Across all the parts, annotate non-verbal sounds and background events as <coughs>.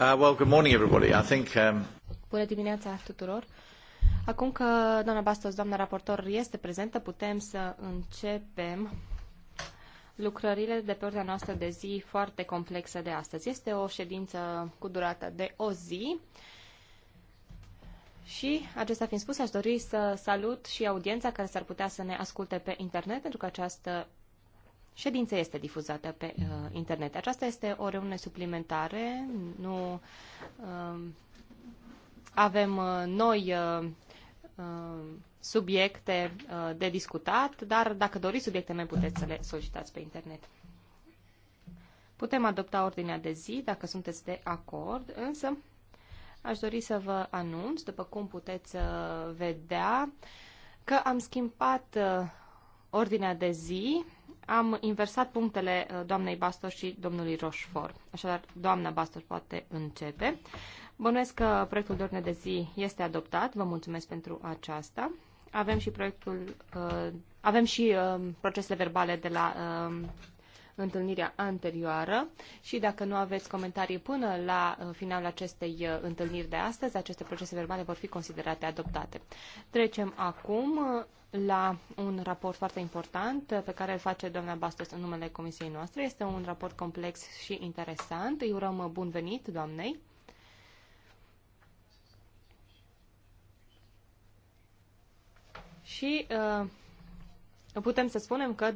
Uh, um, Bună dimineața tuturor. Acum că doamna Bastos, doamna raportor, este prezentă, putem să începem lucrările de pe ordinea noastră de zi foarte complexă de astăzi. Este o ședință cu durată de o zi. Și, acesta fiind spus, aș dori să salut și audiența care s-ar putea să ne asculte pe internet, pentru că această ședință este difuzată pe uh, internet. Aceasta este o reuniune suplimentare. Nu uh, avem uh, noi uh, uh, subiecte uh, de discutat, dar dacă doriți subiecte noi puteți să le solicitați pe internet. Putem adopta ordinea de zi dacă sunteți de acord, însă aș dori să vă anunț, după cum puteți uh, vedea, că am schimbat uh, ordinea de zi am inversat punctele uh, doamnei Bastos și domnului Roșfor. Așadar, doamna Bastos poate începe. Bănuiesc că proiectul de ordine de zi este adoptat. Vă mulțumesc pentru aceasta. Avem și proiectul, uh, avem și uh, procesele verbale de la uh, întâlnirea anterioară și dacă nu aveți comentarii până la uh, finalul acestei uh, întâlniri de astăzi, aceste procese verbale vor fi considerate adoptate. Trecem acum uh, la un raport foarte important pe care îl face doamna Bastos în numele comisiei noastre. Este un raport complex și interesant. Îi urăm bun venit doamnei. Și uh, putem să spunem că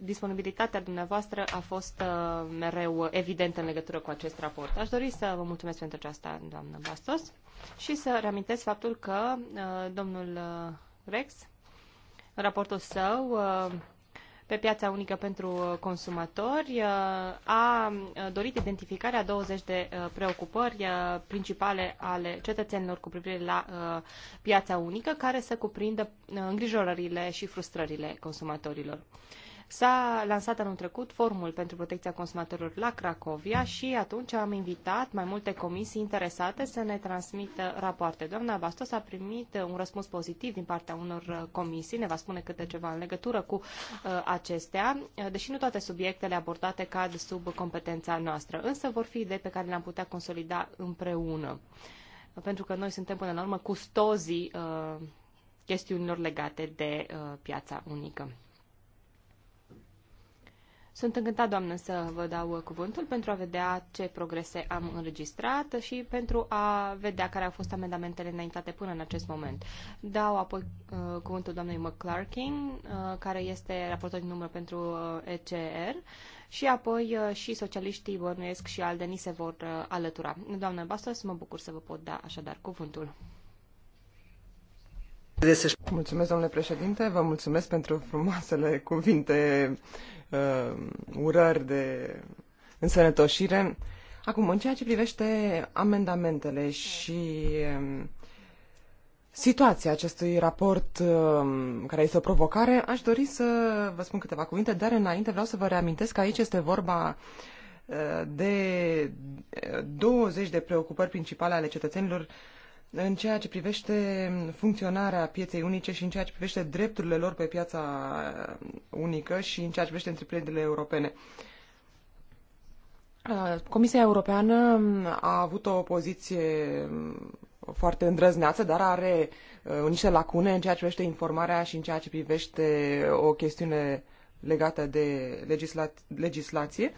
disponibilitatea dumneavoastră a fost uh, mereu evidentă în legătură cu acest raport. Aș dori să vă mulțumesc pentru aceasta, doamnă Bastos, și să reamintesc faptul că uh, domnul uh, Rex, în raportul său, pe piața unică pentru uh, consumatori uh, a uh, dorit identificarea 20 de preocupări principale ale cetățenilor cu privire la piața unică, care să cuprindă îngrijorările și frustrările consumatorilor. S-a lansat anul trecut formul pentru protecția consumatorilor la Cracovia și atunci am invitat mai multe comisii interesate să ne transmită rapoarte. Doamna Bastos a primit uh, un răspuns pozitiv din partea unor uh, comisii, ne va spune câte ceva în legătură cu uh, acestea, uh, deși nu toate subiectele abordate cad sub competența noastră, însă vor fi idei pe care le-am putea consolida împreună. Pentru că noi suntem până la urmă custozii uh, chestiunilor legate de uh, piața unică. Sunt încântat, doamnă, să vă dau cuvântul pentru a vedea ce progrese am înregistrat și pentru a vedea care au fost amendamentele înaintate până în acest moment. Dau apoi uh, cuvântul doamnei McClarkin, uh, care este raportor din număr pentru uh, ECR, și apoi uh, și socialiștii Bănuiesc și Alde se vor uh, alătura. Doamnă Bastos, mă bucur să vă pot da așadar cuvântul. Mulțumesc, domnule președinte, vă mulțumesc pentru frumoasele cuvinte uh, uh, urări de însănătoșire. Acum, în ceea ce privește amendamentele și um, situația acestui raport um, care este o provocare, aș dori să vă spun câteva cuvinte, dar înainte vreau să vă reamintesc că aici este vorba uh, de 20 uh, de preocupări principale ale cetățenilor în ceea ce privește funcționarea pieței unice și în ceea ce privește drepturile lor pe piața unică și în ceea ce privește întreprinderile europene. Comisia Europeană a avut o poziție mm, foarte îndrăzneață, dar are uh, niște lacune în ceea ce privește informarea și în ceea ce privește o chestiune legată de legisla legislație.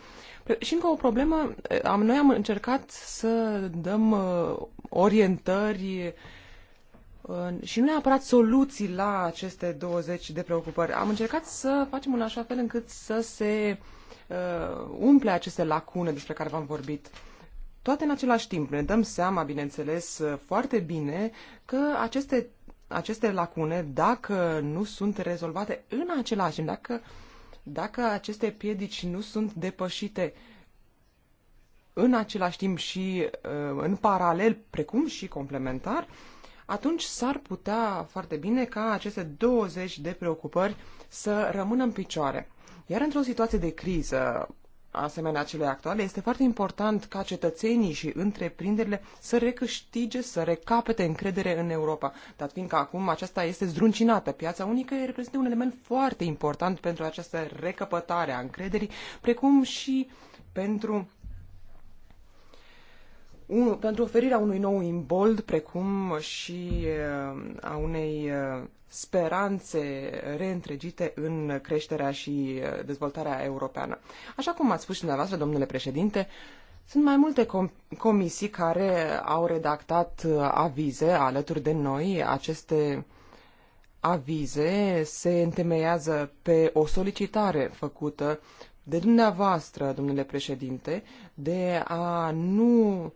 Și încă o problemă, eh, am, noi am încercat să dăm uh, orientări și nu neapărat soluții la aceste 20 de preocupări. Am încercat să facem în așa fel încât să se uh, umple aceste lacune despre care v-am vorbit. Toate în același timp ne dăm seama, bineînțeles, foarte bine că aceste aceste lacune, dacă nu sunt rezolvate în același timp, dacă dacă aceste piedici nu sunt depășite în același timp și uh, în paralel, precum și complementar, atunci s-ar putea foarte bine ca aceste 20 de preocupări să rămână în picioare. Iar într-o situație de criză, asemenea celei actuale, este foarte important ca cetățenii și întreprinderile să recâștige, să recapete încredere în Europa, dat fiindcă acum aceasta este zdruncinată. Piața unică reprezintă un element foarte important pentru această recapătare a încrederii, precum și pentru un, pentru oferirea unui nou imbold, precum și uh, a unei uh, speranțe reîntregite în creșterea și uh, dezvoltarea europeană. Așa cum ați spus și dumneavoastră, domnule președinte, sunt mai multe com- comisii care au redactat avize alături de noi. Aceste avize se întemeiază pe o solicitare făcută de dumneavoastră, domnule președinte, de a nu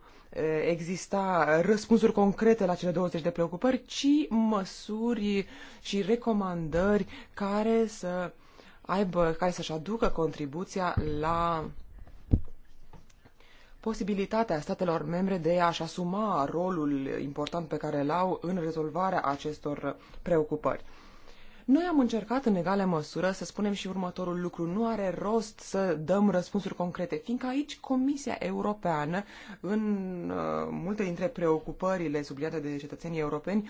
exista răspunsuri concrete la cele 20 de preocupări, ci măsuri și recomandări care să aibă, care să-și aducă contribuția la posibilitatea statelor membre de a-și asuma rolul important pe care îl au în rezolvarea acestor preocupări. Noi am încercat în egală măsură să spunem și următorul lucru. Nu are rost să dăm răspunsuri concrete, fiindcă aici Comisia Europeană, în uh, multe dintre preocupările subliniate de cetățenii europeni,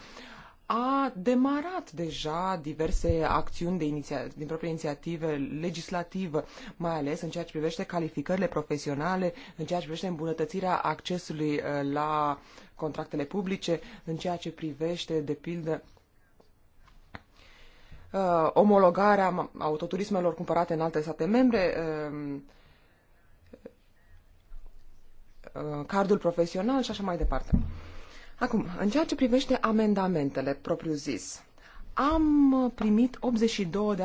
a demarat deja diverse acțiuni de iniția- din proprie inițiativă legislativă, mai ales în ceea ce privește calificările profesionale, în ceea ce privește îmbunătățirea accesului uh, la contractele publice, în ceea ce privește, de pildă, uh, omologarea autoturismelor cumpărate în alte state membre, um, uh, cardul profesional și așa mai departe. Acum, în ceea ce privește amendamentele propriu-zis, am primit 82 de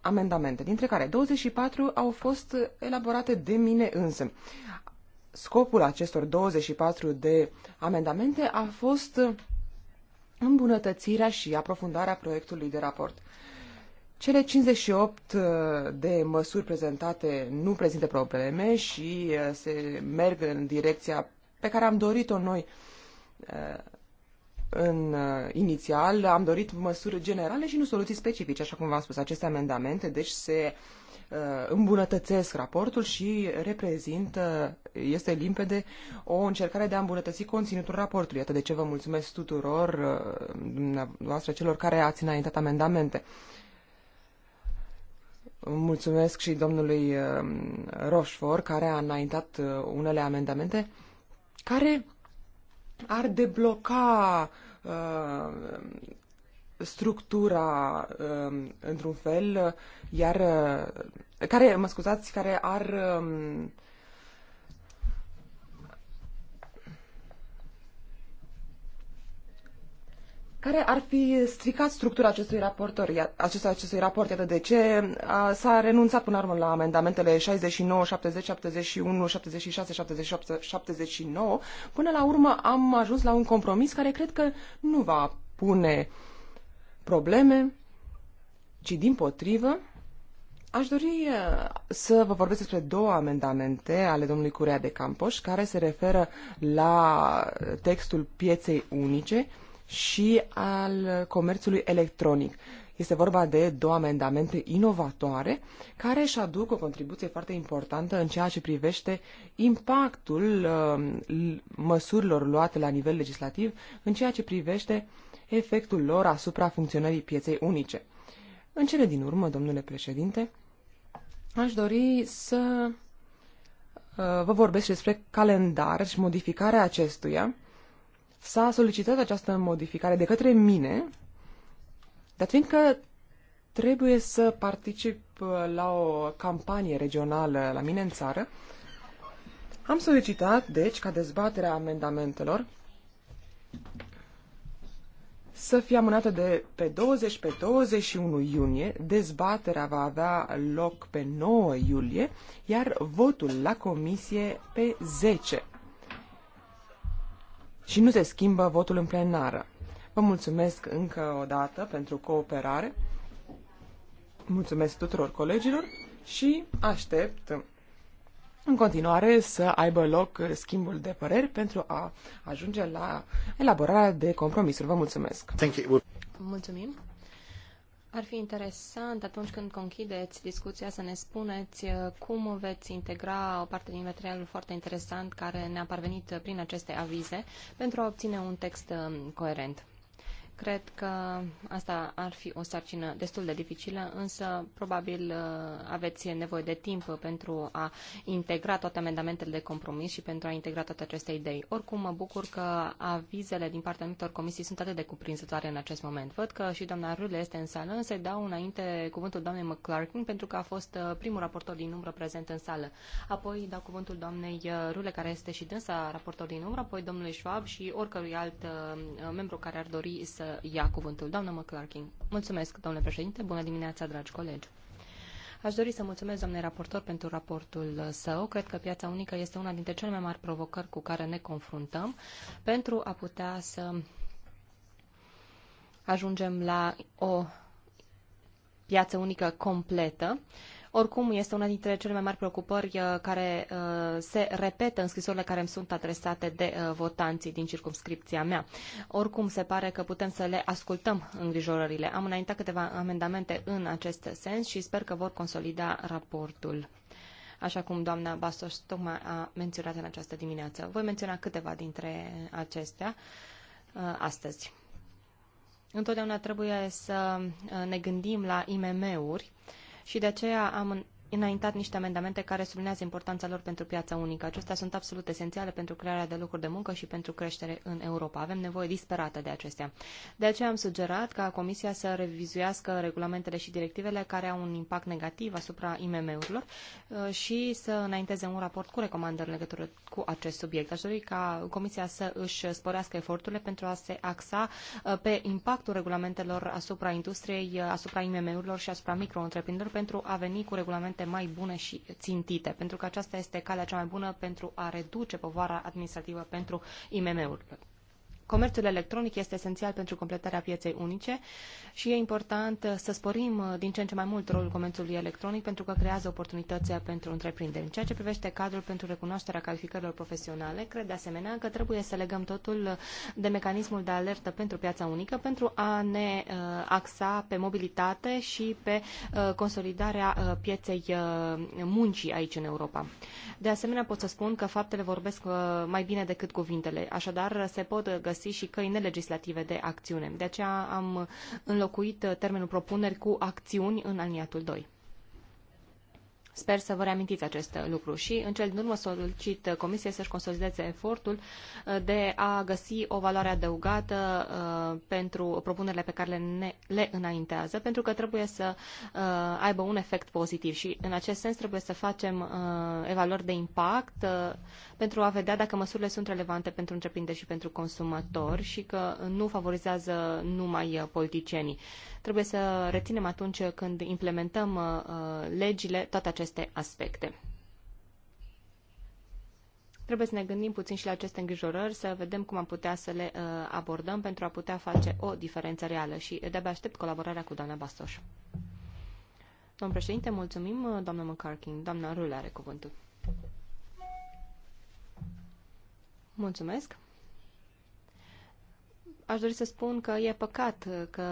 amendamente, dintre care 24 au fost elaborate de mine însă. Scopul acestor 24 de amendamente a fost îmbunătățirea și aprofundarea proiectului de raport. Cele 58 uh, de măsuri prezentate nu prezintă probleme și uh, se merg în direcția pe care am dorit-o noi uh, în inițial. Am dorit măsuri generale și nu soluții specifice, așa cum v-am spus. Aceste amendamente, deci, se uh, Uh, îmbunătățesc raportul și reprezintă, uh, este limpede, o încercare de a îmbunătăți conținutul raportului. Iată de ce vă mulțumesc tuturor uh, dumneavoastră celor care ați înaintat amendamente. Mulțumesc și domnului Rochefort, care a înaintat unele amendamente care ar debloca structura um, într-un fel, iar uh, care, mă scuzați, care ar um, care ar fi stricat structura acestui, raport, acestui, acestui raport. Iată de ce s-a renunțat până la urmă la amendamentele 69, 70, 71, 76, 78, 79. Până la urmă am ajuns la un compromis care cred că nu va pune uh, probleme, ci din potrivă, aș dori eh, să vă vorbesc despre două amendamente ale domnului Curea de Campoș, care se referă la textul pieței unice și al comerțului electronic. Este vorba de două amendamente inovatoare care își aduc o contribuție foarte importantă în ceea ce privește impactul uh, măsurilor luate la nivel legislativ în ceea ce privește uh, efectul lor asupra funcționării pieței unice. În cele din urmă, domnule președinte, aș dori să uh, vă vorbesc despre calendar și modificarea acestuia. S-a solicitat această modificare de către mine, dar fiindcă trebuie să particip uh, la o campanie regională la mine în țară, am solicitat, deci, ca dezbaterea amendamentelor să fie amânată de pe 20 pe 21 iunie, dezbaterea va avea loc pe 9 iulie, iar votul la comisie pe 10. Și nu se schimbă votul în plenară. Vă mulțumesc încă o dată pentru cooperare. Mulțumesc tuturor colegilor și aștept în continuare să aibă loc schimbul de păreri pentru a ajunge la elaborarea de compromisuri. Vă mulțumesc! Thank you. Mulțumim! Ar fi interesant atunci când conchideți discuția să ne spuneți uh, cum veți integra o parte din materialul foarte interesant care ne-a parvenit prin aceste avize pentru a obține un text uh, coerent. Cred că asta ar fi o sarcină destul de dificilă, însă probabil uh, aveți nevoie de timp pentru a integra toate amendamentele de compromis și pentru a integra toate aceste idei. Oricum, mă bucur că avizele din partea anumitor comisii sunt atât de cuprinzătoare în acest moment. Văd că și doamna Râle este în sală, însă dau înainte cuvântul doamnei McClarkin pentru că a fost uh, primul raportor din umbră prezent în sală. Apoi dau cuvântul doamnei uh, Rule, care este și dânsa raportor din umbră, apoi domnului Schwab și oricărui alt membru care ar dori să ia cuvântul. Doamna McClarkin. Mulțumesc, domnule președinte. Bună dimineața, dragi colegi. Aș dori să mulțumesc, domnule raportor, pentru raportul său. Cred că piața unică este una dintre cele mai mari provocări cu care ne confruntăm pentru a putea să ajungem la o piață unică completă oricum, este una dintre cele mai mari preocupări uh, care uh, se repetă în scrisorile care îmi sunt adresate de uh, votanții din circumscripția mea. Oricum, se pare că putem să le ascultăm îngrijorările. Am înaintat câteva amendamente în acest sens și sper că vor consolida raportul așa cum doamna Bastos tocmai a menționat în această dimineață. Voi menționa câteva dintre acestea astăzi. Întotdeauna trebuie să ne gândim la IMM-uri și de aceea am înaintat niște amendamente care sublinează importanța lor pentru piața unică. Acestea sunt absolut esențiale pentru crearea de locuri de muncă și pentru creștere în Europa. Avem nevoie disperată de acestea. De aceea am sugerat ca Comisia să revizuiască regulamentele și directivele care au un impact negativ asupra IMM-urilor uh, și să înainteze un raport cu recomandări în legătură cu acest subiect. Aș dori ca Comisia să își sporească eforturile pentru a se axa uh, pe impactul regulamentelor asupra industriei, uh, asupra IMM-urilor și asupra micro pentru a veni cu regulamente rezultate mai bune și țintite, pentru că aceasta este calea cea mai bună pentru a reduce povara administrativă pentru IMM-uri. Comerțul electronic este esențial pentru completarea pieței unice și e important să sporim uh, din ce în ce mai mult rolul comerțului electronic pentru că creează oportunități pentru întreprinderi. În ceea ce privește cadrul pentru recunoașterea calificărilor profesionale, cred de asemenea că trebuie să legăm totul uh, de mecanismul de alertă pentru piața unică pentru a ne uh, axa pe mobilitate și pe consolidarea pieței muncii aici în Europa. De asemenea, pot să spun că faptele vorbesc mai bine decât cuvintele, așadar se pot găsi folosi și căi nelegislative de acțiune. De aceea am înlocuit termenul propuneri cu acțiuni în aliniatul 2. Sper să vă reamintiți acest lucru și în cel din urmă solicit Comisiei să-și consolideze efortul uh, de a găsi o valoare adăugată uh, pentru propunerile pe care le, ne, le înaintează, pentru că trebuie să uh, aibă un efect pozitiv și în acest sens trebuie să facem evaluări de impact pentru a vedea dacă măsurile sunt relevante pentru întreprinderi și pentru consumatori și că nu favorizează numai politicienii. Trebuie să reținem atunci când implementăm legile toate aceste aceste aspecte. Trebuie să ne gândim puțin și la aceste îngrijorări, să vedem cum am putea să le uh, abordăm pentru a putea face o diferență reală și de-abia aștept colaborarea cu doamna Bastoș. Domnul președinte, mulțumim, uh, doamna McCarkin. Doamna Rule are cuvântul. Mulțumesc. Aș dori să spun că e păcat că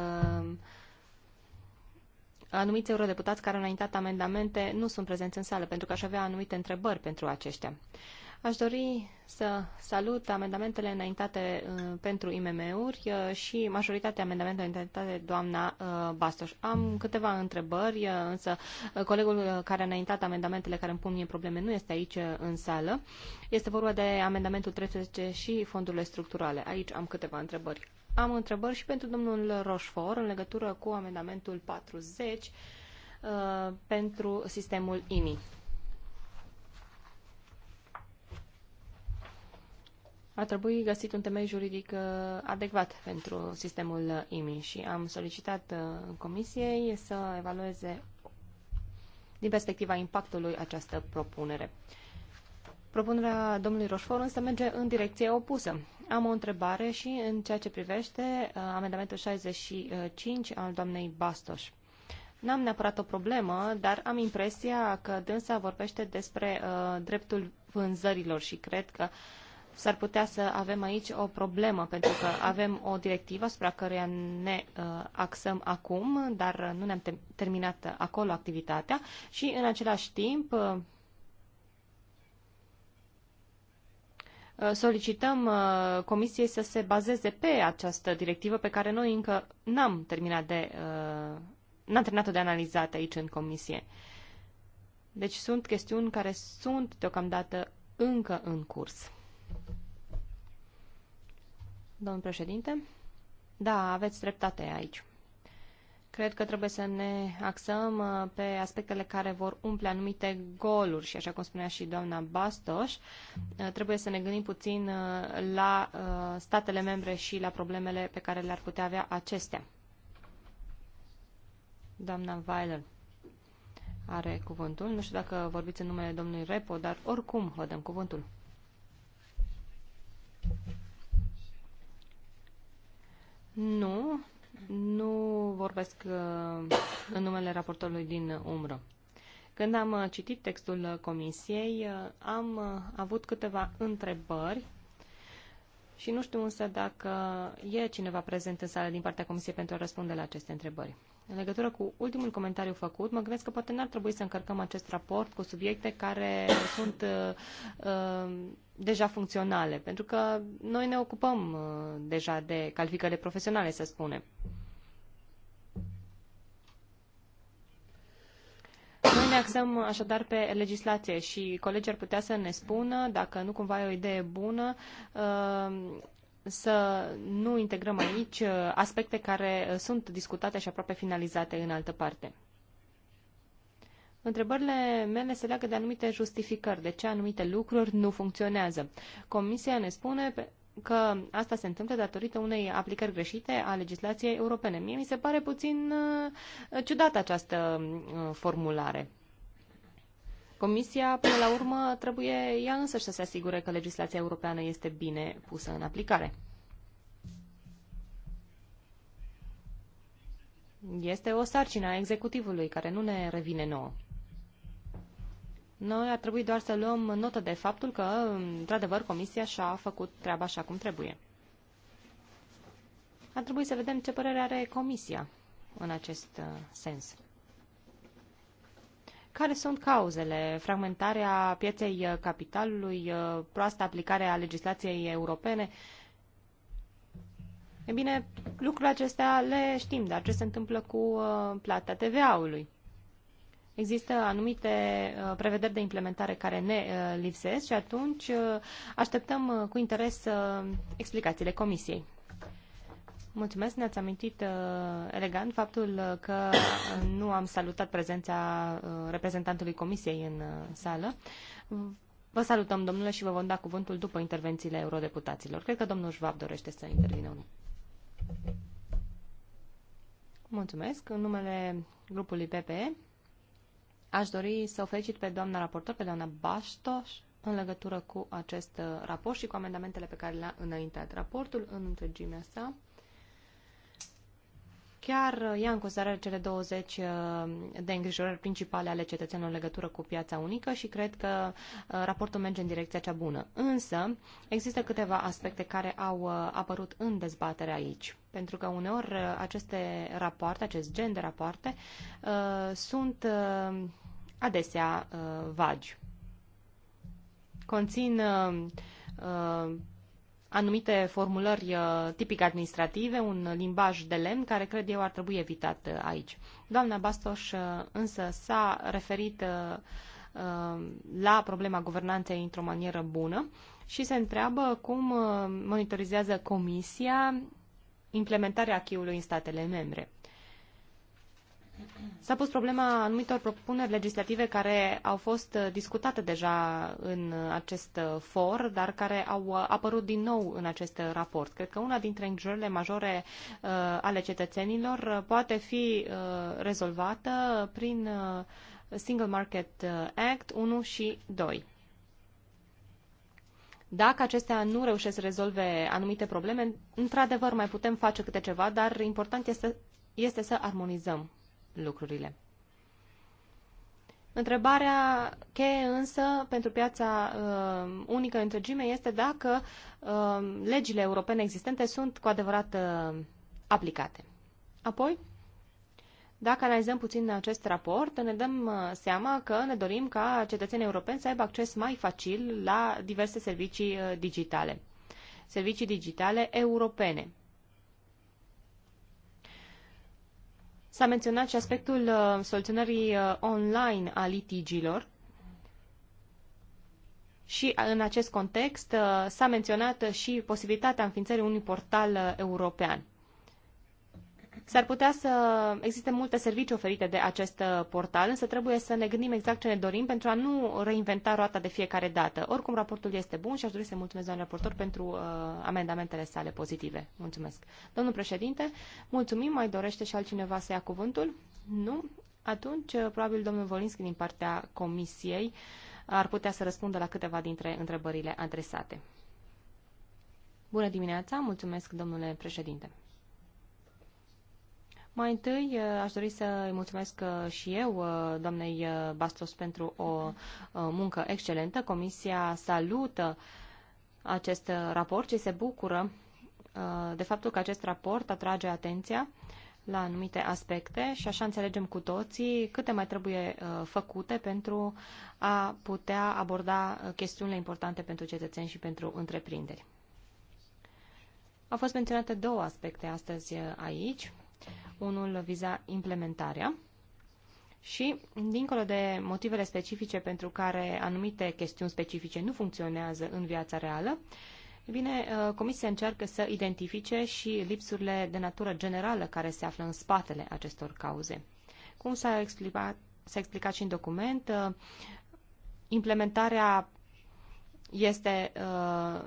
anumiți eurodeputați care au înaintat amendamente nu sunt prezenți în sală, pentru că aș avea anumite întrebări pentru aceștia. Aș dori să salut amendamentele înaintate uh, pentru IMM-uri uh, și majoritatea amendamentelor înaintate doamna uh, Bastos. Am câteva întrebări, însă colegul care a înaintat amendamentele care îmi pun mie probleme nu este aici în sală. Este vorba de amendamentul 13 și fondurile structurale. Aici am câteva întrebări. Am întrebări și pentru domnul Roșfor în legătură cu amendamentul 40 uh, pentru sistemul IMI. Ar trebui găsit un temei juridic uh, adecvat pentru sistemul IMI și am solicitat uh, comisiei să evalueze din perspectiva impactului această propunere. Propunerea domnului Roșfor însă merge în direcție opusă. Am o întrebare și în ceea ce privește uh, amendamentul 65 al doamnei Bastos. N-am neapărat o problemă, dar am impresia că dânsa vorbește despre uh, dreptul vânzărilor și cred că s-ar putea să avem aici o problemă, pentru că avem o directivă asupra căreia ne uh, axăm acum, dar nu ne-am terminat acolo activitatea și în același timp uh, Uh, solicităm uh, Comisiei să se bazeze pe această directivă pe care noi încă n-am terminat de uh, n-am terminat-o de analizat aici în Comisie. Deci sunt chestiuni care sunt deocamdată încă în curs. Domnul președinte? Da, aveți dreptate aici cred că trebuie să ne axăm uh, pe aspectele care vor umple anumite goluri și, așa cum spunea și doamna Bastos, uh, trebuie să ne gândim puțin uh, la statele membre și la problemele pe care le-ar putea avea acestea. Doamna Weiler are cuvântul. Nu știu dacă vorbiți în numele domnului Repo, dar oricum vă dăm cuvântul. Nu, nu vorbesc uh, în numele raportorului din umbră. Când am uh, citit textul comisiei, uh, am avut câteva întrebări și nu știu însă dacă e cineva prezent în sală din partea comisiei pentru a răspunde la aceste întrebări. În legătură cu ultimul comentariu făcut, mă gândesc că poate n-ar trebui să încărcăm acest raport cu subiecte care <coughs> sunt uh, uh, deja funcționale, pentru că noi ne ocupăm uh, deja de calificările profesionale, să spunem. Noi ne axăm așadar pe legislație și colegii ar putea să ne spună, dacă nu cumva e o idee bună, uh, să nu integrăm aici uh, aspecte care uh, sunt discutate și aproape finalizate în altă parte. Întrebările mele se leagă de anumite justificări, de ce anumite lucruri nu funcționează. Comisia ne spune că asta se întâmplă datorită unei aplicări greșite a legislației europene. Mie mi se pare puțin uh, ciudată această formulare. Comisia, până la urmă, trebuie ea însă să se asigure că legislația europeană este bine pusă în aplicare. Este o sarcină a executivului care nu ne revine nouă. Noi ar trebui doar să luăm notă de faptul că, într-adevăr, Comisia și-a făcut treaba așa cum trebuie. Ar trebui să vedem ce părere are Comisia în acest uh, sens. Care sunt cauzele? Fragmentarea pieței uh, capitalului, uh, proasta aplicare a legislației europene? E bine, lucrurile acestea le știm, dar ce se întâmplă cu uh, plata TVA-ului? Există anumite prevederi de implementare care ne lipsesc și atunci așteptăm cu interes explicațiile Comisiei. Mulțumesc, ne-ați amintit uh, elegant faptul uh, că uh, nu am salutat prezența uh, reprezentantului Comisiei în uh, sală. Vă salutăm, domnule, și vă vom da cuvântul după intervențiile eurodeputaților. Cred că domnul Schwab dorește să intervină. Mulțumesc. În numele grupului PPE aș dori să o felicit pe doamna raportor, pe doamna Baștoș, în legătură cu acest uh, raport și cu amendamentele pe care le-a înaintat. Raportul în întregimea sa chiar uh, ia în considerare cele 20 uh, de îngrijorări principale ale cetățenilor în legătură cu piața unică și cred că uh, raportul merge în direcția cea bună. Însă, există câteva aspecte care au apărut în dezbatere aici. Pentru că uneori aceste rapoarte, acest gen de rapoarte, sunt adesea vagi. Conțin anumite formulări uh, tipic administrative, un limbaj de lemn care cred eu ar trebui evitat uh, aici. Doamna Bastos uh, însă s-a referit la problema guvernanței într-o manieră bună și se întreabă cum monitorizează Comisia implementarea acquis în statele membre. S-a pus problema anumitor propuneri legislative care au fost uh, discutate deja în uh, acest uh, for, dar care au apărut din nou în acest raport. Cred că una dintre îngrijorările majore ale cetățenilor poate fi rezolvată prin Single Market Act 1 și 2. Dacă acestea nu reușesc să rezolve anumite probleme, într-adevăr mai putem face câte ceva, dar important este, este să armonizăm lucrurile. Întrebarea cheie însă pentru piața uh, unică întregime este dacă uh, legile europene existente sunt cu adevărat uh, aplicate. Apoi, dacă analizăm puțin acest raport, ne dăm uh, seama că ne dorim ca cetățenii europeni să aibă acces mai facil la diverse servicii uh, digitale. Servicii digitale europene. S-a menționat și aspectul uh, soluționării uh, online a litigilor. Și uh, în acest context s-a menționat și posibilitatea înființării unui portal european. S-ar putea să existe multe servicii oferite de acest uh, portal, însă trebuie să ne gândim exact ce ne dorim pentru a nu reinventa roata de fiecare dată. Oricum, raportul este bun și aș dori să mulțumesc doamnei raportor pentru uh, amendamentele sale pozitive. Mulțumesc. Domnul președinte, mulțumim. Mai dorește și altcineva să ia cuvântul? Nu? Atunci, uh, probabil domnul Volinski din partea comisiei ar putea să răspundă la câteva dintre întrebările adresate. Bună dimineața, mulțumesc domnule președinte. Mai întâi uh, aș dori să îi mulțumesc uh, și eu, uh, doamnei Bastos, pentru o muncă excelentă. Comisia salută acest raport și se bucură de faptul că acest raport atrage atenția la anumite aspecte și așa înțelegem cu toții câte mai trebuie făcute pentru a putea aborda chestiunile importante pentru cetățeni și pentru întreprinderi. Au fost menționate două aspecte astăzi aici unul viza implementarea. Și, dincolo de motivele specifice pentru care anumite chestiuni specifice nu funcționează în viața reală, e bine, uh, Comisia încearcă să identifice și lipsurile de natură generală care se află în spatele acestor cauze. Cum s-a explicat, s-a explicat și în document, uh, implementarea este uh,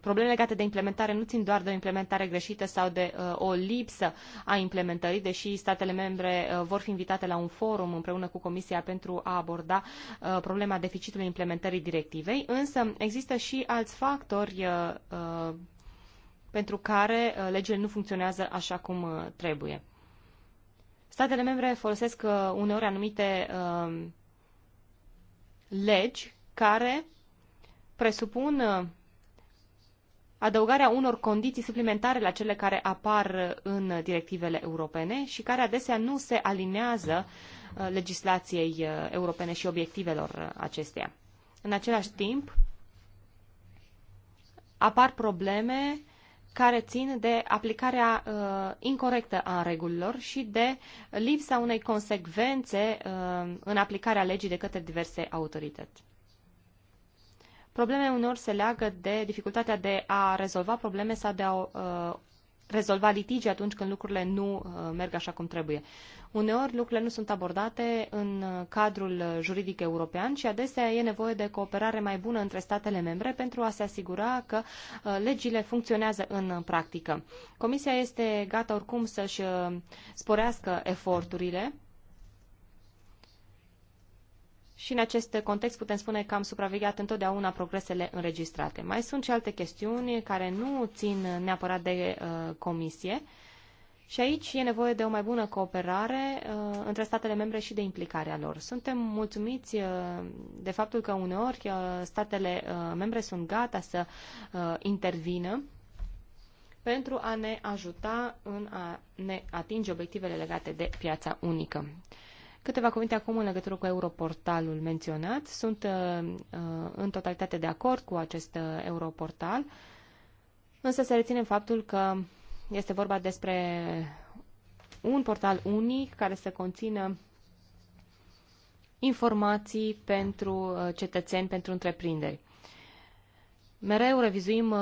Probleme legate de implementare nu țin doar de o implementare greșită sau de uh, o lipsă a implementării, deși statele membre uh, vor fi invitate la un forum împreună cu Comisia pentru a aborda uh, problema deficitului implementării directivei, însă există și alți factori uh, uh pentru care uh, legile nu funcționează așa cum uh, trebuie. Statele membre folosesc uneori anumite legi care presupun adăugarea unor condiții suplimentare la cele care apar în directivele europene și care adesea nu se alinează uh, legislației uh, europene și obiectivelor uh, acesteia. În același timp, apar probleme care țin de aplicarea uh, incorrectă a regulilor și de lipsa unei consecvențe uh, în aplicarea legii de către diverse autorități. Probleme unor se leagă de dificultatea de a rezolva probleme sau de a uh, rezolva litigi atunci când lucrurile nu uh, merg așa cum trebuie. Uneori lucrurile nu sunt abordate în uh, cadrul uh, juridic european și adesea e nevoie de cooperare mai bună între statele membre pentru a se asigura că uh, legile funcționează în practică. Comisia este gata oricum să-și sporească eforturile și în acest context putem spune că am supravegheat întotdeauna progresele înregistrate. Mai sunt și alte chestiuni care nu țin neapărat de uh, comisie și aici e nevoie de o mai bună cooperare uh, între statele membre și de implicarea lor. Suntem mulțumiți uh, de faptul că uneori uh, statele uh, membre sunt gata să uh, intervină pentru a ne ajuta în a ne atinge obiectivele legate de piața unică. Uh, Câteva cuvinte acum în legătură cu Europortalul menționat. Sunt uh, uh, în totalitate de acord cu acest uh, Europortal, însă să reținem faptul că este vorba despre un portal unic care să conțină informații pentru cetățeni, pentru întreprinderi. Mereu revizuim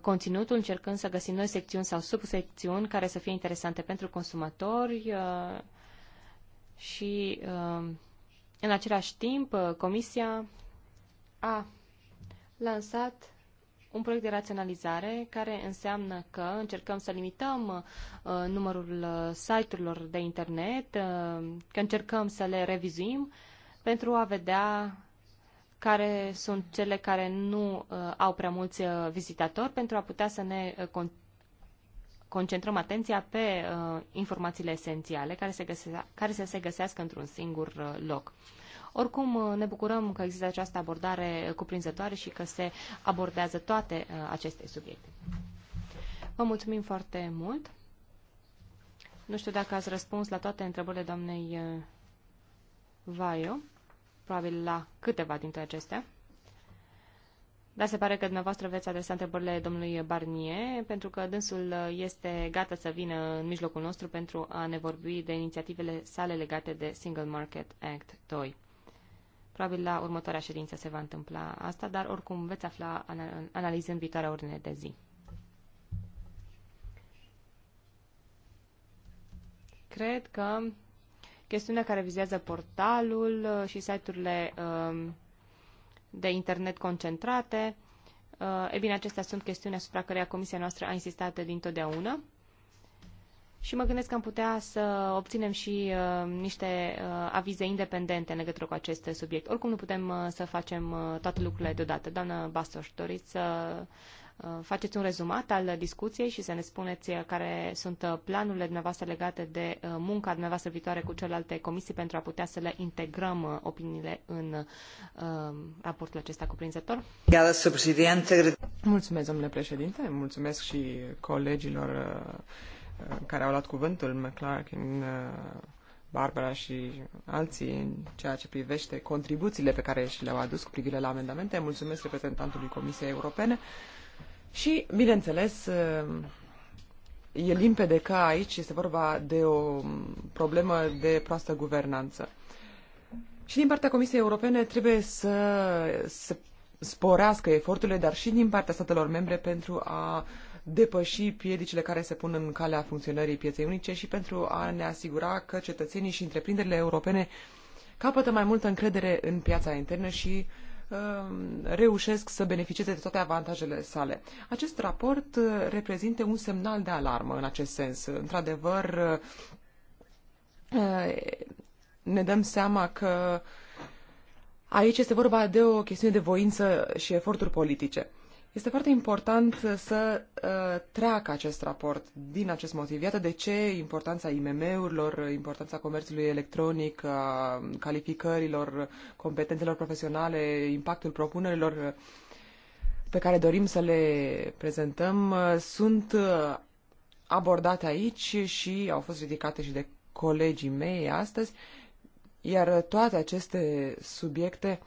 conținutul, încercând să găsim noi secțiuni sau subsecțiuni care să fie interesante pentru consumatori, uh, și uh, în același timp uh, Comisia a lansat un proiect de raționalizare care înseamnă că încercăm să limităm uh, numărul site-urilor de internet, că încercăm să le revizuim pentru a vedea care sunt cele care nu uh, au prea mulți uh, vizitatori pentru a putea să ne uh, concentrăm atenția pe uh, informațiile esențiale care se, găsea, care se, se găsească într-un singur uh, loc. Oricum, uh, ne bucurăm că există această abordare cuprinzătoare și că se abordează toate uh, aceste subiecte. Vă mulțumim foarte mult. Nu știu dacă ați răspuns la toate întrebările doamnei uh, Vaio, probabil la câteva dintre acestea. Dar se pare că dumneavoastră veți adresa întrebările domnului Barnier, pentru că dânsul uh, este gata să vină în mijlocul nostru pentru a ne vorbi de inițiativele sale legate de Single Market Act 2. Probabil la următoarea ședință se va întâmpla asta, dar oricum veți afla analizând viitoarea ordine de zi. Cred că chestiunea care vizează portalul uh, și site-urile um, de internet concentrate. Uh, e bine, acestea sunt chestiuni asupra căreia comisia noastră a insistat dintotdeauna. Și mă gândesc că am putea să obținem și uh, niște uh, avize independente în legătură cu acest subiect. Oricum nu putem uh, să facem uh, toate lucrurile deodată. Doamnă Bastos, doriți să faceți un rezumat al discuției și să ne spuneți uh, care sunt uh, planurile dumneavoastră legate de uh, munca dumneavoastră viitoare cu celelalte comisii pentru a putea să le integrăm opiniile în raportul acesta cuprinzător. Mulțumesc, domnule președinte, mulțumesc și colegilor care au luat cuvântul, McClarkin, Barbara și alții în ceea ce privește contribuțiile pe care și le-au adus cu privire la amendamente. Mulțumesc reprezentantului Comisiei Europene. Și, bineînțeles, e limpede că aici este vorba de o problemă de proastă guvernanță. Și din partea Comisiei Europene trebuie să, se sporească eforturile, dar și din partea statelor membre pentru a depăși piedicile care se pun în calea funcționării pieței unice și pentru a ne asigura că cetățenii și întreprinderile europene capătă mai multă încredere în piața internă și Um, reușesc să beneficieze de toate avantajele sale. Acest raport uh, reprezintă un semnal de alarmă în acest sens. Într-adevăr, uh, ne dăm seama că aici este vorba de o chestiune de voință și eforturi politice. Este foarte important să uh, treacă acest raport din acest motiv. Iată de ce importanța IMM-urilor, importanța comerțului electronic, a calificărilor, competențelor profesionale, impactul propunerilor pe care dorim să le prezentăm uh, sunt uh, abordate aici și au fost ridicate și de colegii mei astăzi, iar toate aceste subiecte uh,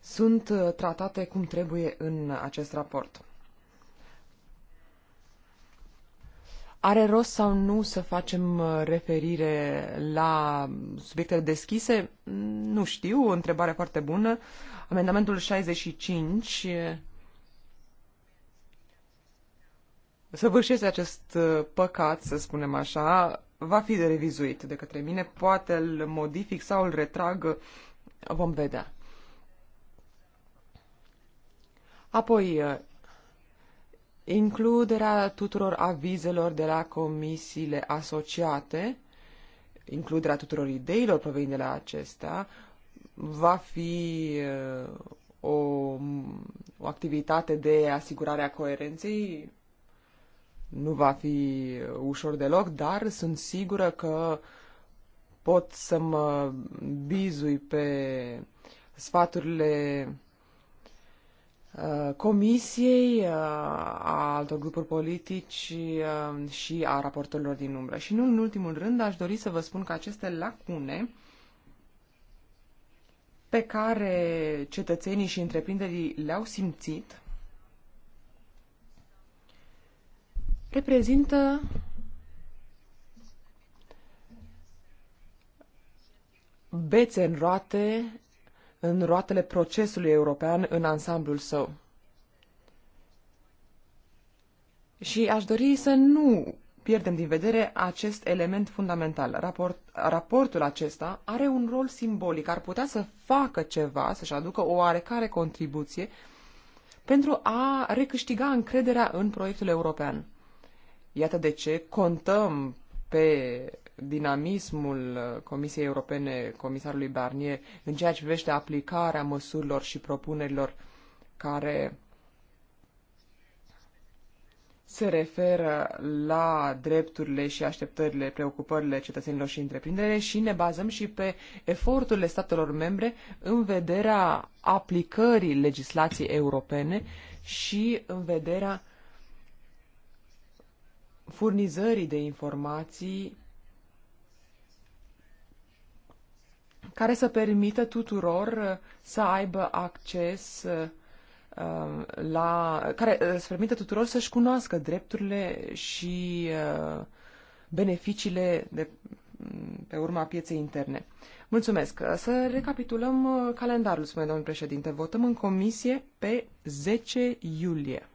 sunt uh, tratate cum trebuie în acest raport. Are rost sau nu să facem uh, referire la subiectele deschise? Mm, nu știu, o întrebare foarte bună. Amendamentul 65 uh, săvârșesc acest păcat, să spunem așa, va fi de revizuit de către mine, poate îl modific sau îl retrag, vom vedea. Apoi, uh, includerea tuturor avizelor de la comisiile asociate, includerea tuturor ideilor provenind de la acestea, va fi uh, o, o activitate de asigurare a coerenței. Nu va fi ușor deloc, dar sunt sigură că pot să mă bizui pe sfaturile Uh, comisiei, uh, a altor grupuri politici uh, și a raportorilor din umbră. Și nu în ultimul rând, aș dori să vă spun că aceste lacune pe care cetățenii și întreprinderii le-au simțit reprezintă bețe în roate în roatele procesului european în ansamblul său. Și aș dori să nu pierdem din vedere acest element fundamental. Raport, raportul acesta are un rol simbolic, ar putea să facă ceva, să-și aducă o oarecare contribuție pentru a recâștiga încrederea în proiectul european. Iată de ce contăm pe dinamismul uh, Comisiei Europene, comisarului Barnier, în ceea ce privește aplicarea măsurilor și propunerilor care se referă la drepturile și așteptările, preocupările cetățenilor și întreprindere și ne bazăm și pe eforturile statelor membre în vederea aplicării legislației europene și în vederea furnizării de informații care să permită tuturor uh, să aibă acces uh, la care uh, să permită tuturor să-și cunoască drepturile și beneficiile de mm, pe urma pieței interne. Mulțumesc. Să recapitulăm calendarul, spune domnul președinte. Votăm în comisie pe 10 iulie.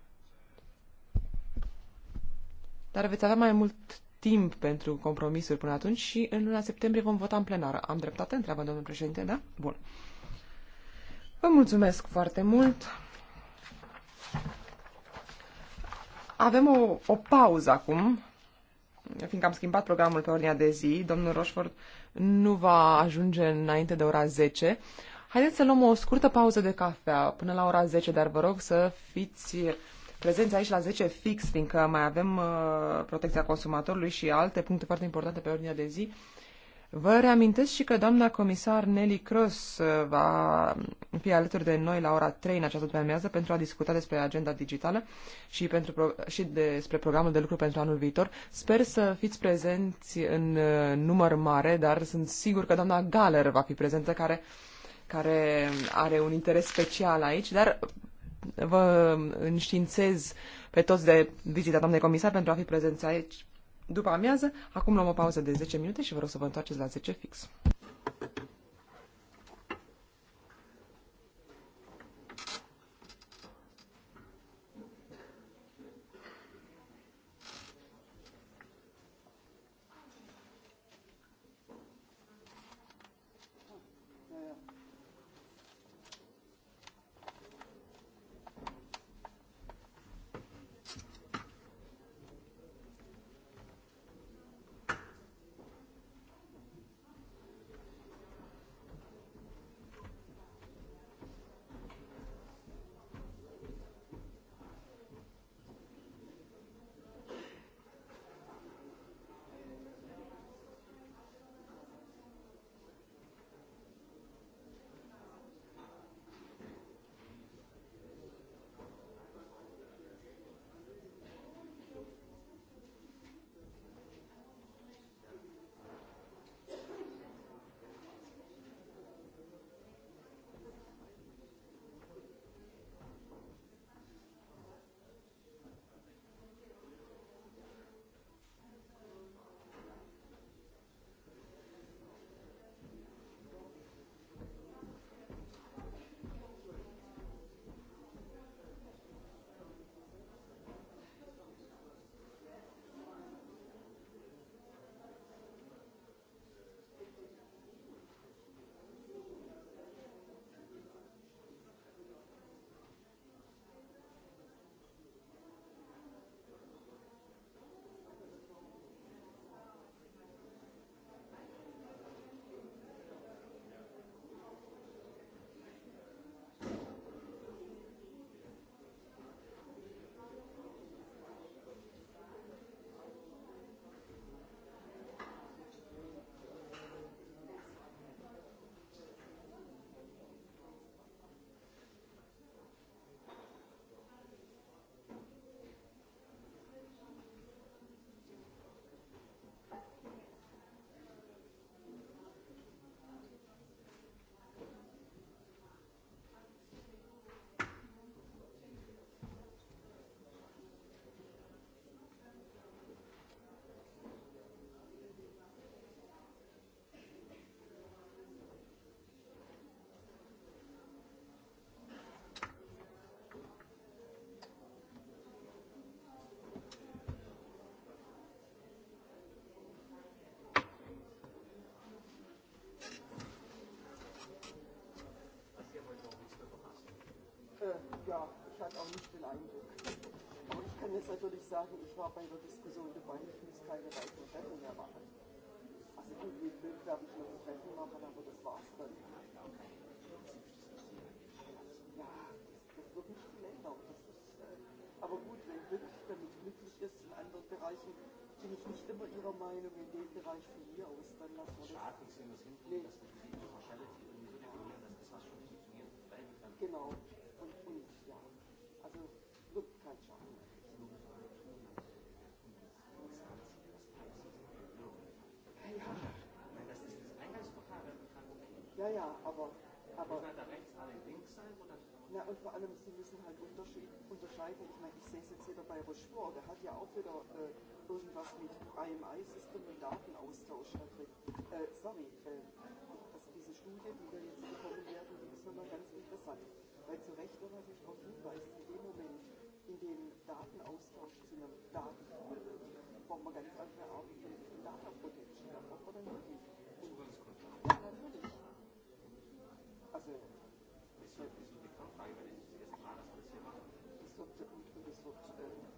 Dar veți avea mai mult timp pentru compromisuri până atunci și în luna septembrie vom vota în plenară. Am dreptate? Întreabă domnul președinte, da? Bun. Vă mulțumesc foarte mult. Avem o, o pauză acum, fiindcă am schimbat programul pe ordinea de zi. Domnul Roșford nu va ajunge înainte de ora 10. Haideți să luăm o scurtă pauză de cafea până la ora 10, dar vă rog să fiți prezenți aici la 10 fix, fiindcă mai avem uh, protecția consumatorului și alte puncte foarte importante pe ordinea de zi. Vă reamintesc și că doamna comisar Nelly Cross uh, va fi alături de noi la ora 3 în această după pentru a discuta despre agenda digitală și, pentru pro- și despre programul de lucru pentru anul viitor. Sper să fiți prezenți în uh, număr mare, dar sunt sigur că doamna Galer va fi prezentă, care, care are un interes special aici, dar vă înștiințez pe toți de vizita doamnei comisar pentru a fi prezenți aici după amiază. Acum luăm o pauză de 10 minute și vă rog să vă întoarceți la 10 fix. muss natürlich sagen, ich war bei der Diskussion dabei, ich muss keine weiteren Treffen mehr machen. Also gut, wir würden, glaube ich, noch ein Treffen machen, aber das war's dann. Ja, das, das wird nicht viel ändern. Das ist, äh, aber gut, wenn wirklich damit glücklich ist in anderen Bereichen, bin ich nicht immer ihrer Meinung in dem Bereich von mir aus, dann lassen wir das. Schade, dass das hinkriegen, nee. dass wir die Mortality irgendwie so definieren, dass das was schon funktioniert, bleiben kann. Genau. Ja, und vor allem, Sie müssen halt unterscheiden. Ich meine, ich sehe es jetzt wieder bei Rochefort, der hat ja auch wieder äh, irgendwas mit IMI-System und Datenaustausch. Da drin. Äh, sorry, äh, also diese Studie, die wir jetzt bekommen werden, die ist nochmal ganz interessant. Weil zu Recht noch natürlich darauf hinweisen, in dem Moment, in dem Datenaustausch zu einem Datenpool wird, braucht man ganz andere Arten von Data Protection. Da braucht man dann wirklich. Zugangskontakt. Ja, natürlich. Also, ist, ist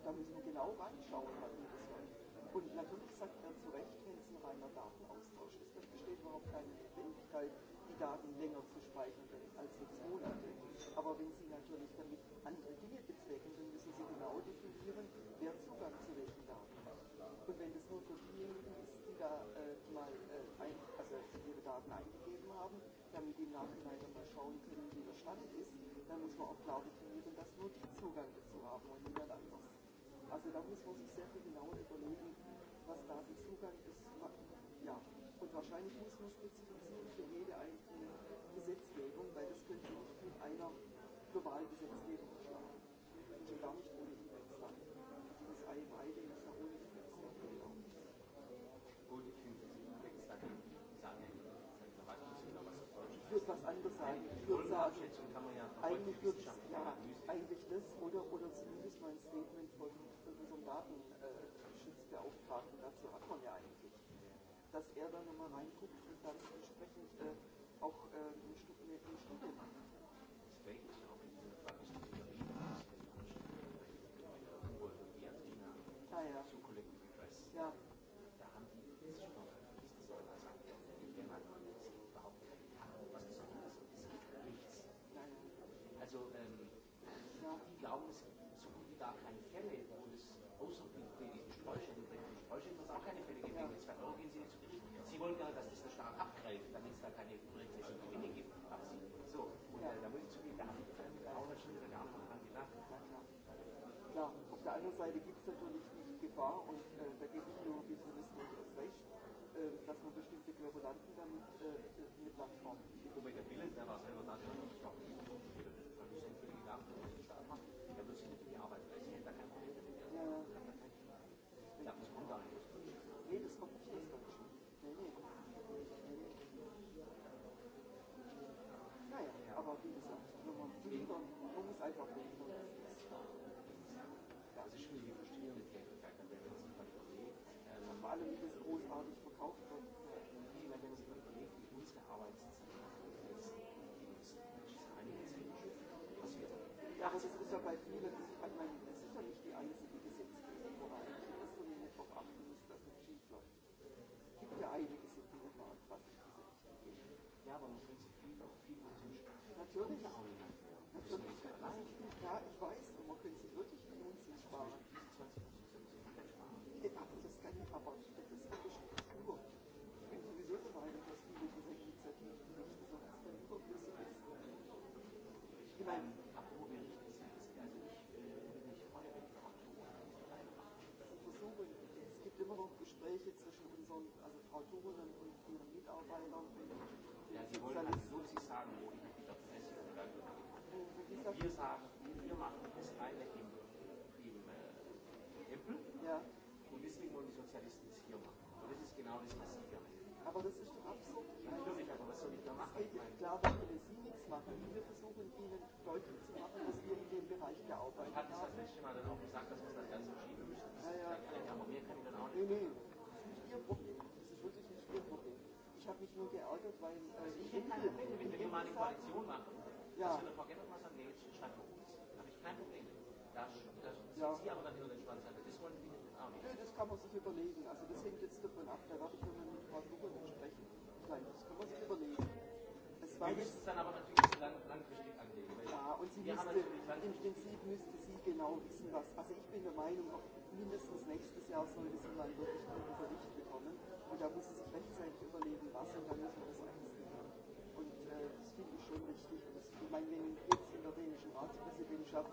glaube ich, so genau reinschauen hat in das Und natürlich sagt er zu Recht, wenn es ein reiner Datenaustausch ist, dann besteht überhaupt keine Notwendigkeit, die Daten länger zu speichern als sechs Monate. Aber wenn Sie natürlich damit andere Dinge bezwecken, dann müssen Sie genau definieren, wer Zugang zu welchen Daten hat. Und wenn das nur für diejenigen ist, die da äh, mal äh, ein, also ihre Daten eingegeben haben, damit die Nachhinein dann mal schauen können, wie der Stand ist, dann muss man auch klar definieren, dass nur die Zugang dazu haben und niemand anderes. Also da muss man sich sehr viel genauer überlegen, was da der Zugang ist. Ja, und wahrscheinlich muss man spezifizieren für jede einzelne Gesetzgebung, weil das könnte nicht mit einer globalen Gesetzgebung schlagen. Schon gar nicht ohne Index dann. Das IMI, den ist ja ohne Index nicht genau. ich finde, ich würde was anderes sagen. Ich würde sagen, eigentlich, ja, eigentlich das oder, oder zumindest mein Statement von Datenschutzbeauftragten, äh, dazu hat man ja eigentlich, dass er dann nochmal reinguckt und dann entsprechend äh, auch äh, eine Studie macht. war und äh, da geht es nur um das Recht, äh, dass man bestimmte Querulanten damit äh, mit Land kommt. der selber nicht da würde ja auch niemand Das nicht klar. Ich weiß, man könnte sich wirklich Millionen sich sparen. Aber das kann ich aber nicht. Das ist eine Struktur. Ich bin sowieso der Meinung, dass viele diese Initiativen nicht besonders überflüssig ist. Ich meine, immer noch Gespräche zwischen unseren, also Frau Turunen und ihren Mitarbeitern. Ja, sie wollen wir sagen, wir machen das eine im, im äh, Tempel ja. und deswegen wollen die Sozialisten es hier machen. Und das ist genau das, was sie hier machen. Aber das ist doch absolut. Natürlich, aber was soll ich da machen? Ich meine, klar, da können Sie nichts machen. Wir versuchen Ihnen deutlich zu machen, dass wir in dem Bereich gearbeitet haben. Ich hatte es das letzte Mal dann auch gesagt, dass wir es dann ganz müssen. ja, ja. Ist dann, aber mehr kann ich dann auch nicht. Nee, nee. Das ist nicht Ihr Problem. Das ist wirklich nicht Ihr Problem. Ich habe mich nur geärgert, weil. Äh, also ich hätte keine Probleme, wenn wir mal eine Koalition machen. Ja. Dass wir eine Frau Genner Das, das ja. Sie aber dann entspannt sein. Das wollen wir jetzt auch nicht. Nö, das kann man sich überlegen. Also das hängt jetzt davon ab, da werde ich nochmal mit Frau Buchholz sprechen. Nein, das kann man sich überlegen. Es war wir müssen es dann aber natürlich so lang, langfristig anlegen. Ja, und sie müsste, im Prinzip müsste sie genau wissen, was. Also ich bin der Meinung, auch mindestens nächstes Jahr sollte sie mal wirklich einen Bericht bekommen. Und da muss sie sich rechtzeitig überlegen, was und dann müssen wir das einziehen. Und äh, das finde ich schon richtig. Und das, ich meine, wenn jetzt in der dänischen Ratspräsidentschaft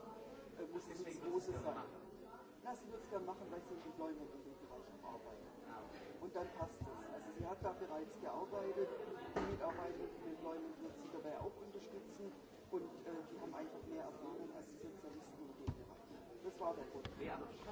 dafür muss es eine große sein. Na, sie wird es dann machen, weil sie im Employment-Bereich arbeitet. Und dann passt es. Also sie hat da bereits gearbeitet, die Mitarbeiter im Employment wird sie dabei auch unterstützen und äh, die haben einfach mehr Erfahrung als die Sozialisten in dem Bereich. Das war der Grund. Ja, aber ich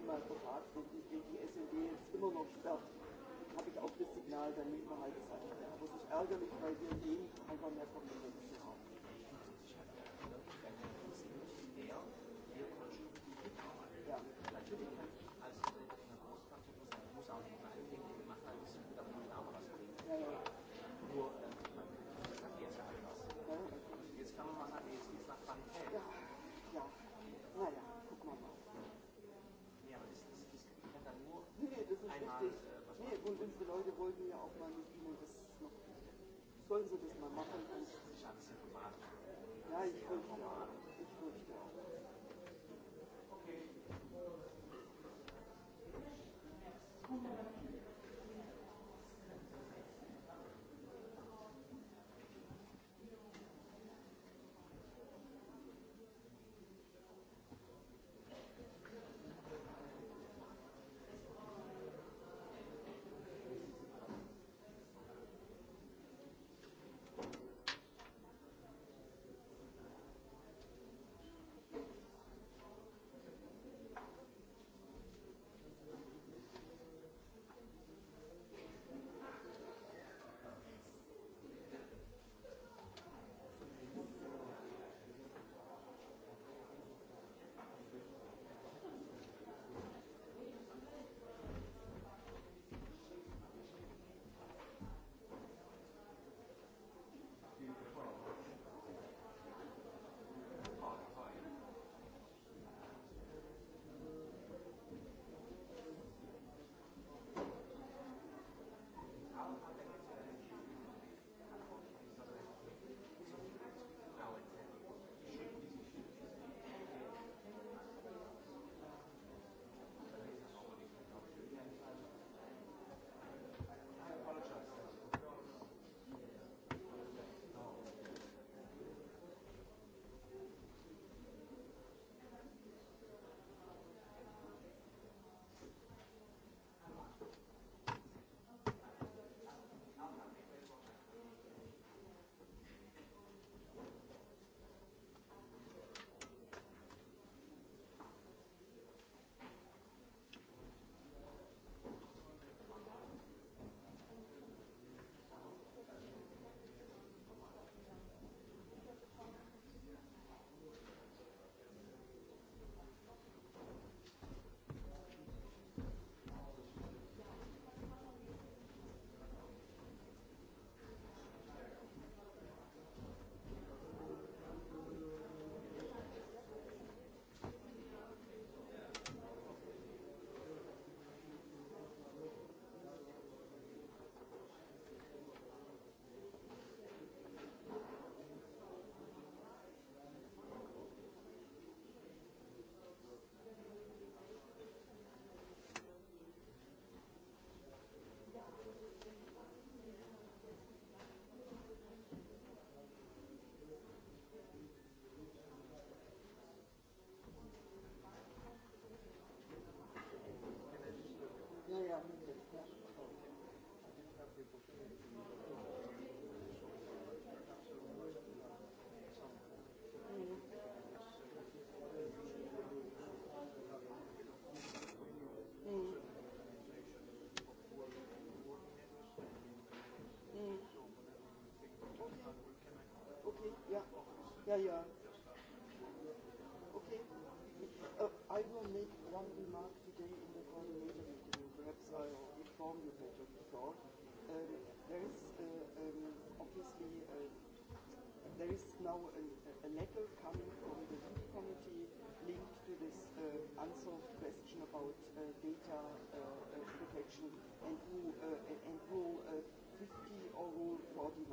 einmal vertagt wird, geht die SED jetzt immer noch sperrt, habe ich auch das Signal, dann nehmen wir halt das andere. Aber es ist ärgerlich, weil wir dem eh einfach mehr kommen müssen. wollten ja auch mal mit Ihnen das noch. Sollen Sie das mal machen? Ja, ich wollte ja. Yeah, yeah. Okay. Uh, I will make one remark today in the coordinator meeting. Perhaps I'll inform you better before. Um, there is uh, um, obviously uh, there is now a, a letter coming from the committee linked to this uh, unsolved question about uh, data uh, uh, protection and rule uh, and, and rule uh, 50 or rule 49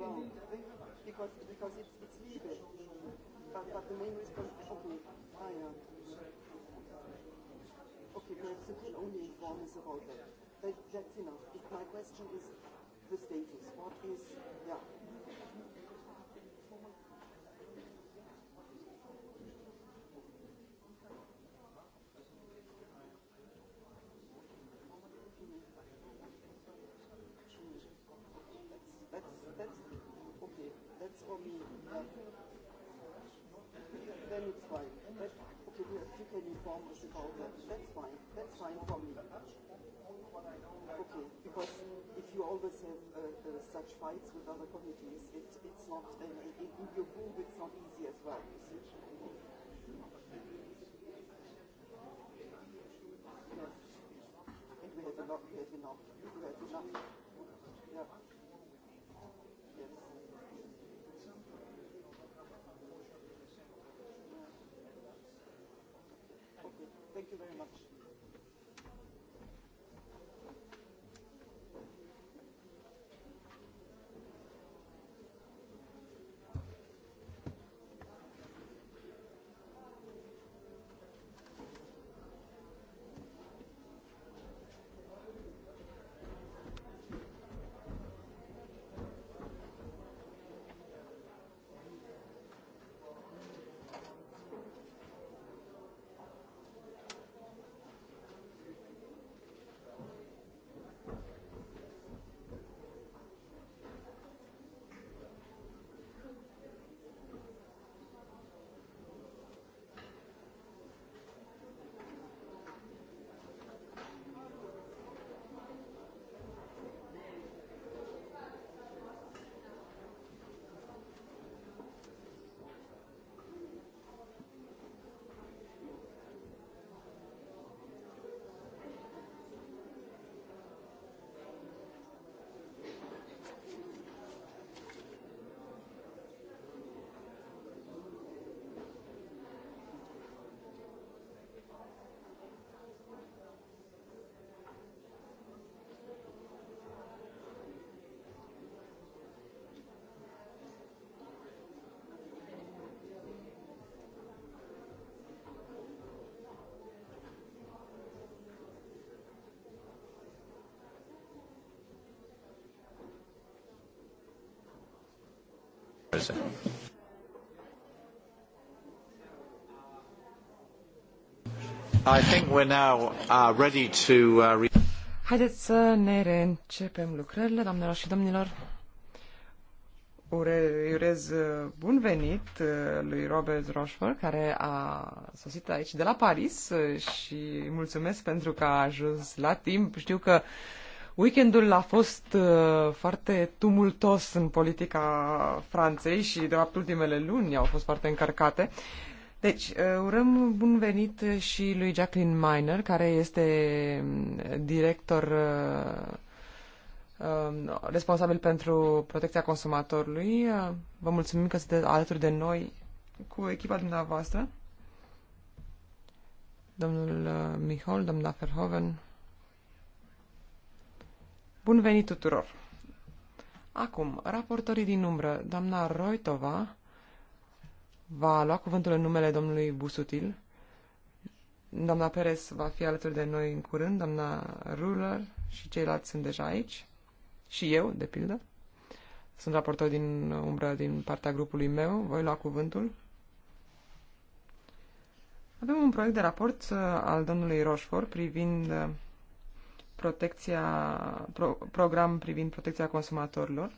well, because because it's it's legal. But but the main responsibility Okay, ah yeah. Okay, perhaps you can only inform us about that. that that's enough. If my question is the status. What is yeah. I'm Okay, because if you always have uh, uh, such fights with other committees, it, it's not, uh, in, in your group it's not easy as well, you see. Yes. And we have enough, we have enough, we have enough. I think we're now uh, ready to uh, Haideți să ne reîncepem lucrările, doamnelor și domnilor. Ure, urez uh, bun venit uh, lui Robert Rochefort, care a sosit aici de la Paris uh, și mulțumesc pentru că a ajuns la timp. Știu că uh, Weekendul a fost uh, foarte tumultos în politica Franței și, de fapt, ultimele luni au fost foarte încărcate. Deci, uh, urăm bun venit și lui Jacqueline Miner, care este mm, director uh, um, responsabil pentru protecția consumatorului. Uh, vă mulțumim că sunteți alături de noi cu echipa dumneavoastră. Domnul uh, Mihol, domnul Ferhoven. Bun venit tuturor! Acum, raportorii din umbră, doamna Roitova va lua cuvântul în numele domnului Busutil. Doamna Perez va fi alături de noi în curând, doamna Ruler și ceilalți sunt deja aici. Și eu, de pildă. Sunt raportor din umbră din partea grupului meu, voi lua cuvântul. Avem un proiect de raport uh, al domnului Roșfor privind uh, protecția, pro, program privind protecția consumatorilor.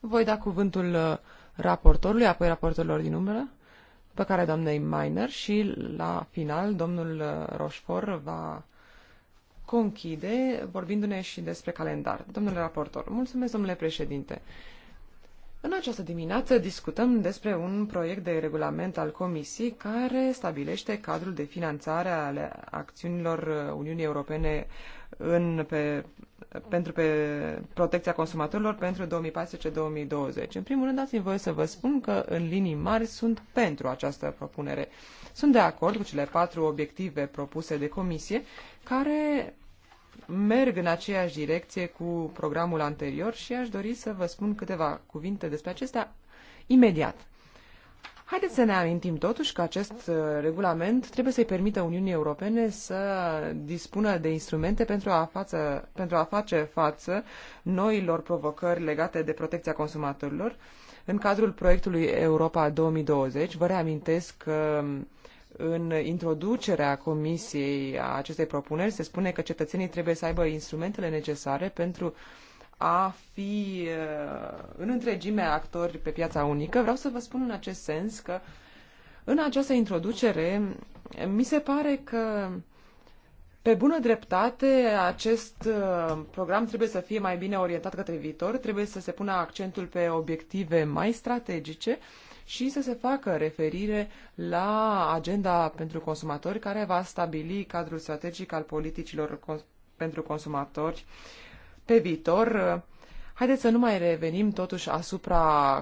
Voi da cuvântul uh, raportorului, apoi raportorilor din umbră, pe care doamnei Miner și la final domnul uh, Roșfor va conchide vorbindu-ne și despre calendar. Domnule raportor, mulțumesc, domnule președinte. Uh, în această dimineață discutăm despre un proiect de regulament al Comisiei care stabilește cadrul de finanțare ale acțiunilor Uniunii Europene în, pe, pentru pe protecția consumatorilor pentru 2014-2020. În primul rând, dați-mi voie să vă spun că, în linii mari, sunt pentru această propunere. Sunt de acord cu cele patru obiective propuse de Comisie, care merg în aceeași direcție cu programul anterior și aș dori să vă spun câteva cuvinte despre acestea imediat. Haideți să ne amintim totuși că acest uh, regulament trebuie să-i permită Uniunii Europene să dispună de instrumente pentru a, față, pentru a face față noilor provocări legate de protecția consumatorilor. În cadrul proiectului Europa 2020, vă reamintesc că um, în introducerea comisiei a acestei propuneri se spune că cetățenii trebuie să aibă instrumentele necesare pentru a fi uh, în întregime actori pe piața unică. Vreau să vă spun în acest sens că în această introducere mi se pare că pe bună dreptate, acest uh, program trebuie să fie mai bine orientat către viitor, trebuie să se pună accentul pe obiective mai strategice și să se facă referire la agenda pentru consumatori care va stabili cadrul strategic al politicilor cons- pentru consumatori pe viitor. Haideți să nu mai revenim totuși asupra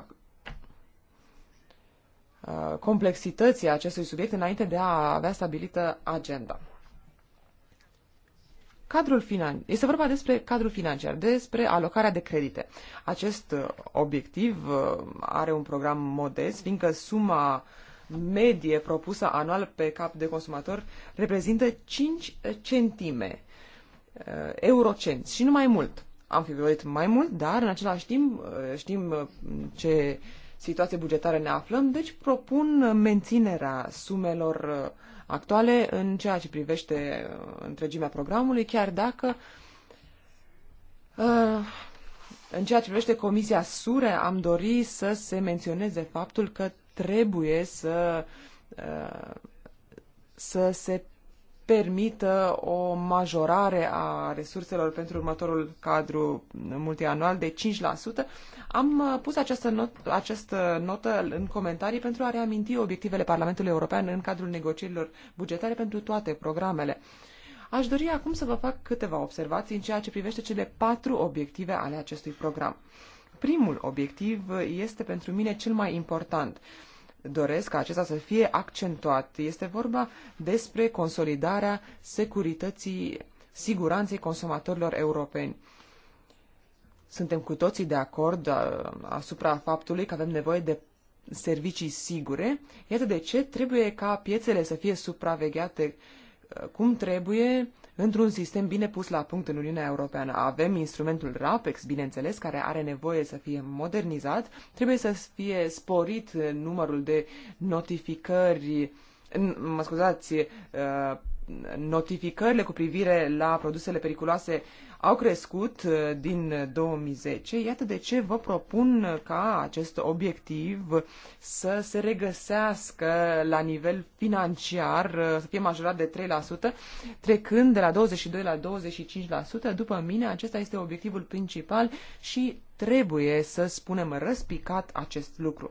uh, complexității acestui subiect înainte de a avea stabilită agenda. Cadrul finan... Este vorba despre cadrul financiar, despre alocarea de credite. Acest uh, obiectiv uh, are un program modest, fiindcă suma medie propusă anual pe cap de consumator reprezintă 5 centime, uh, eurocenți și nu mai mult. Am fi vrut mai mult, dar în același timp știm ce situație bugetară ne aflăm, deci propun menținerea sumelor uh, actuale în ceea ce privește uh, întregimea programului, chiar dacă uh, în ceea ce privește Comisia Sure am dori să se menționeze faptul că trebuie să uh, să se permită o majorare a resurselor pentru următorul cadru multianual de 5%. Am uh, pus această, not- această notă în comentarii pentru a reaminti obiectivele Parlamentului European în cadrul negocierilor bugetare pentru toate programele. Aș dori acum să vă fac câteva observații în ceea ce privește cele patru obiective ale acestui program. Primul obiectiv este pentru mine cel mai important. Uh, doresc ca acesta să fie accentuat. Este vorba despre consolidarea securității, siguranței consumatorilor europeni. Suntem cu toții de acord uh, asupra faptului că avem nevoie de servicii sigure. Iată de ce trebuie ca piețele să fie supravegheate uh, cum trebuie, într-un sistem bine pus la punct în Uniunea Europeană. Avem instrumentul RAPEX, bineînțeles, care are nevoie să fie modernizat, trebuie să fie sporit uh, numărul de notificări, mă scuzați, uh, notificările cu privire la produsele periculoase au crescut uh, din 2010. Uh, Iată de ce vă propun uh, ca acest obiectiv să se regăsească la nivel financiar, să fie majorat de 3%, trecând de la 22 la 25%. După mine, acesta este obiectivul principal și trebuie să spunem răspicat acest lucru.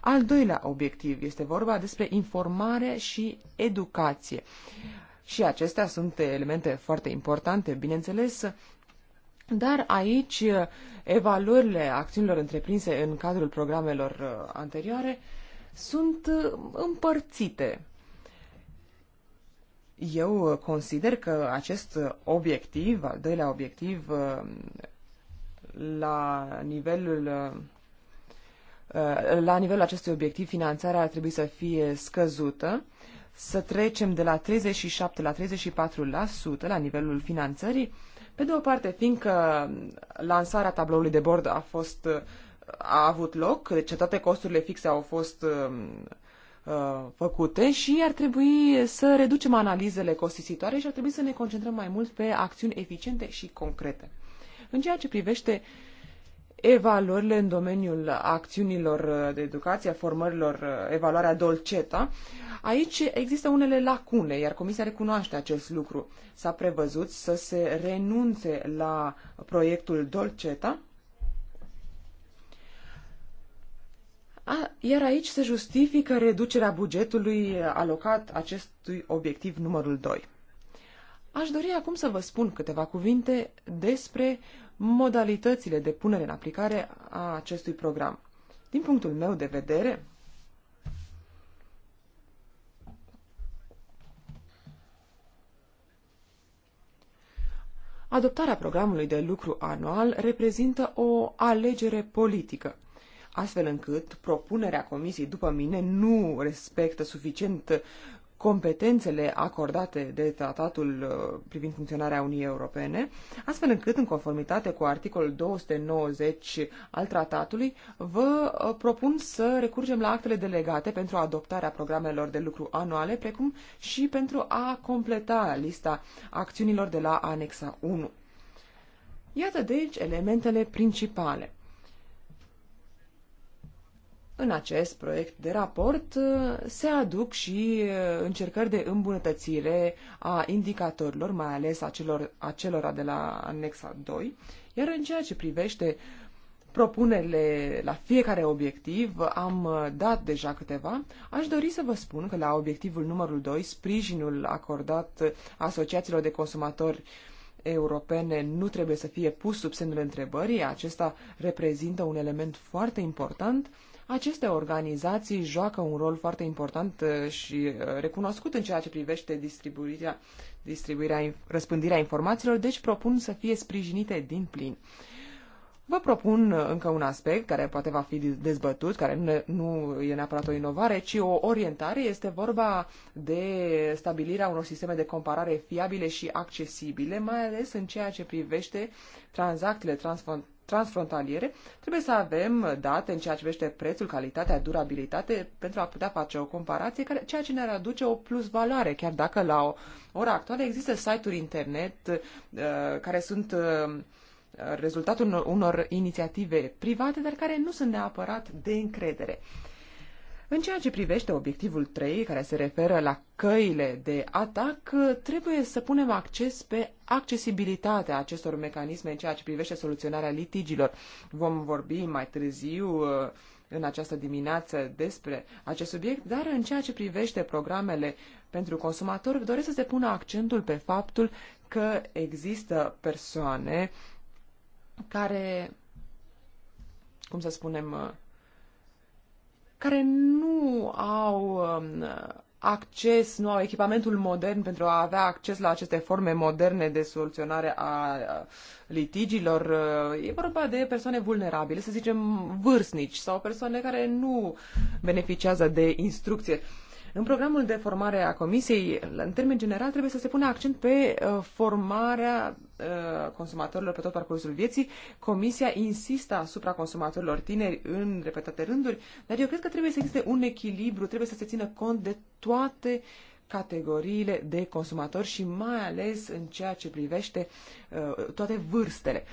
Al doilea obiectiv este vorba despre informare și educație și acestea sunt elemente foarte importante, bineînțeles, dar aici evaluările acțiunilor întreprinse în cadrul programelor uh, anterioare sunt uh, împărțite. Eu uh, consider că acest obiectiv, al doilea obiectiv, la nivelul la nivelul acestui obiectiv, finanțarea ar trebui să fie scăzută să trecem de la 37 la 34% la nivelul finanțării, pe de o parte, fiindcă lansarea tabloului de bord a fost a avut loc, deci toate costurile fixe au fost um, uh, făcute și ar trebui să reducem analizele costisitoare și ar trebui să ne concentrăm mai mult pe acțiuni eficiente și concrete. În ceea ce privește uh, evaluările în domeniul acțiunilor uh, de educație, a formărilor, uh, evaluarea Dolceta. Aici există unele lacune, iar Comisia recunoaște acest lucru. S-a prevăzut să se renunțe la proiectul Dolceta, A, iar aici se justifică reducerea bugetului alocat acestui obiectiv numărul 2. Aș dori acum să vă spun câteva cuvinte despre modalitățile de punere în aplicare a acestui program. Din punctul meu de vedere, Adoptarea programului de lucru anual reprezintă o alegere politică, astfel încât propunerea comisiei după mine nu respectă suficient competențele acordate de tratatul uh, privind funcționarea Uniunii Europene, astfel încât, în conformitate cu articolul 290 al tratatului, vă uh, propun să recurgem la actele delegate pentru adoptarea programelor de lucru anuale, precum și pentru a completa lista acțiunilor de la anexa 1. Iată deci elementele principale. În acest proiect de raport uh, se aduc și uh, încercări de îmbunătățire a indicatorilor, mai ales a celor, acelora de la anexa 2, iar în ceea ce privește propunerile la fiecare obiectiv, am uh, dat deja câteva, aș dori să vă spun că la obiectivul numărul 2, sprijinul acordat asociațiilor de consumatori europene nu trebuie să fie pus sub semnul întrebării, acesta reprezintă un element foarte important aceste organizații joacă un rol foarte important uh, și uh, recunoscut în ceea ce privește distribuirea, distribuirea răspândirea informațiilor, deci propun să fie sprijinite din plin. Vă propun uh, încă un aspect care poate va fi dezbătut, care nu, nu e neapărat o inovare, ci o orientare. Este vorba de stabilirea unor sisteme de comparare fiabile și accesibile, mai ales în ceea ce privește tranzacțiile transfrontaliere transfrontaliere, trebuie să avem date în ceea ce privește prețul, calitatea, durabilitate pentru a putea face o comparație, care, ceea ce ne-ar aduce o plus valoare, chiar dacă la o, ora actuală există site-uri internet uh, care sunt uh, rezultatul unor, unor inițiative private, dar care nu sunt neapărat de încredere. Uh, în ceea ce privește obiectivul 3, care se referă la căile de atac, trebuie să punem acces pe accesibilitatea acestor mecanisme în ceea ce privește soluționarea litigilor. Vom vorbi mai târziu uh, în această dimineață despre acest subiect, dar în ceea ce privește programele pentru consumatori, doresc să se pună accentul pe faptul că există persoane care, cum să spunem, uh, care nu au um, acces, nu au echipamentul modern pentru a avea acces la aceste forme moderne de soluționare a litigilor. Uh, e vorba de persoane vulnerabile, să zicem vârstnici sau persoane care nu beneficiază de instrucție. În programul de formare a Comisiei, în termen general, trebuie să se pună accent pe uh, formarea uh, consumatorilor pe tot parcursul vieții. Comisia insistă asupra consumatorilor tineri în repetate rânduri, dar eu cred că trebuie să existe un echilibru, trebuie să se țină cont de toate categoriile de consumatori și mai ales în ceea ce privește uh, toate vârstele.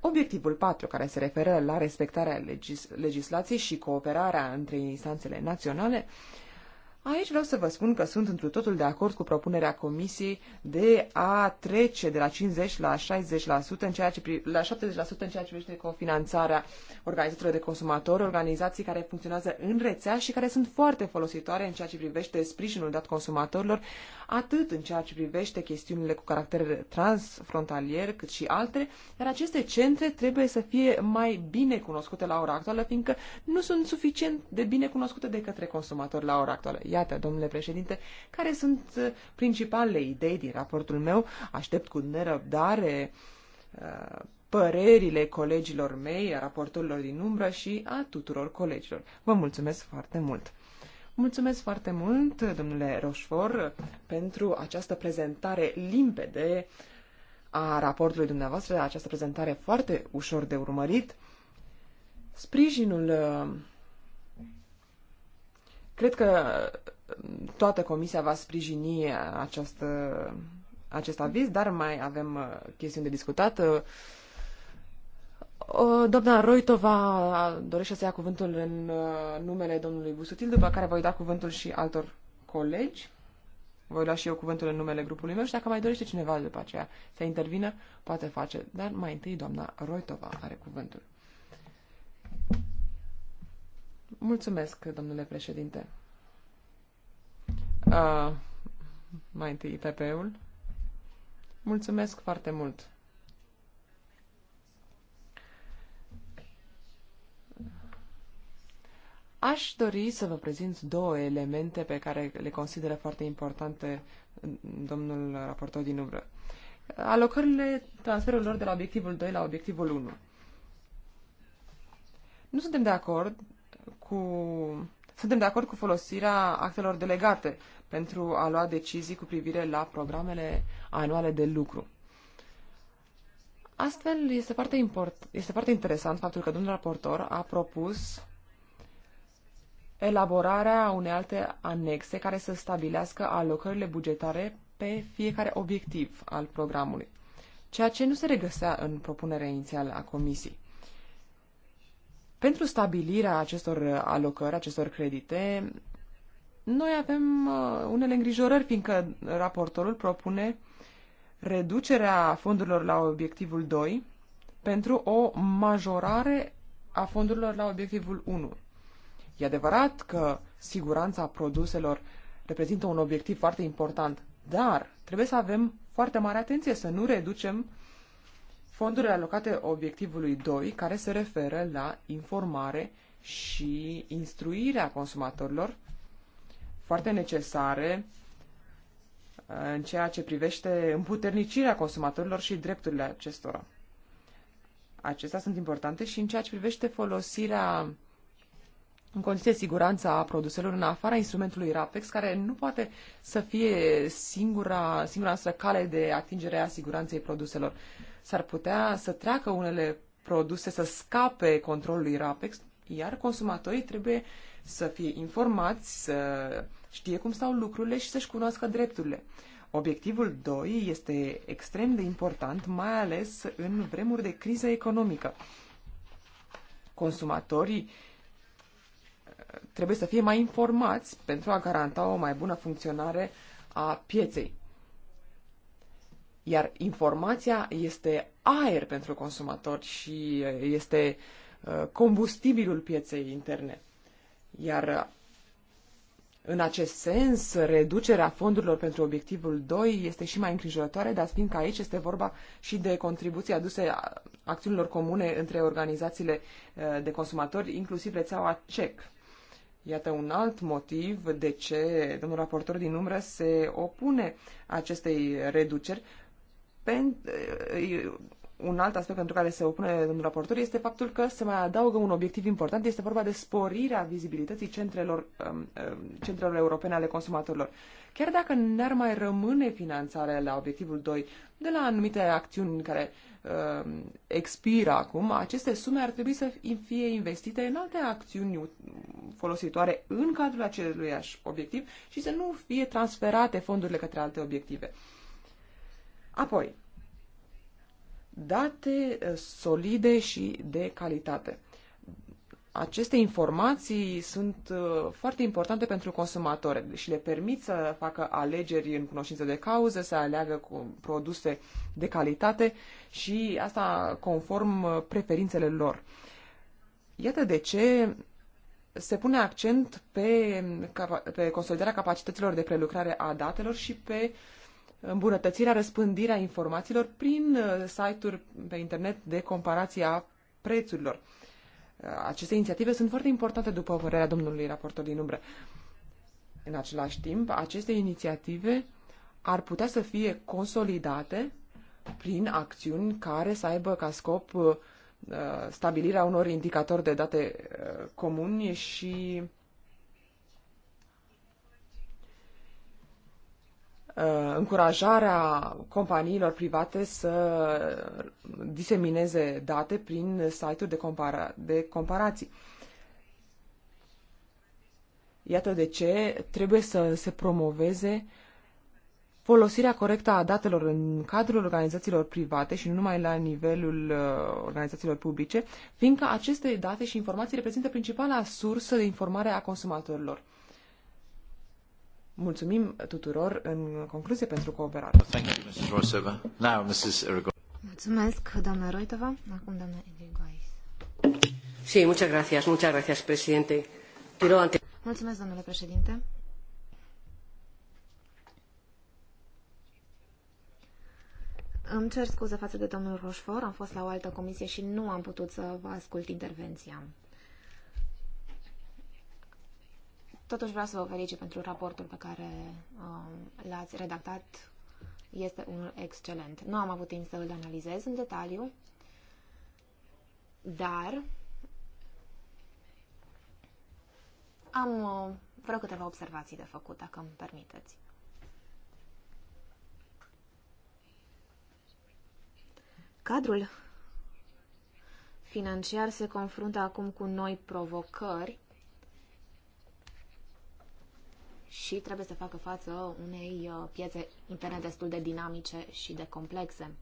Obiectivul 4, care se referă la respectarea legis- legislației și cooperarea între instanțele naționale, uh, Aici vreau să vă spun că sunt întru totul de acord cu propunerea Comisiei de a trece de la 50 la 60% în ceea ce la 70% în ceea ce privește cofinanțarea organizațiilor de consumatori, organizații care funcționează în rețea și care sunt foarte folositoare în ceea ce privește sprijinul dat consumatorilor, atât în ceea ce privește chestiunile cu caracter transfrontalier, cât și altele, dar aceste centre trebuie să fie mai bine cunoscute la ora actuală, fiindcă nu sunt suficient de bine cunoscute de către consumatori la ora actuală. Iată, domnule președinte, care sunt uh, principalele idei din raportul meu. Aștept cu nerăbdare uh, părerile colegilor mei, a raportorilor din umbră și a tuturor colegilor. Vă mulțumesc foarte mult! Mulțumesc foarte mult, domnule Roșfor, pentru această prezentare limpede a raportului dumneavoastră, această prezentare foarte ușor de urmărit. Sprijinul uh, Cred că uh, toată comisia va sprijini uh, această, acest aviz, dar mai avem uh, chestiuni de discutat. Doamna Roitova dorește să ia cuvântul în numele domnului Busutil, după care voi da cuvântul și altor colegi. Voi lua și eu cuvântul în numele grupului meu și dacă mai dorește cineva după aceea să intervină, poate face. Dar mai întâi doamna Roitova are cuvântul. Mulțumesc, domnule președinte. Uh, mai întâi ITP-ul. Mulțumesc foarte mult. Aș dori să vă prezint două elemente pe care le consideră foarte importante domnul raportor din umbră. Alocările transferurilor de la obiectivul 2 la obiectivul 1. Nu suntem de acord cu... Suntem de acord cu folosirea actelor delegate pentru a lua decizii cu privire la programele anuale de lucru. Astfel, este foarte, import, este foarte interesant faptul că domnul raportor a propus elaborarea unei alte anexe care să stabilească alocările bugetare pe fiecare obiectiv al programului, ceea ce nu se regăsea în propunerea inițială a comisiei. Pentru stabilirea acestor alocări, acestor credite, noi avem uh, unele îngrijorări, fiindcă raportorul propune reducerea fondurilor la obiectivul 2 pentru o majorare a fondurilor la obiectivul 1. E adevărat că siguranța produselor reprezintă un obiectiv foarte important, dar trebuie să avem foarte mare atenție să nu reducem fondurile alocate obiectivului 2, care se referă la informare și instruirea consumatorilor, foarte necesare uh, în ceea ce privește împuternicirea consumatorilor și drepturile acestora. Acestea sunt importante și în ceea ce privește folosirea în condiții de siguranță a produselor în afara instrumentului RAPEX, care nu poate să fie singura, singura noastră cale de atingere a siguranței produselor s-ar putea să treacă unele produse, să scape controlului RAPEX, iar consumatorii trebuie să fie informați, să știe cum stau lucrurile și să-și cunoască drepturile. Obiectivul 2 este extrem de important, mai ales în vremuri de criză economică. Consumatorii eh, trebuie să fie mai informați pentru a garanta o mai bună funcționare a pieței. Iar informația este aer pentru consumator și uh, este uh, combustibilul pieței interne. Iar uh, în acest sens, reducerea fondurilor pentru obiectivul 2 este și mai îngrijorătoare, dar fiindcă aici este vorba și de contribuții aduse acțiunilor comune între organizațiile de consumatori, inclusiv rețeaua CEC. Iată un alt motiv de ce domnul raportor din umbră se opune acestei reduceri, Pen, un alt aspect pentru care se opune domnul raportor este faptul că se mai adaugă un obiectiv important. Este vorba de sporirea vizibilității centrelor, um, um, centrelor europene ale consumatorilor. Chiar dacă n ar mai rămâne finanțarea la obiectivul 2 de la anumite acțiuni care uh, expiră acum, aceste sume ar trebui să fie investite în alte acțiuni folositoare în cadrul acelui obiectiv și să nu fie transferate fondurile către alte obiective. Apoi, date eh, solide și de calitate. Aceste informații sunt eh, foarte importante pentru consumatori și le permit să facă alegeri în cunoștință de cauză, să aleagă cu produse de calitate și asta conform eh, preferințele lor. Iată de ce se pune accent pe, pe consolidarea capacităților de prelucrare a datelor și pe uh, îmbunătățirea, răspândirea informațiilor prin uh, site-uri pe internet de comparație a prețurilor. Uh, aceste inițiative sunt foarte importante, după părerea domnului raportor din umbră. În același timp, aceste inițiative ar putea să fie consolidate prin acțiuni care să aibă ca scop uh, stabilirea unor indicatori de date comuni și Uh, încurajarea companiilor private să disemineze date prin site-uri de, compara- de comparații. Iată de ce trebuie să se promoveze folosirea corectă a datelor în cadrul organizațiilor private și nu numai la nivelul uh, organizațiilor publice, fiindcă aceste date și informații reprezintă principala sursă de informare a consumatorilor. Mulțumim tuturor în concluzie pentru cooperare. Thank you, Mrs. Roisova. Now, Mrs. Irigoyen. Mulțumesc, doamna Roitova. Acum, doamna Irigoyen. Sí, muchas gracias, muchas gracias, presidente. Quiero ante... Mulțumesc, domnule președinte. Îmi cer scuze față de domnul Roșfor, am fost la o altă comisie și nu am putut să vă ascult intervenția. Totuși vreau să vă felicit pentru raportul pe care um, l-ați redactat. Este unul excelent. Nu am avut timp să îl analizez în detaliu, dar am uh, vreo câteva observații de făcut, dacă îmi permiteți. Cadrul financiar se confruntă acum cu noi provocări și trebuie să facă față unei uh, piețe interne destul de dinamice și de complexe.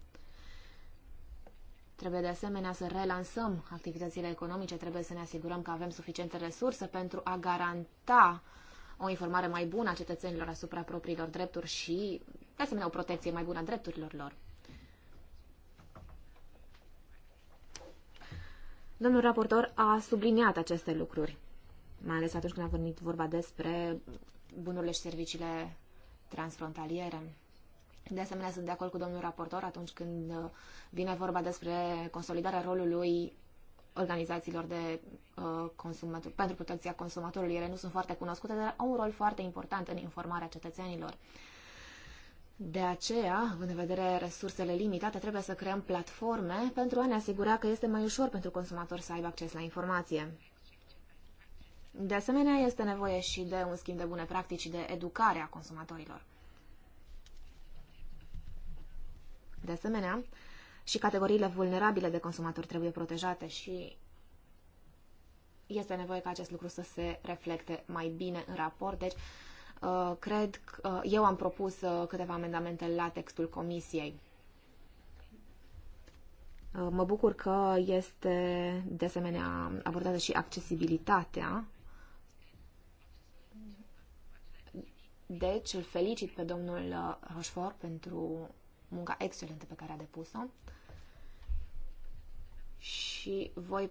Trebuie de asemenea să relansăm activitățile economice, trebuie să ne asigurăm că avem suficiente resurse pentru a garanta o informare mai bună a cetățenilor asupra propriilor drepturi și, de asemenea, o protecție mai bună a drepturilor lor. Domnul raportor a subliniat aceste lucruri, mai ales atunci când a venit vorba despre bunurile și serviciile transfrontaliere. De asemenea, sunt de acord cu domnul raportor atunci când uh, vine vorba despre consolidarea rolului organizațiilor de uh, consumator, pentru protecția consumatorului. Ele nu sunt foarte cunoscute, dar au un rol foarte important în informarea cetățenilor. De aceea, în vedere resursele limitate, trebuie să creăm platforme pentru a ne asigura că este mai ușor pentru consumator să aibă acces la informație. De asemenea, este nevoie și de un schimb de bune practici și de educare a consumatorilor. De asemenea, și categoriile vulnerabile de consumatori trebuie protejate și este nevoie ca acest lucru să se reflecte mai bine în raport. Deci, uh, cred că uh, eu am propus uh, câteva amendamente la textul comisiei. Mă bucur că este de asemenea abordată și accesibilitatea Deci îl felicit pe domnul uh, Rochefort pentru munca excelentă pe care a depus-o și voi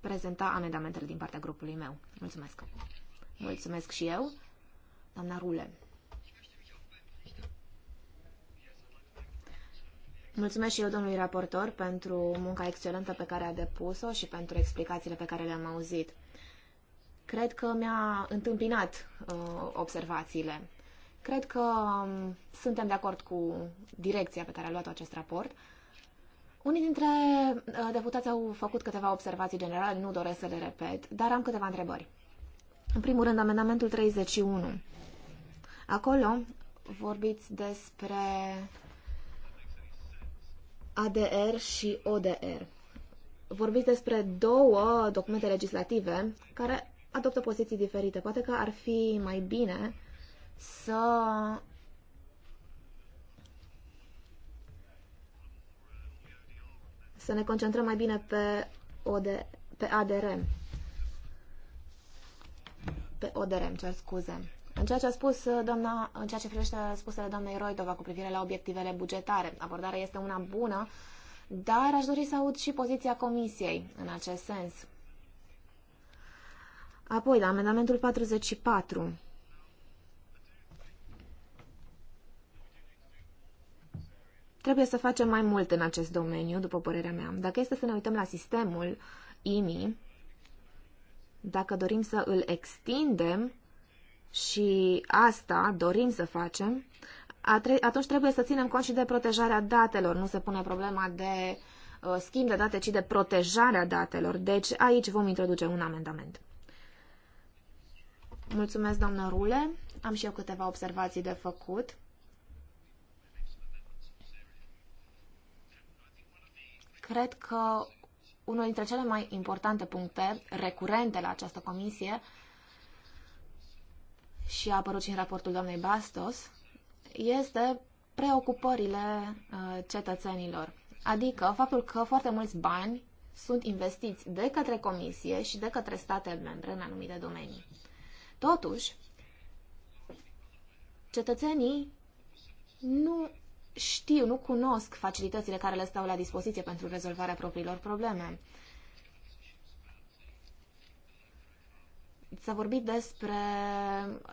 prezenta amendamentele din partea grupului meu. Mulțumesc! Mulțumesc și eu, doamna Rule. Mulțumesc și eu domnului raportor pentru munca excelentă pe care a depus-o și pentru explicațiile pe care le-am auzit. Cred că mi-a întâmpinat uh, observațiile. Cred că um, suntem de acord cu direcția pe care a luat acest raport. Unii dintre uh, deputați au făcut câteva observații generale, nu doresc să le repet, dar am câteva întrebări. În primul rând, amendamentul 31. Acolo vorbiți despre ADR și ODR. Vorbiți despre două documente legislative care adoptă poziții diferite. Poate că ar fi mai bine să să ne concentrăm mai bine pe, OD, pe ADR. Pe ODRM, cer scuze. În ceea ce a spus uh, doamna, în ceea ce privește spusele doamnei Roitova cu privire la obiectivele bugetare, abordarea este una bună, dar aș dori să aud și poziția comisiei în acest sens. Apoi, la amendamentul 44. Trebuie să facem mai mult în acest domeniu, după părerea mea. Dacă este să ne uităm la sistemul IMI, dacă dorim să îl extindem, și asta dorim să facem, atunci trebuie să ținem cont și de protejarea datelor. Nu se pune problema de uh, schimb de date, ci de protejarea datelor. Deci aici vom introduce un amendament. Mulțumesc, doamnă Rule. Am și eu câteva observații de făcut. Cred că unul dintre cele mai importante puncte recurente la această comisie și a apărut și în raportul doamnei Bastos, este preocupările uh, cetățenilor. Adică faptul că foarte mulți bani sunt investiți de către comisie și de către statele membre în anumite domenii. Totuși, cetățenii nu știu, nu cunosc facilitățile care le stau la dispoziție pentru rezolvarea propriilor probleme. S-a vorbit despre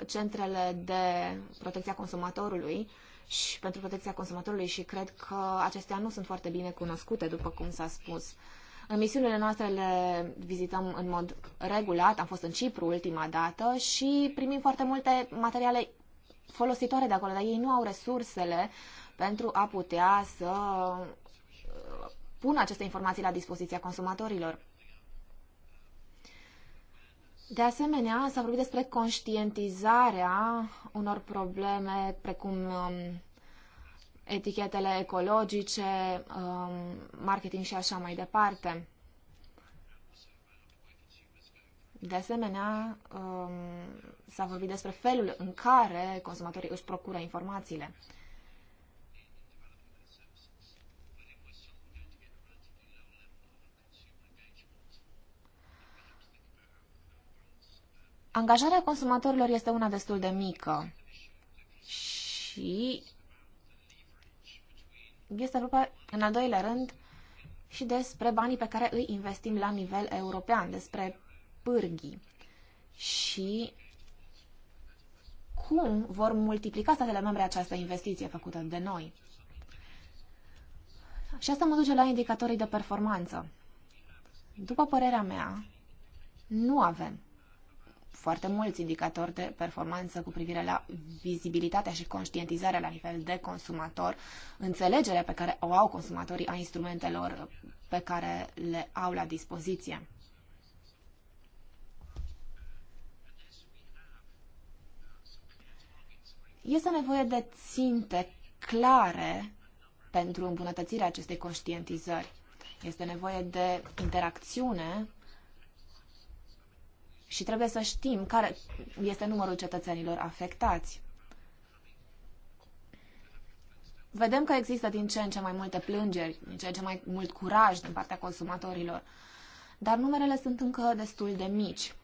centrele de protecția consumatorului și pentru protecția consumatorului și cred că acestea nu sunt foarte bine cunoscute, după cum s-a spus. Uh, în misiunile noastre le vizităm în mod regulat, am fost în Cipru ultima dată și primim foarte multe materiale folositoare de acolo, dar ei nu au resursele pentru a putea să uh, pună aceste informații la dispoziția consumatorilor. De asemenea, s-a vorbit despre conștientizarea unor probleme precum um, etichetele ecologice, um, marketing și așa mai departe. De asemenea, um, s-a vorbit despre felul în care consumatorii își procură informațiile. Angajarea consumatorilor este una destul de mică și este vorba, în al doilea rând, și despre banii pe care îi investim la nivel european, despre pârghii și cum vor multiplica statele membre această investiție făcută de noi. Și asta mă duce la indicatorii de performanță. După părerea mea, nu avem foarte mulți indicatori de performanță cu privire la vizibilitatea și conștientizarea la nivel de consumator, înțelegerea pe care o au consumatorii a instrumentelor pe care le au la dispoziție. Este nevoie de ținte clare pentru îmbunătățirea acestei conștientizări. Este nevoie de interacțiune și trebuie să știm care este numărul cetățenilor afectați. Vedem că există din ce în ce mai multe plângeri, din ce în ce mai mult curaj din partea consumatorilor, dar numerele sunt încă destul de mici.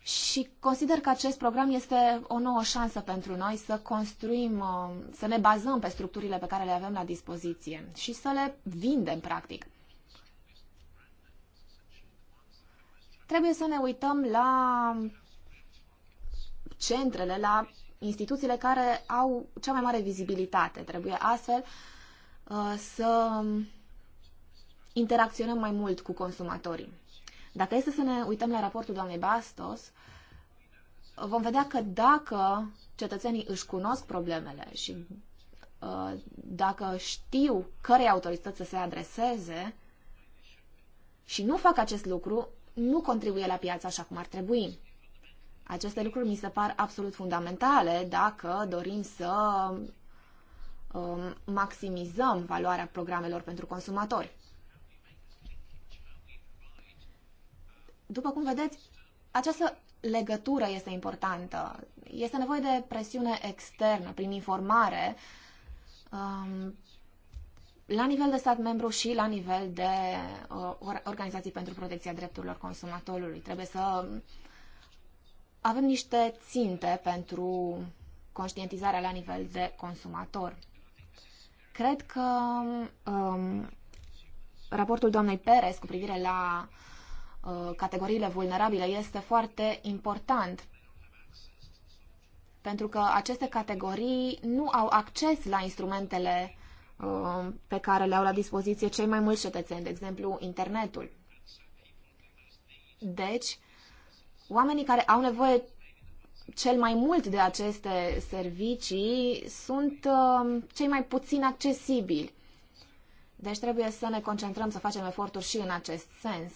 Și consider că acest program este o nouă șansă pentru noi să construim, uh, să ne bazăm pe structurile pe care le avem la dispoziție și să le vindem, practic. trebuie să ne uităm la centrele, la instituțiile care au cea mai mare vizibilitate. Trebuie astfel uh, să interacționăm mai mult cu consumatorii. Dacă este să ne uităm la raportul doamnei Bastos, vom vedea că dacă cetățenii își cunosc problemele și uh, dacă știu cărei autorități să se adreseze și nu fac acest lucru, nu contribuie la piață așa cum ar trebui. Aceste lucruri mi se par absolut fundamentale dacă dorim să um, maximizăm valoarea programelor pentru consumatori. După cum vedeți, această legătură este importantă. Este nevoie de presiune externă, prin informare, um, la nivel de stat membru și la nivel de uh, organizații pentru protecția drepturilor consumatorului. Trebuie să avem niște ținte pentru conștientizarea la nivel de consumator. Cred că um, raportul doamnei Perez cu privire la uh, categoriile vulnerabile este foarte important pentru că aceste categorii nu au acces la instrumentele Um, pe care le au la dispoziție cei mai mulți cetățeni, de exemplu, internetul. Deci, oamenii care au nevoie cel mai mult de aceste servicii sunt um, cei mai puțin accesibili. Deci trebuie să ne concentrăm să facem eforturi și în acest sens.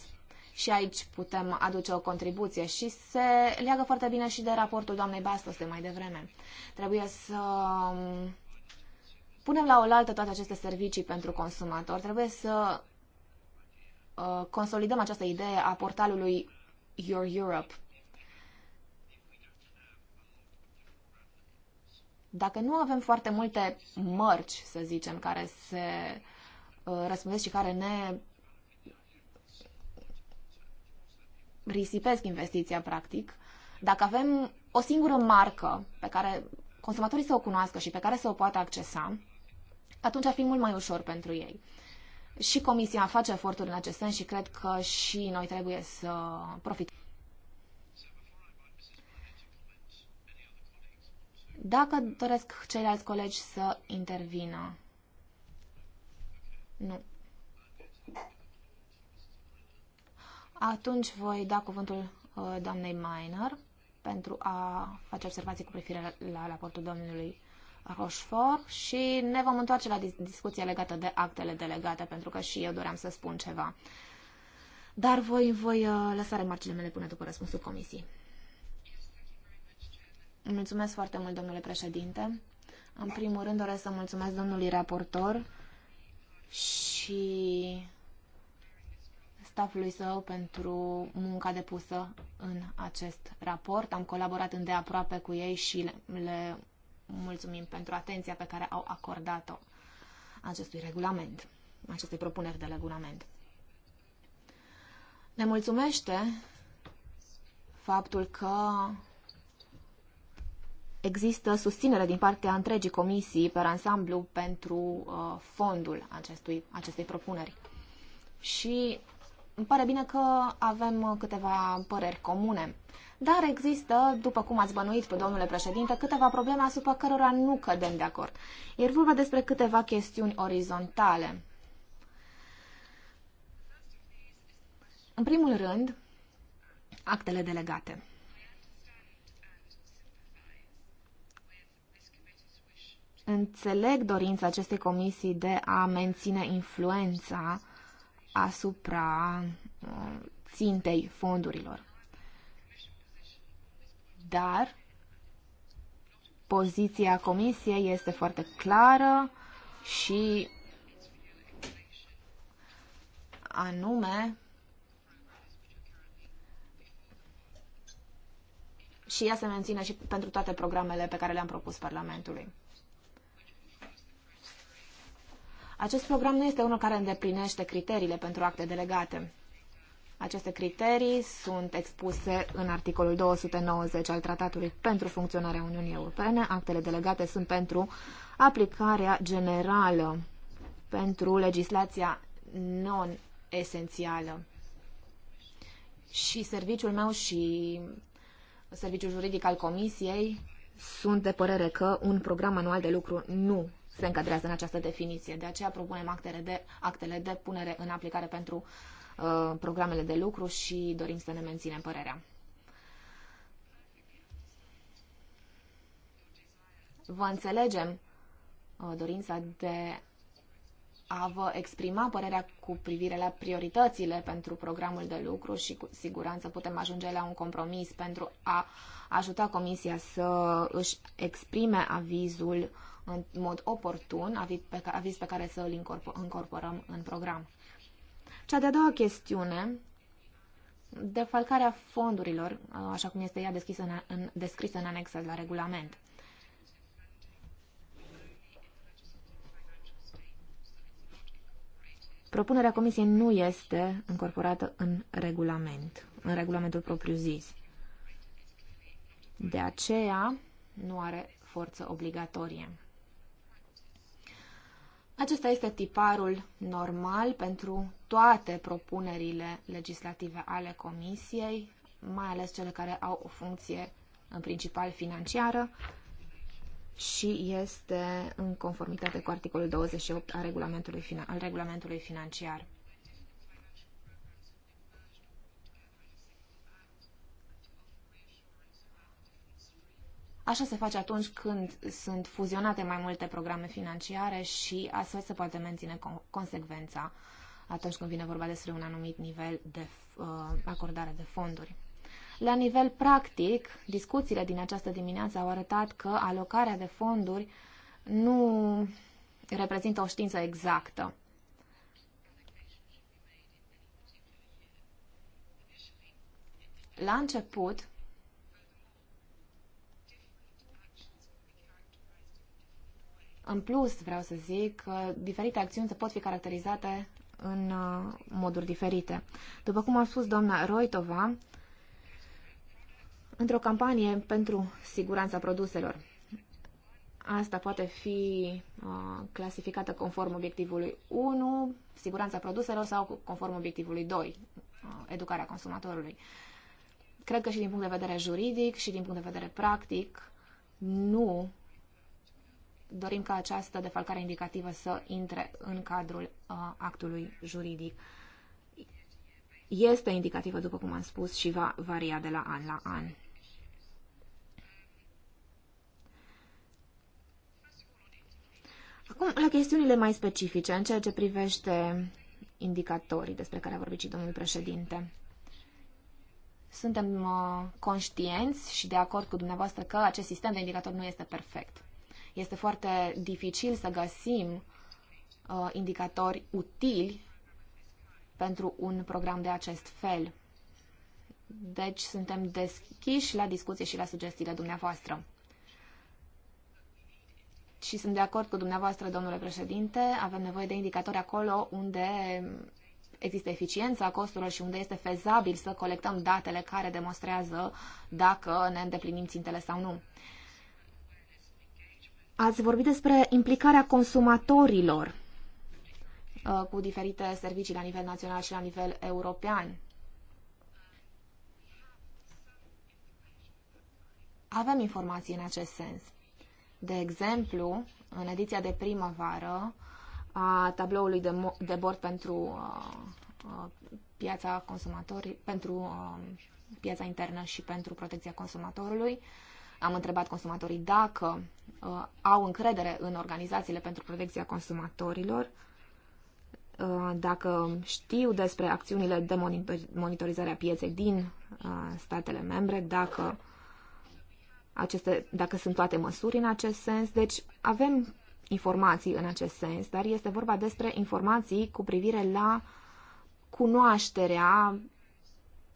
Și aici putem aduce o contribuție și se leagă foarte bine și de raportul doamnei Bastos de mai devreme. Trebuie să um, punem la oaltă toate aceste servicii pentru consumator. Trebuie să uh, consolidăm această idee a portalului Your Europe. Dacă nu avem foarte multe mărci, să zicem, care se uh, răspândesc și care ne risipesc investiția, practic, dacă avem o singură marcă pe care consumatorii să o cunoască și pe care să o poată accesa, atunci ar fi mult mai ușor pentru ei. Și Comisia face eforturi în acest sens și cred că și noi trebuie să profităm. Dacă doresc ceilalți colegi să intervină. Nu. Atunci voi da cuvântul uh, doamnei Miner pentru a face observații cu privire la raportul domnului Rochefort și ne vom întoarce la discuția legată de actele delegate, pentru că și eu doream să spun ceva. Dar voi, voi uh, lăsa remarcile mele până după răspunsul comisiei. Mulțumesc foarte mult, domnule președinte. În primul rând doresc să mulțumesc domnului raportor și staffului său pentru munca depusă în acest raport. Am colaborat îndeaproape cu ei și le, le mulțumim pentru atenția pe care au acordat-o acestui regulament, acestei propuneri de regulament. Ne mulțumește faptul că există susținere din partea întregii comisii pe ansamblu pentru uh, fondul acestui, acestei propuneri. Și îmi pare bine că avem câteva păreri comune. Dar există, după cum ați bănuit pe domnule președinte, câteva probleme asupra cărora nu cădem de acord. E vorba despre câteva chestiuni orizontale. În primul rând, actele delegate. Înțeleg dorința acestei comisii de a menține influența uh, asupra uh, țintei fondurilor. Dar poziția comisiei este foarte clară și anume și ea se menține și pentru toate programele pe care le-am propus Parlamentului. Acest program nu este unul care îndeplinește criteriile pentru acte delegate. Aceste criterii sunt expuse în articolul 290 al Tratatului pentru funcționarea Uniunii Europene. Actele delegate sunt pentru aplicarea generală, pentru legislația non-esențială. Și serviciul meu și serviciul juridic al Comisiei sunt de părere că un program anual de lucru nu se încadrează în această definiție. De aceea propunem actele de, actele de punere în aplicare pentru uh, programele de lucru și dorim să ne menținem părerea. Vă înțelegem uh, dorința de a vă exprima părerea cu privire la prioritățile pentru programul de lucru și cu siguranță putem ajunge la un compromis pentru a ajuta Comisia să își exprime avizul în mod oportun, aviz pe, care să îl incorporăm în program. Cea de-a doua chestiune, defalcarea fondurilor, uh, așa cum este ea descrisă în, în, descrisă în anexă la regulament. Propunerea Comisiei nu este incorporată în regulament, în regulamentul propriu-zis. De aceea, nu are forță obligatorie. Acesta este tiparul normal pentru toate propunerile legislative ale Comisiei, mai ales cele care au o funcție în principal financiară și este în conformitate cu articolul 28 al regulamentului, al regulamentului financiar. Așa se face atunci când sunt fuzionate mai multe programe financiare și astfel se poate menține consecvența atunci când vine vorba despre un anumit nivel de uh, acordare de fonduri. La nivel practic, discuțiile din această dimineață au arătat că alocarea de fonduri nu reprezintă o știință exactă. La început, În plus, vreau să zic că diferite acțiuni se pot fi caracterizate în uh, moduri diferite. După cum a spus doamna Roitova, într-o campanie pentru siguranța produselor. Asta poate fi uh, clasificată conform obiectivului 1, siguranța produselor, sau conform obiectivului 2, uh, educarea consumatorului. Cred că și din punct de vedere juridic și din punct de vedere practic, nu dorim ca această defalcare indicativă să intre în cadrul uh, actului juridic. Este indicativă, după cum am spus, și va varia de la an la an. Acum, la chestiunile mai specifice, în ceea ce privește indicatorii despre care a vorbit și domnul președinte. Suntem uh, conștienți și de acord cu dumneavoastră că acest sistem de indicator nu este perfect. Este foarte dificil să găsim uh, indicatori utili pentru un program de acest fel. Deci suntem deschiși la discuție și la sugestiile dumneavoastră. Și sunt de acord cu dumneavoastră, domnule președinte, avem nevoie de indicatori acolo unde există eficiența costurilor și unde este fezabil să colectăm datele care demonstrează dacă ne îndeplinim țintele sau nu. Ați vorbit despre implicarea consumatorilor uh, cu diferite servicii la nivel național și la nivel european. Avem informații în acest sens. De exemplu, în ediția de primăvară a tabloului de, de bord pentru uh, uh, piața consumatorii, pentru uh, piața internă și pentru protecția consumatorului, uh, am întrebat consumatorii dacă uh, au încredere în organizațiile pentru protecția consumatorilor, uh, dacă știu despre acțiunile de monitorizare a pieței din uh, statele membre, dacă, aceste, dacă sunt toate măsuri în acest sens. Deci avem informații în acest sens, dar este vorba despre informații cu privire la cunoașterea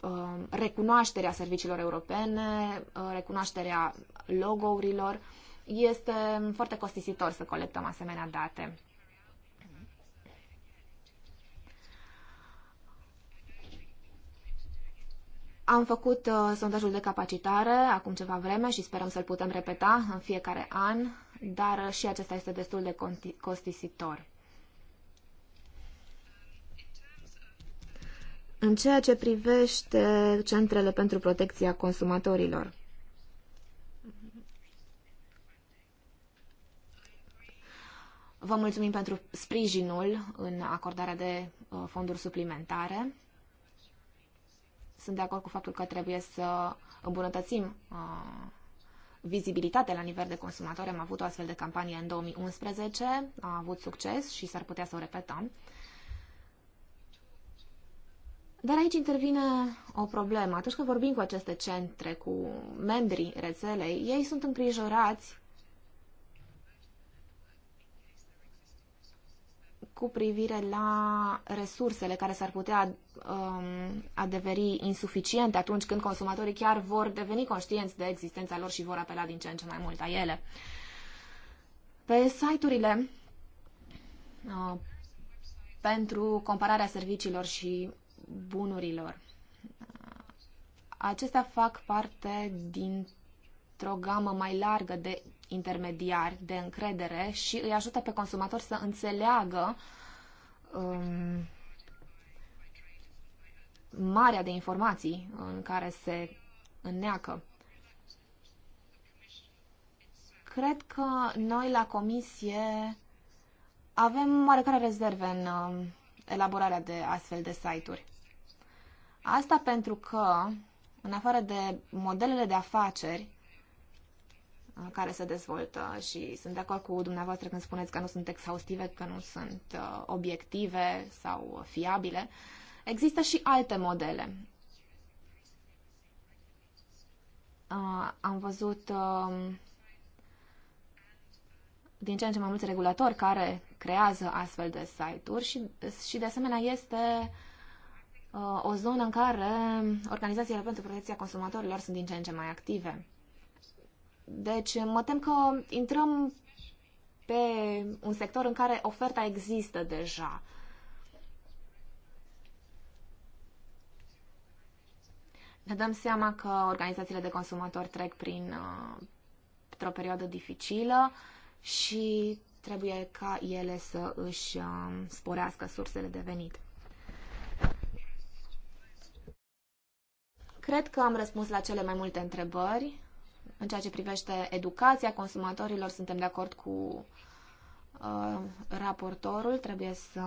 Um, recunoașterea serviciilor europene, uh, recunoașterea logourilor. Este foarte costisitor să colectăm asemenea date. Am făcut uh, sondajul de capacitare acum ceva vreme și sperăm să-l putem repeta în fiecare an, dar și acesta este destul de costisitor. În ceea ce privește centrele pentru protecția consumatorilor, Vă mulțumim pentru sprijinul în acordarea de uh, fonduri suplimentare. Sunt de acord cu faptul că trebuie să îmbunătățim uh, vizibilitatea la nivel de consumatori. Am avut o astfel de campanie în 2011, a avut succes și s-ar putea să o repetăm. Dar aici intervine o problemă. Atunci când vorbim cu aceste centre, cu membrii rețelei, ei sunt îngrijorați cu privire la resursele care s-ar putea um, adeveri insuficiente atunci când consumatorii chiar vor deveni conștienți de existența lor și vor apela din ce în ce mai mult la ele. Pe site-urile uh, pentru compararea serviciilor și bunurilor. Acestea fac parte dintr-o gamă mai largă de intermediari de încredere și îi ajută pe consumator să înțeleagă um, marea de informații în care se înneacă. Cred că noi la comisie avem oarecare rezerve în um, elaborarea de astfel de site-uri. Asta pentru că, în afară de modelele de afaceri uh, care se dezvoltă și sunt de acord cu dumneavoastră când spuneți că nu sunt exhaustive, că nu sunt uh, obiective sau fiabile, există și alte modele. Uh, am văzut um, din ce în ce mai mulți regulatori care creează astfel de site-uri și, și de asemenea este uh, Uh, o zonă în care organizațiile pentru protecția consumatorilor sunt din ce în ce mai active. Deci mă tem că intrăm pe un sector în care oferta există deja. Ne dăm seama că organizațiile de consumatori trec prin uh, o perioadă dificilă și trebuie ca ele să își uh, sporească sursele de venit. Cred că am răspuns la cele mai multe întrebări. În ceea ce privește educația consumatorilor, suntem de acord cu uh, raportorul. Trebuie să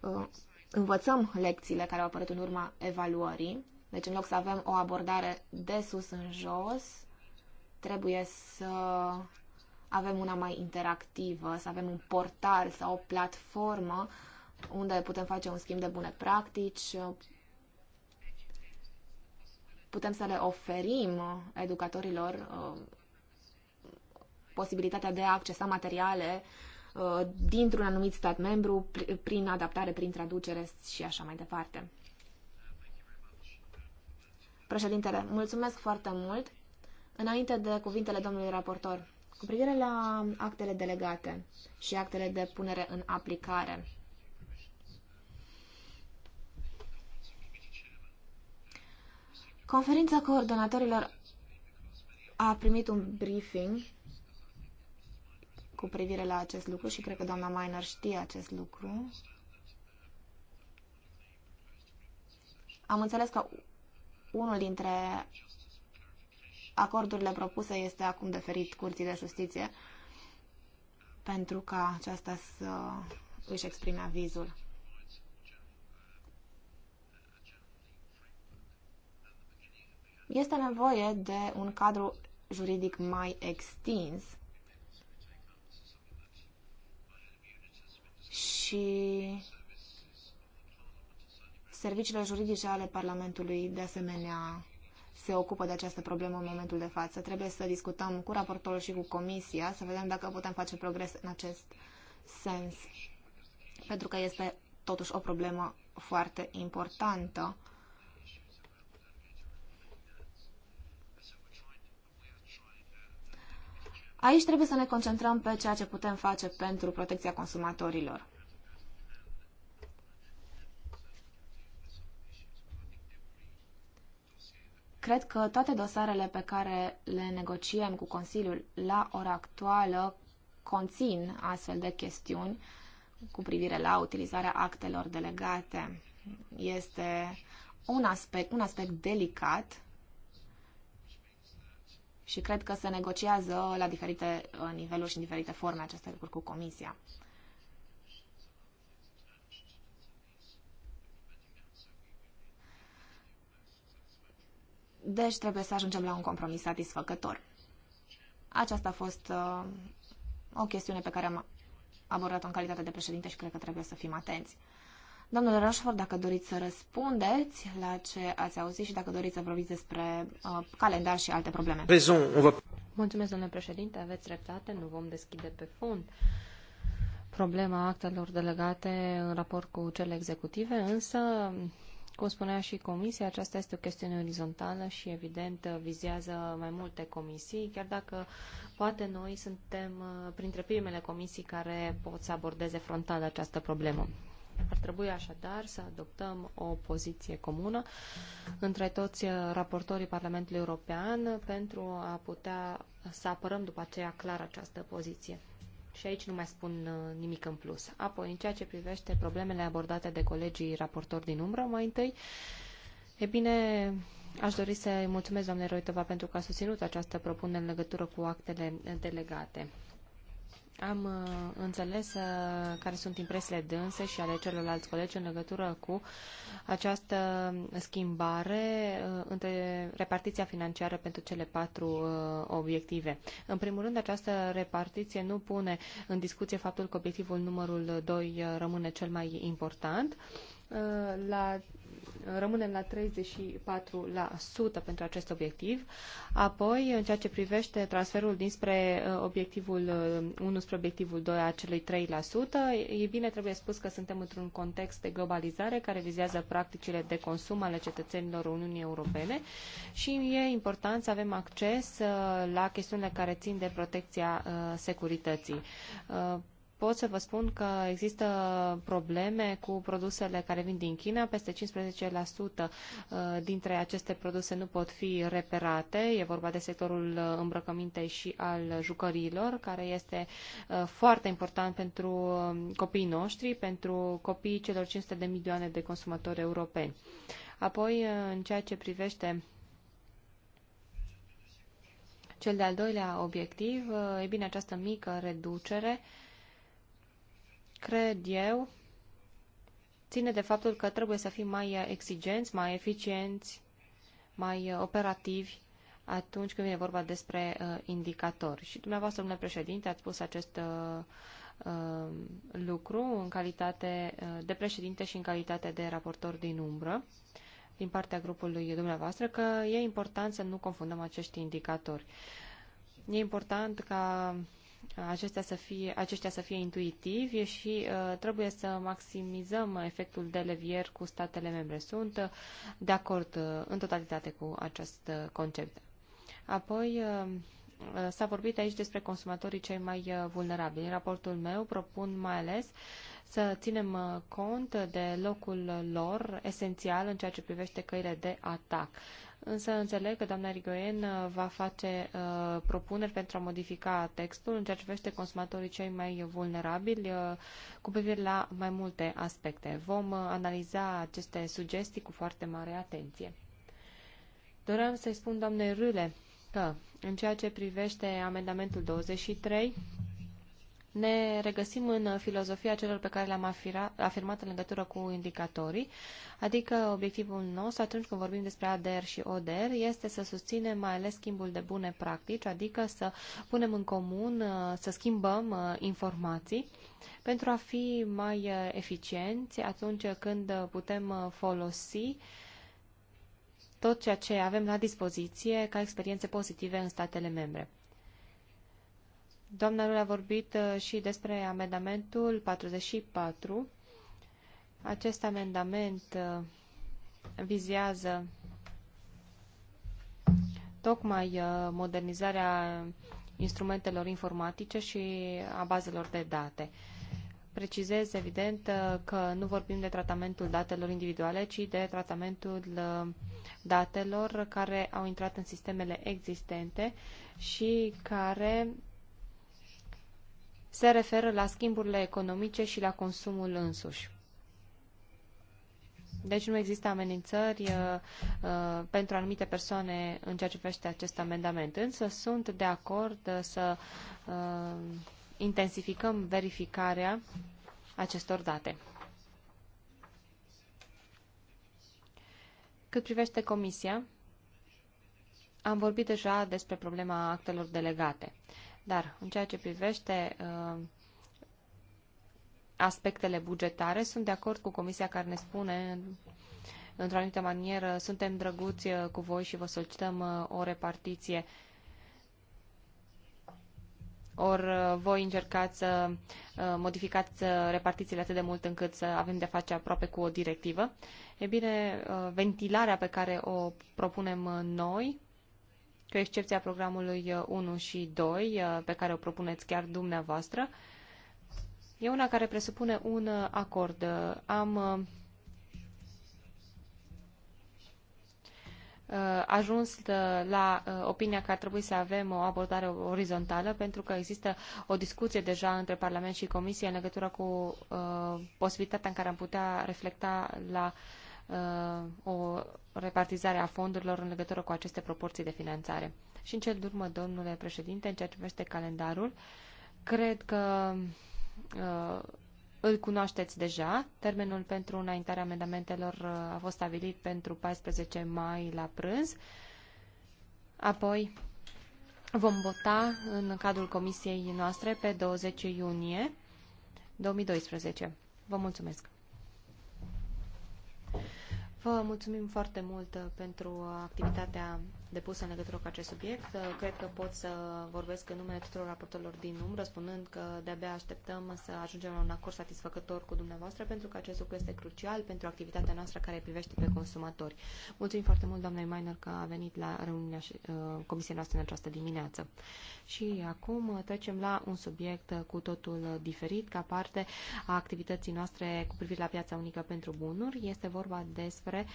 uh, învățăm lecțiile care au apărut în urma evaluării. Deci, în loc să avem o abordare de sus în jos, trebuie să avem una mai interactivă, să avem un portal sau o platformă unde putem face un schimb de bune practici, putem să le oferim uh, educatorilor uh, posibilitatea de a accesa materiale uh, dintr-un anumit stat membru prin adaptare, prin traducere și așa mai departe. Președintele, mulțumesc foarte mult. Înainte de cuvintele domnului raportor, cu privire la actele delegate și actele de punere în aplicare, Conferința coordonatorilor a primit un briefing cu privire la acest lucru și cred că doamna Miner știe acest lucru. Am înțeles că unul dintre acordurile propuse este acum deferit Curții de Justiție pentru ca aceasta să își exprime avizul. este nevoie de un cadru juridic mai extins și serviciile juridice ale Parlamentului de asemenea se ocupă de această problemă în momentul de față. Trebuie să discutăm cu raportorul și cu comisia să vedem dacă putem face progres în acest sens. Pentru că este totuși o problemă foarte importantă Aici trebuie să ne concentrăm pe ceea ce putem face pentru protecția consumatorilor. Cred că toate dosarele pe care le negociem cu Consiliul la ora actuală conțin astfel de chestiuni cu privire la utilizarea actelor delegate. Este un aspect, un aspect delicat și cred că se negociază la diferite uh, niveluri și în diferite forme aceste lucruri cu Comisia. Deci trebuie să ajungem la un compromis satisfăcător. Aceasta a fost uh, o chestiune pe care am abordat-o în calitate de președinte și cred că trebuie să fim atenți. Domnule Roșford, dacă doriți să răspundeți la ce ați auzit și dacă doriți să vorbiți despre uh, calendar și alte probleme. Mulțumesc, domnule președinte, aveți dreptate, nu vom deschide pe fond problema actelor delegate în raport cu cele executive, însă cum spunea și comisia, aceasta este o chestiune orizontală și, evident, vizează mai multe comisii, chiar dacă poate noi suntem uh, printre primele comisii care pot să abordeze frontal această problemă. Ar trebui așadar să adoptăm o poziție comună între toți raportorii Parlamentului European pentru a putea să apărăm după aceea clar această poziție. Și aici nu mai spun uh, nimic în plus. Apoi, în ceea ce privește problemele abordate de colegii raportori din umbră, mai întâi, e bine, Aș dori să mulțumesc, doamne Roitova, pentru că a susținut această propunere în legătură cu actele delegate. Am uh, înțeles uh, care sunt impresiile dânse și ale celorlalți colegi în legătură cu această schimbare uh, între repartiția financiară pentru cele patru obiective. În primul rând, această repartiție nu pune în discuție faptul că obiectivul numărul 2 rămâne cel mai important, Uh, la, rămânem la 34% pentru acest obiectiv. Apoi, în ceea ce privește transferul dinspre uh, obiectivul 1 uh, spre obiectivul 2 a celui 3%, e bine, trebuie spus că suntem într-un context de globalizare care vizează practicile de consum ale cetățenilor Uniunii Europene și e important să avem acces la chestiunile care țin de protecția securității pot să vă spun că există probleme cu produsele care vin din China. Peste 15% uh, dintre aceste produse nu pot fi reperate. E vorba de sectorul uh, îmbrăcămintei și al jucărilor, care este uh, foarte important pentru um, copiii noștri, pentru copiii celor 500 de milioane de consumatori europeni. Apoi, în ceea ce privește cel de-al doilea obiectiv, e bine, această mică reducere uh, cred eu, ține de faptul că trebuie să fim mai exigenți, mai eficienți, mai uh, operativi atunci când vine vorba despre uh, indicatori. Și dumneavoastră, domnule președinte, ați spus acest uh, uh, lucru în calitate uh, de președinte și în calitate de raportor din umbră din partea grupului dumneavoastră că e important să nu confundăm acești indicatori. E important ca acestea să fie, aceștia să fie intuitivi și uh, trebuie să maximizăm efectul de levier cu statele membre. Sunt uh, de acord uh, în totalitate cu acest uh, concept. Apoi, uh, S-a vorbit aici despre consumatorii cei mai vulnerabili. În raportul meu propun mai ales să ținem cont de locul lor esențial în ceea ce privește căile de atac însă înțeleg că doamna Rigoen uh, va face uh, propuneri pentru a modifica textul în ceea ce privește consumatorii cei mai vulnerabili uh, cu privire la mai multe aspecte. Vom uh, analiza aceste sugestii cu foarte mare atenție. Doream să-i spun doamnei Râle că în ceea ce privește amendamentul 23, ne regăsim în filozofia celor pe care le-am afirmat în legătură cu indicatorii, adică obiectivul nostru atunci când vorbim despre ADR și ODR este să susținem mai ales schimbul de bune practici, adică să punem în comun, uh, să schimbăm uh, informații pentru a fi mai uh, eficienți atunci când putem folosi tot ceea ce avem la dispoziție ca experiențe pozitive în statele membre. Doamna Rul a vorbit uh, și despre amendamentul 44. Acest amendament uh, vizează tocmai uh, modernizarea instrumentelor informatice și a bazelor de date. Precizez, evident, că nu vorbim de tratamentul datelor individuale, ci de tratamentul datelor care au intrat în sistemele existente și care se referă la schimburile economice și la consumul însuși. Deci nu există amenințări uh, uh, pentru anumite persoane în ceea ce privește acest amendament. Însă sunt de acord uh, să uh, intensificăm verificarea acestor date. Cât privește Comisia, am vorbit deja despre problema actelor delegate. Uh, dar în ceea ce privește uh, aspectele bugetare, sunt de acord cu comisia care ne spune într-o anumită manieră, suntem drăguți uh, cu voi și vă solicităm uh, o repartiție. Ori uh, voi încercați să modificați repartițiile atât de mult încât să avem de face aproape cu o directivă. E bine, ventilarea pe care o propunem noi cu excepția programului 1 uh, și 2, uh, pe care o propuneți chiar dumneavoastră, e una care presupune un uh, acord. Am ajuns la opinia că ar trebui să avem o abordare orizontală pentru că există o discuție deja între Parlament și Comisie în legătură cu posibilitatea în care am putea reflecta la Uh, o repartizare a fondurilor în legătură cu aceste proporții de finanțare. Și în cel urmă, domnule președinte, în ceea ce privește calendarul, cred că uh, îl cunoașteți deja. Termenul pentru înaintarea amendamentelor uh, a fost stabilit pentru 14 mai la prânz. Apoi vom vota în cadrul comisiei noastre pe 20 iunie 2012. Vă mulțumesc! Vă mulțumim foarte mult uh, pentru uh, activitatea depuse în legătură cu acest subiect. Uh, cred că pot să vorbesc în numele tuturor raportorilor din umbră, spunând că de-abia așteptăm să ajungem la un acord satisfăcător cu dumneavoastră, pentru că acest lucru este crucial pentru activitatea noastră care privește pe consumatori. Mulțumim foarte mult, doamnei Miner, că a venit la reuniunea uh, comisiei noastre în această dimineață. Și acum uh, trecem la un subiect cu totul diferit, ca parte a activității noastre cu privire la piața unică pentru bunuri. Este vorba despre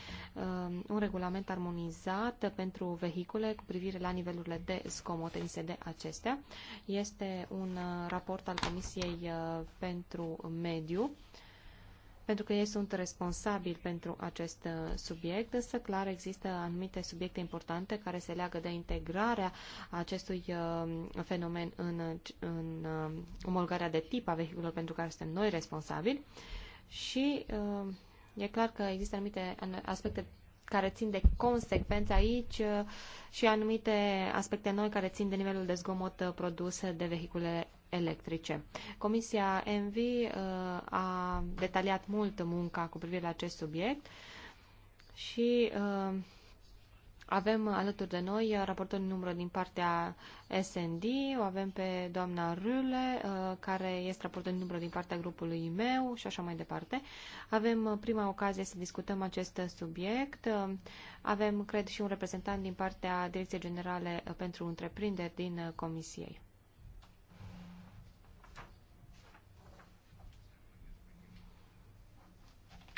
un regulament armonizat pentru vehicule cu privire la nivelurile de zgomot emise de acestea. Este un uh, raport al Comisiei uh, pentru Mediu pentru că ei sunt responsabili pentru acest uh, subiect, însă clar există anumite subiecte importante care se leagă de integrarea acestui fenomen în, în omologarea de tip a vehiculelor pentru care suntem noi responsabili și E clar că există anumite aspecte care țin de consecvență aici uh, și anumite aspecte noi care țin de nivelul de zgomot uh, produs de vehicule electrice. Comisia MV uh, a detaliat mult munca cu privire la acest subiect și avem alături de noi uh, raportorul numărul din partea SND, o avem pe doamna Rule, uh, care este raportorul numărul din partea grupului meu și așa mai departe. Avem uh, prima ocazie să discutăm acest subiect. Avem, cred, și un reprezentant din partea Direcției Generale pentru Întreprinderi din Comisiei.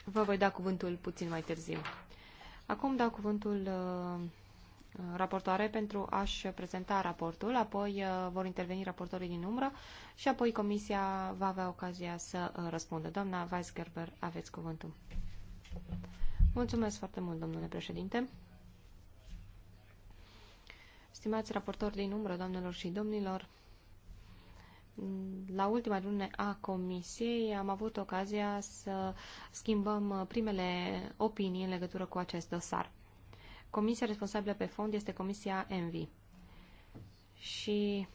Vă voi da cuvântul puțin mai târziu. Acum dau cuvântul uh, raportoare pentru a-și prezenta raportul, apoi uh, vor interveni raportorii din umbră și apoi comisia va avea ocazia să uh, răspundă. Doamna Weisgerber, aveți cuvântul. Mulțumesc foarte mult, domnule președinte. Stimați raportori din umbră, doamnelor și domnilor, la ultima lună a Comisiei am avut ocazia să schimbăm uh, primele opinii în legătură cu acest dosar. Comisia responsabilă pe fond este Comisia ENVI. Și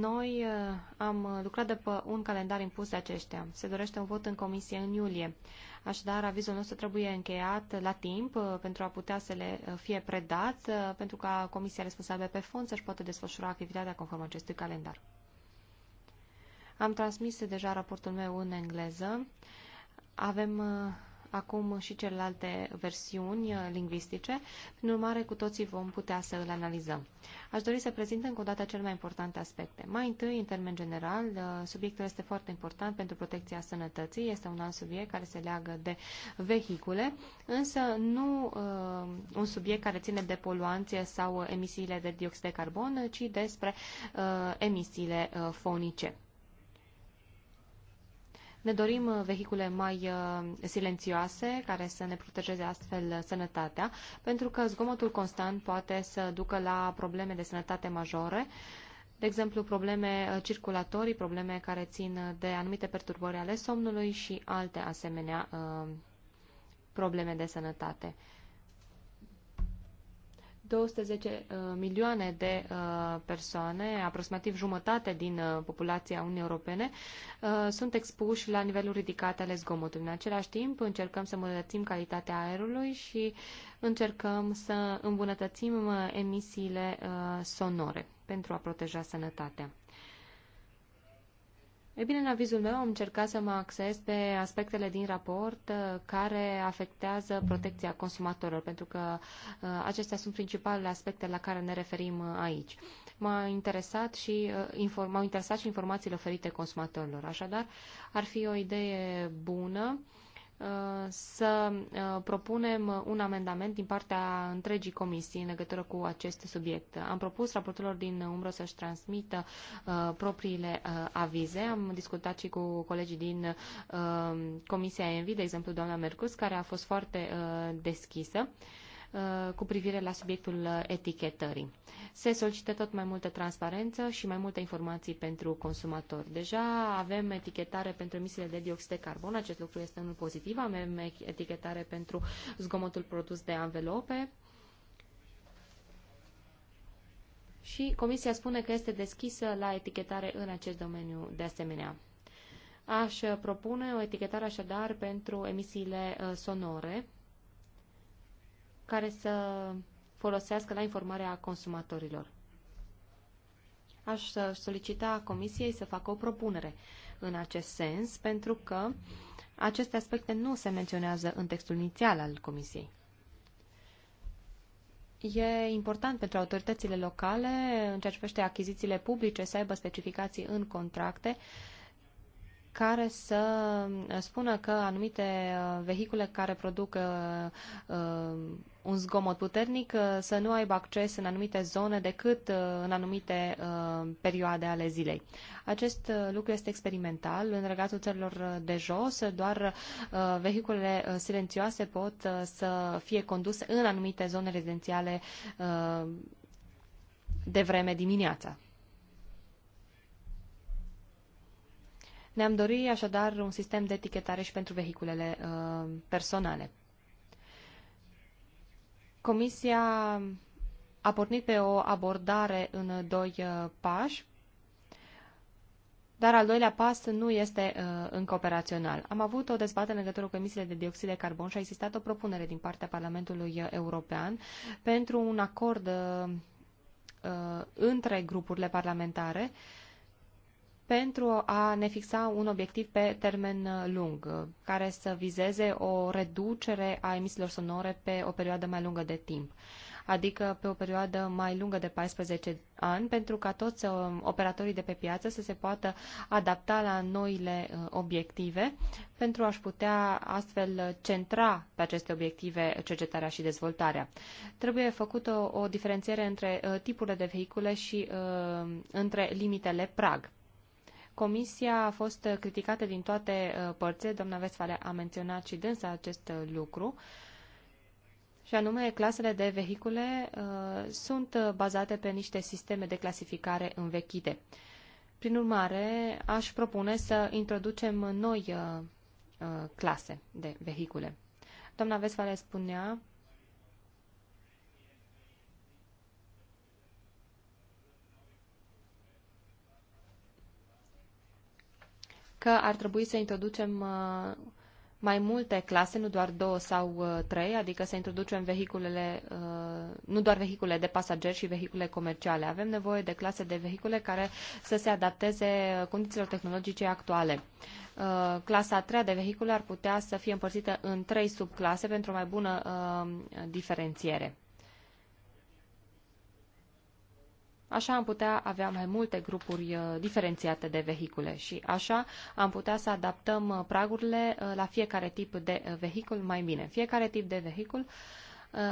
noi uh, am uh, lucrat după un calendar impus de aceștia. Se dorește un vot în comisie în iulie. Așadar, avizul nostru trebuie încheiat la timp uh, pentru a putea să le fie predat, pentru ca comisia responsabilă pe fond să-și poată desfășura activitatea conform acestui calendar. Am transmis deja raportul meu în engleză. Avem acum și celelalte versiuni lingvistice, prin urmare cu toții vom putea să îl analizăm. Aș dori să prezint încă o dată cele mai importante aspecte. Mai întâi, în termen general, uh, subiectul este foarte important pentru protecția sănătății, este un alt subiect care se leagă de vehicule, însă nu uh, un subiect care ține de poluanție sau emisiile de dioxid de carbon, ci despre uh, emisiile uh, fonice. Ne dorim uh, vehicule mai uh, silențioase, care să ne protejeze astfel uh, sănătatea, pentru că zgomotul constant poate să ducă la probleme de sănătate majore, de exemplu, probleme circulatorii, probleme care țin de anumite perturbări ale somnului și alte asemenea probleme de sănătate. 210 uh, milioane de uh, persoane, aproximativ jumătate din uh, populația Uniunii Europene, sunt expuși la niveluri ridicate ale zgomotului. În același timp, încercăm să îmbunătățim calitatea aerului și încercăm să îmbunătățim emisiile sonore pentru a proteja sănătatea. E bine, în avizul meu am încercat să mă acces pe aspectele din raport uh, care afectează protecția consumatorilor, pentru că uh, acestea sunt principalele aspecte la care ne referim uh, aici. M-au interesat și, m-au interesat și informațiile oferite consumatorilor. Așadar, ar fi o idee bună să uh, propunem un amendament din partea întregii comisii în legătură cu acest subiect. Am propus raportorilor din umbră să-și transmită uh, propriile uh, avize. Am discutat și cu colegii din uh, Comisia ENVI, de exemplu doamna Mercus, care a fost foarte uh, deschisă. Uh, Uh, cu privire la subiectul uh, etichetării. Se solicită tot mai multă transparență și mai multe informații pentru consumatori. Deja avem etichetare pentru emisiile de dioxid de carbon, acest lucru este unul pozitiv, avem etichetare pentru zgomotul produs de anvelope, și Comisia spune că este deschisă la etichetare în acest domeniu de asemenea. Aș propune o etichetare așadar pentru emisiile uh, sonore care să folosească la informarea consumatorilor. Aș solicita Comisiei să facă o propunere în acest sens, pentru că aceste aspecte nu se menționează în textul inițial al Comisiei. E important pentru autoritățile locale, în ceea ce privește achizițiile publice, să aibă specificații în contracte uh, care să uh, spună că anumite uh, vehicule care produc uh, un zgomot puternic să nu aibă acces în anumite zone decât în anumite perioade ale zilei. Acest lucru este experimental. În regatul țărilor de jos, doar vehiculele silențioase pot să fie conduse în anumite zone rezidențiale de vreme dimineața. Ne-am dorit așadar un sistem de etichetare și pentru vehiculele uh, personale. Comisia a pornit pe o abordare în doi uh, pași, dar al doilea pas nu este uh, încă operațional. Am avut o dezbatere în legătură cu emisiile de dioxid de carbon și a existat o propunere din partea Parlamentului uh, European pentru un acord uh, uh între grupurile parlamentare uh, pentru a ne fixa un obiectiv pe termen uh, lung, uh, care să vizeze o reducere a emisiilor sonore pe o perioadă mai lungă de timp adică pe o perioadă mai lungă de 14 ani, pentru ca toți uh, operatorii de pe piață să se poată adapta la noile obiective, pentru a-și putea astfel centra pe aceste obiective cercetarea și dezvoltarea. Trebuie făcută o, o diferențiere între tipurile de vehicule și uh, între limitele prag. Comisia a fost criticată din toate uh, părțile, doamna Vesfale a menționat și dânsa acest uh, lucru, și anume clasele de vehicule uh, sunt uh, bazate pe niște sisteme de clasificare învechite. Prin urmare, aș propune să introducem noi uh, clase de vehicule. Doamna Vesfale spunea că ar trebui să introducem uh, mai multe clase, nu doar două sau uh, trei, adică să introducem vehiculele, uh, nu doar vehicule de pasageri și vehicule comerciale. Avem nevoie de clase de vehicule care să se adapteze condițiilor tehnologice actuale. Clasa a treia de vehicule ar putea să fie împărțită în trei subclase pentru o mai bună diferențiere. Așa am putea avea mai multe grupuri uh, diferențiate de vehicule și așa am putea să adaptăm uh, pragurile uh, la fiecare tip de vehicul mai bine. Fiecare tip de vehicul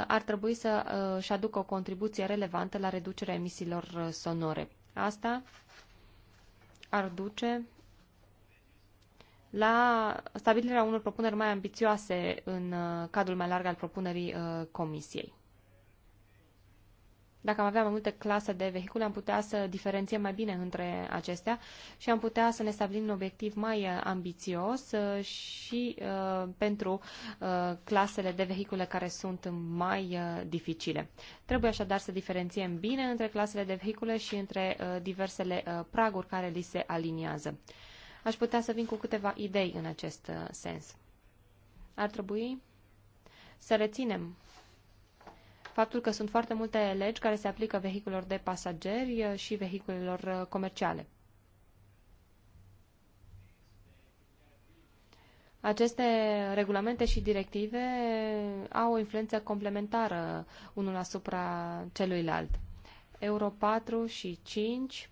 ar trebui să-și aducă o contribuție relevantă la reducerea emisiilor sonore. Asta ar duce la stabilirea unor propuneri mai ambițioase în cadrul mai larg al propunerii Comisiei. Dacă am avea mai multe clase de vehicule, am putea să diferențiem mai bine între acestea și am putea să ne stabilim un obiectiv mai uh, ambițios uh, și uh, pentru clasele de vehicule care sunt mai dificile. Trebuie așadar să diferențiem bine între clasele de vehicule și între diversele praguri care li se aliniază. Aș putea să vin cu câteva idei în acest sens. Ar trebui să reținem faptul că sunt foarte multe legi care se aplică vehiculelor de pasageri uh, și vehiculelor uh, comerciale. Aceste regulamente și directive au o influență complementară unul asupra celuilalt. Euro 4 și 5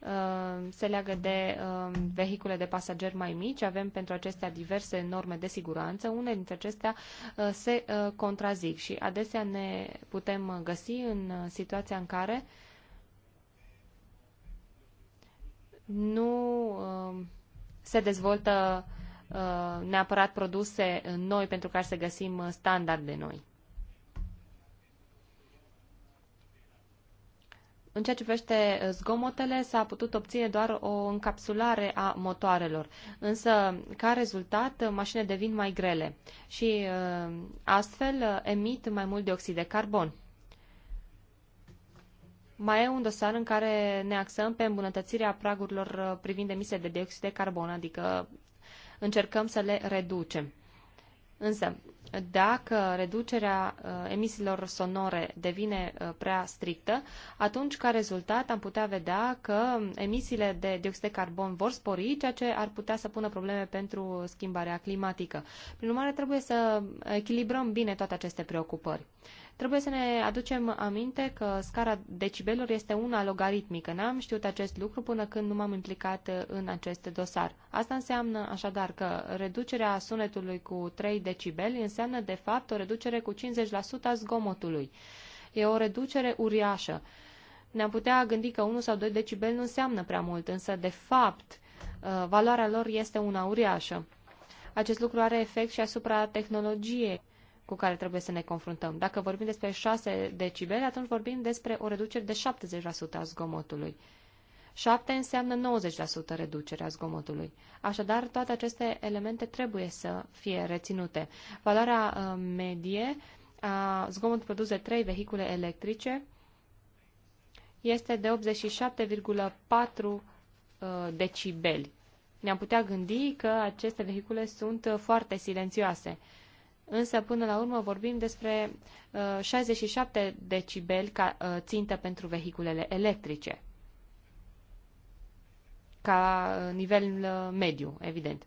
Uh, se leagă de uh, vehicule de pasageri mai mici. Avem pentru acestea diverse norme de siguranță. Unele dintre acestea uh, se contrazic și adesea ne putem găsi în situația în care nu se dezvoltă neapărat produse noi pentru care să găsim standarde noi. În ceea ce privește uh, zgomotele, s-a putut obține doar o încapsulare a motoarelor, însă, ca rezultat, uh, mașinile devin mai grele și uh, astfel emit mai mult dioxid de carbon. Mai e un dosar în care ne axăm pe îmbunătățirea pragurilor privind emisiile de dioxid de carbon, adică încercăm să le reducem. Însă, dacă reducerea uh, emisiilor sonore devine uh, prea strictă, atunci ca rezultat am putea vedea că emisiile de dioxid de carbon vor spori, ceea ce ar putea să pună probleme pentru schimbarea climatică. Prin urmare, trebuie să echilibrăm bine toate aceste preocupări. Trebuie să ne aducem aminte că scara decibelor este una logaritmică. N-am știut acest lucru până când nu m-am implicat uh, în acest dosar. Asta înseamnă așadar că reducerea sunetului cu 3 decibeli înseamnă de fapt o reducere cu 50% a zgomotului. E o reducere uriașă. Ne-am putea gândi că 1 sau 2 decibeli nu înseamnă prea mult, însă de fapt uh, valoarea lor este una uriașă. Acest lucru are efect și asupra tehnologiei cu care trebuie să ne confruntăm. Dacă vorbim despre 6 decibeli, atunci vorbim despre o reducere de 70% a zgomotului. 7 înseamnă 90% reducerea zgomotului. Așadar, toate aceste elemente trebuie să fie reținute. Valoarea uh, medie a zgomotului produs de 3 vehicule electrice este de 87,4 uh, decibeli. Ne-am putea gândi că aceste vehicule sunt uh, foarte silențioase. Însă, până la urmă, vorbim despre uh, 67 decibeli ca uh, țintă pentru vehiculele electrice, ca uh, nivel uh, mediu, evident.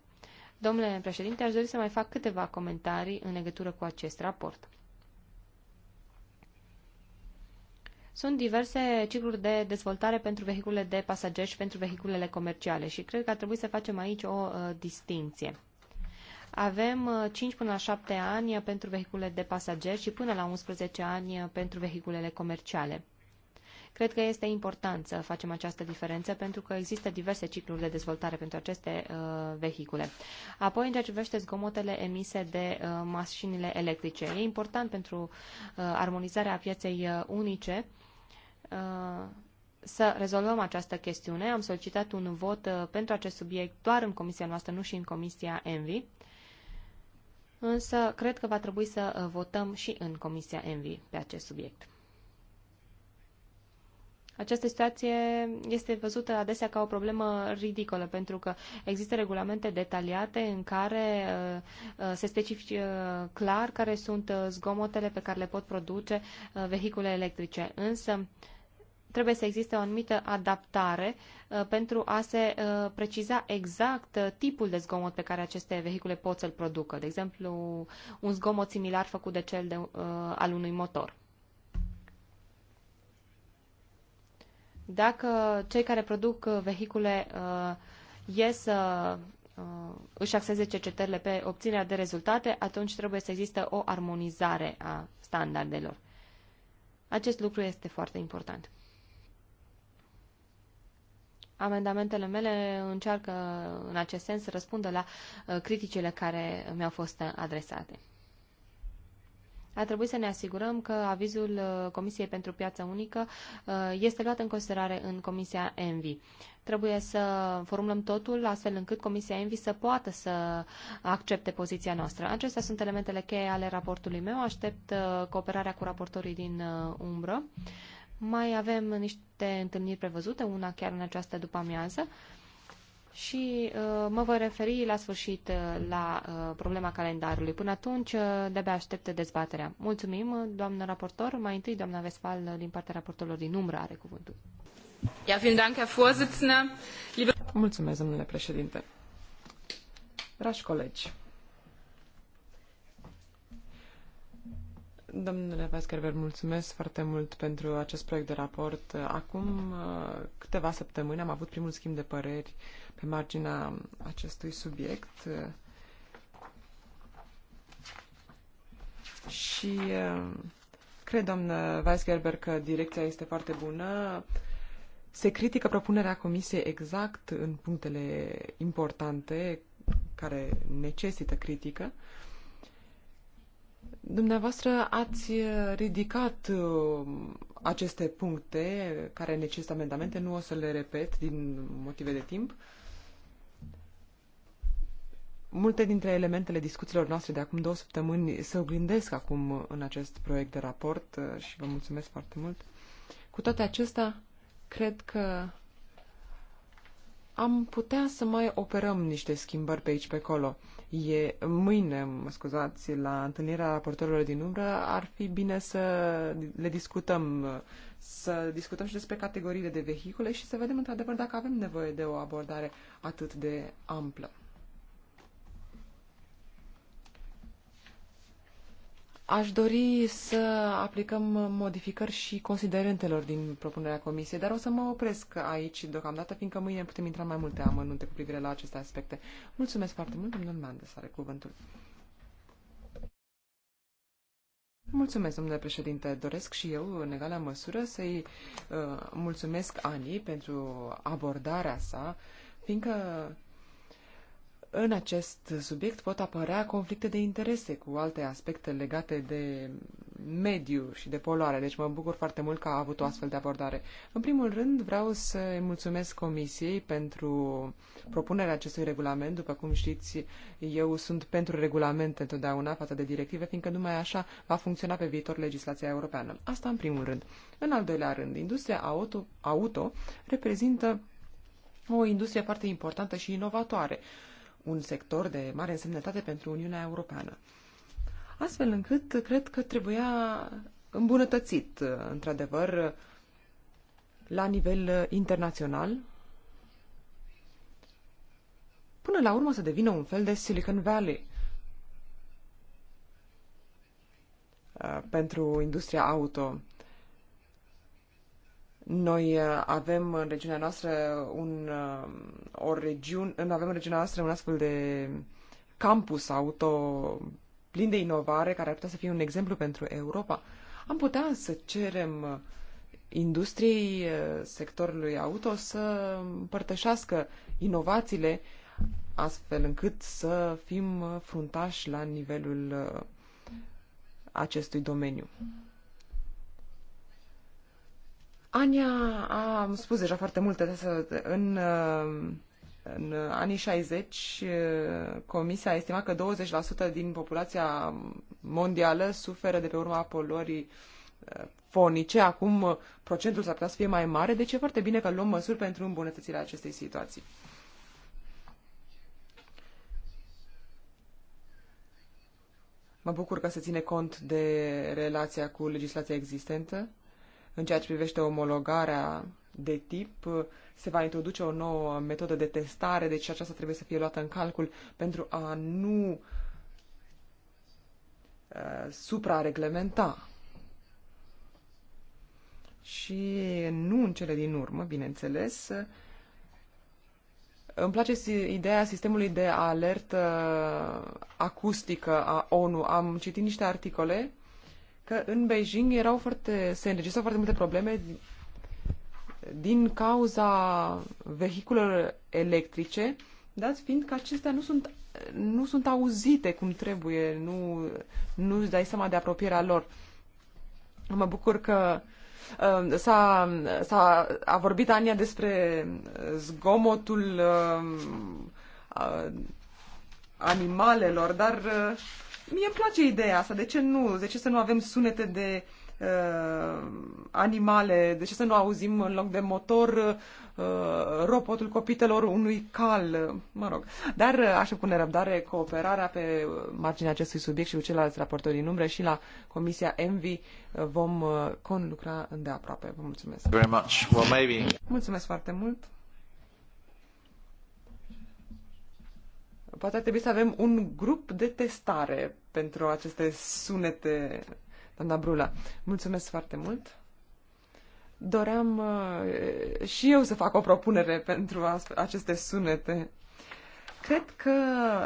Domnule președinte, aș dori să mai fac câteva comentarii în legătură cu acest raport. Sunt diverse cicluri de dezvoltare pentru vehicule de pasageri și pentru vehiculele comerciale și cred că ar trebui să facem aici o uh, distinție. Avem 5 uh, până la 7 ani pentru vehicule de pasageri și până la 11 ani pentru vehiculele comerciale. Cred că este important să facem această diferență pentru că există diverse cicluri de dezvoltare pentru aceste uh, vehicule. Apoi, în ceea ce privește zgomotele emise de uh, mașinile electrice, e important pentru uh, armonizarea pieței uh, unice. Uh, să rezolvăm această chestiune. Am solicitat un vot uh, pentru acest subiect doar în comisia noastră, nu și în comisia ENVI însă cred că va trebui să uh, votăm și în Comisia Envi pe acest subiect. Această situație este văzută adesea ca o problemă ridicolă, pentru că există regulamente detaliate în care uh, uh, se specifică clar care sunt zgomotele pe care le pot produce vehicule electrice. Însă, trebuie să existe o anumită adaptare uh, pentru a se uh, preciza exact uh, tipul de zgomot pe care aceste vehicule pot să-l producă. De exemplu, un zgomot similar făcut de cel de, al unui motor. Dacă cei care produc vehicule ies să își axeze cercetările pe obținerea de rezultate, atunci trebuie să există o armonizare a standardelor. Acest lucru este foarte important. Amendamentele mele încearcă în acest sens să răspundă la uh, criticile care mi-au fost adresate. A trebuit să ne asigurăm că avizul uh, Comisiei pentru Piața Unică uh, este luat în considerare în Comisia ENVI. Trebuie să formulăm totul astfel încât Comisia ENVI să poată să accepte poziția noastră. Acestea sunt elementele cheie ale raportului meu. Aștept cooperarea cu raportorii din umbră mai avem niște întâlniri prevăzute, una chiar în această după-amiază. Și uh, mă voi referi la sfârșit uh, la uh, problema calendarului. Până atunci, uh, de-abia aștept dezbaterea. Mulțumim, doamnă raportor. Mai întâi, doamna Vesfal, uh, din partea raportorilor din umbră, are cuvântul. Ja, vielen Dank, Herr Vorsitzender. Liebe... Mulțumesc, domnule președinte. Dragi colegi, Domnule Vascarver, mulțumesc foarte mult pentru acest proiect de raport. Acum uh, câteva săptămâni am avut primul schimb de păreri pe marginea acestui subiect și uh, cred, domnule Weisgerber, că direcția este foarte bună. Se critică propunerea comisiei exact în punctele importante care necesită critică. Uh, Dumneavoastră ați uh, ridicat uh, aceste puncte care necesită amendamente, nu o să le repet din motive de timp. Multe dintre elementele discuțiilor noastre de acum două săptămâni se oglindesc acum în acest proiect de raport uh, și vă mulțumesc foarte mult. Cu toate acestea, cred că am putea să mai operăm niște schimbări pe aici, pe acolo. E, mâine, mă scuzați, la întâlnirea raportorilor din umbră, ar fi bine să le discutăm, să discutăm și despre categoriile de vehicule și să vedem într-adevăr dacă avem nevoie de o abordare atât de amplă. Aș dori să aplicăm modificări și considerentelor din propunerea comisiei, dar o să mă opresc aici deocamdată, fiindcă mâine putem intra mai multe amănunte cu privire la aceste aspecte. Mulțumesc foarte mult, domnul Mandes are cuvântul. Mulțumesc, domnule președinte. Doresc și eu, în egală măsură, să-i uh, mulțumesc Ani pentru abordarea sa, fiindcă în acest subiect pot apărea conflicte de interese cu alte aspecte legate de mediu și de poluare, deci mă bucur foarte mult că a avut o astfel de abordare. În primul rând vreau să mulțumesc Comisiei pentru propunerea acestui regulament. După cum știți, eu sunt pentru regulamente întotdeauna față de directive, fiindcă numai așa va funcționa pe viitor legislația europeană. Asta în primul rând. În al doilea rând, industria auto, auto reprezintă o industrie foarte importantă și inovatoare un sector de mare însemnătate pentru Uniunea Europeană. Astfel încât cred că trebuia îmbunătățit, într-adevăr, la nivel internațional, până la urmă să devină un fel de Silicon Valley uh, pentru industria auto noi uh, avem în regiunea noastră un, uh, o regiune, avem în regiunea noastră un astfel de campus auto plin de inovare care ar putea să fie un exemplu pentru Europa. Am putea să cerem industriei uh, sectorului auto să împărtășească inovațiile astfel încât să fim fruntași la nivelul acestui domeniu. Ania a spus deja foarte multe, însă în, uh, în uh, anii 60 uh, Comisia a estimat că 20% din populația mondială suferă de pe urma poluării fonice. Acum procentul s-ar putea să fie mai mare, deci e foarte bine că luăm măsuri pentru îmbunătățirea acestei situații. Mă bucur că se ține cont de relația cu legislația existentă în ceea ce privește omologarea de tip, se va introduce o nouă metodă de testare, deci aceasta trebuie să fie luată în calcul pentru a nu uh, suprareglementa. Și nu în cele din urmă, bineînțeles, îmi place ideea sistemului de alertă uh, acustică a ONU. Am citit niște articole că în Beijing erau foarte, se înregistrau foarte multe probleme din cauza vehiculelor electrice, dat fiind că acestea nu sunt, nu sunt auzite cum trebuie, nu, nu îți dai seama de apropierea lor. Mă bucur că uh, s-a, s-a a vorbit Ania despre uh, zgomotul uh, uh, animalelor, dar uh, Mie îmi place ideea asta. De ce nu? De ce să nu avem sunete de uh, animale? De ce să nu auzim în loc de motor uh, ropotul copitelor unui cal? Mă rog. Dar uh, aștept cu nerăbdare cooperarea pe marginea acestui subiect și cu ceilalți raportori din umbră și la Comisia Envi uh, vom uh, conlucra îndeaproape. Vă mulțumesc. Very much. Well, maybe. Mulțumesc foarte mult. Poate ar trebui să avem un grup de testare pentru aceste sunete, doamna Brula. Mulțumesc foarte mult! Doream uh, și eu să fac o propunere pentru aceste sunete. Cred că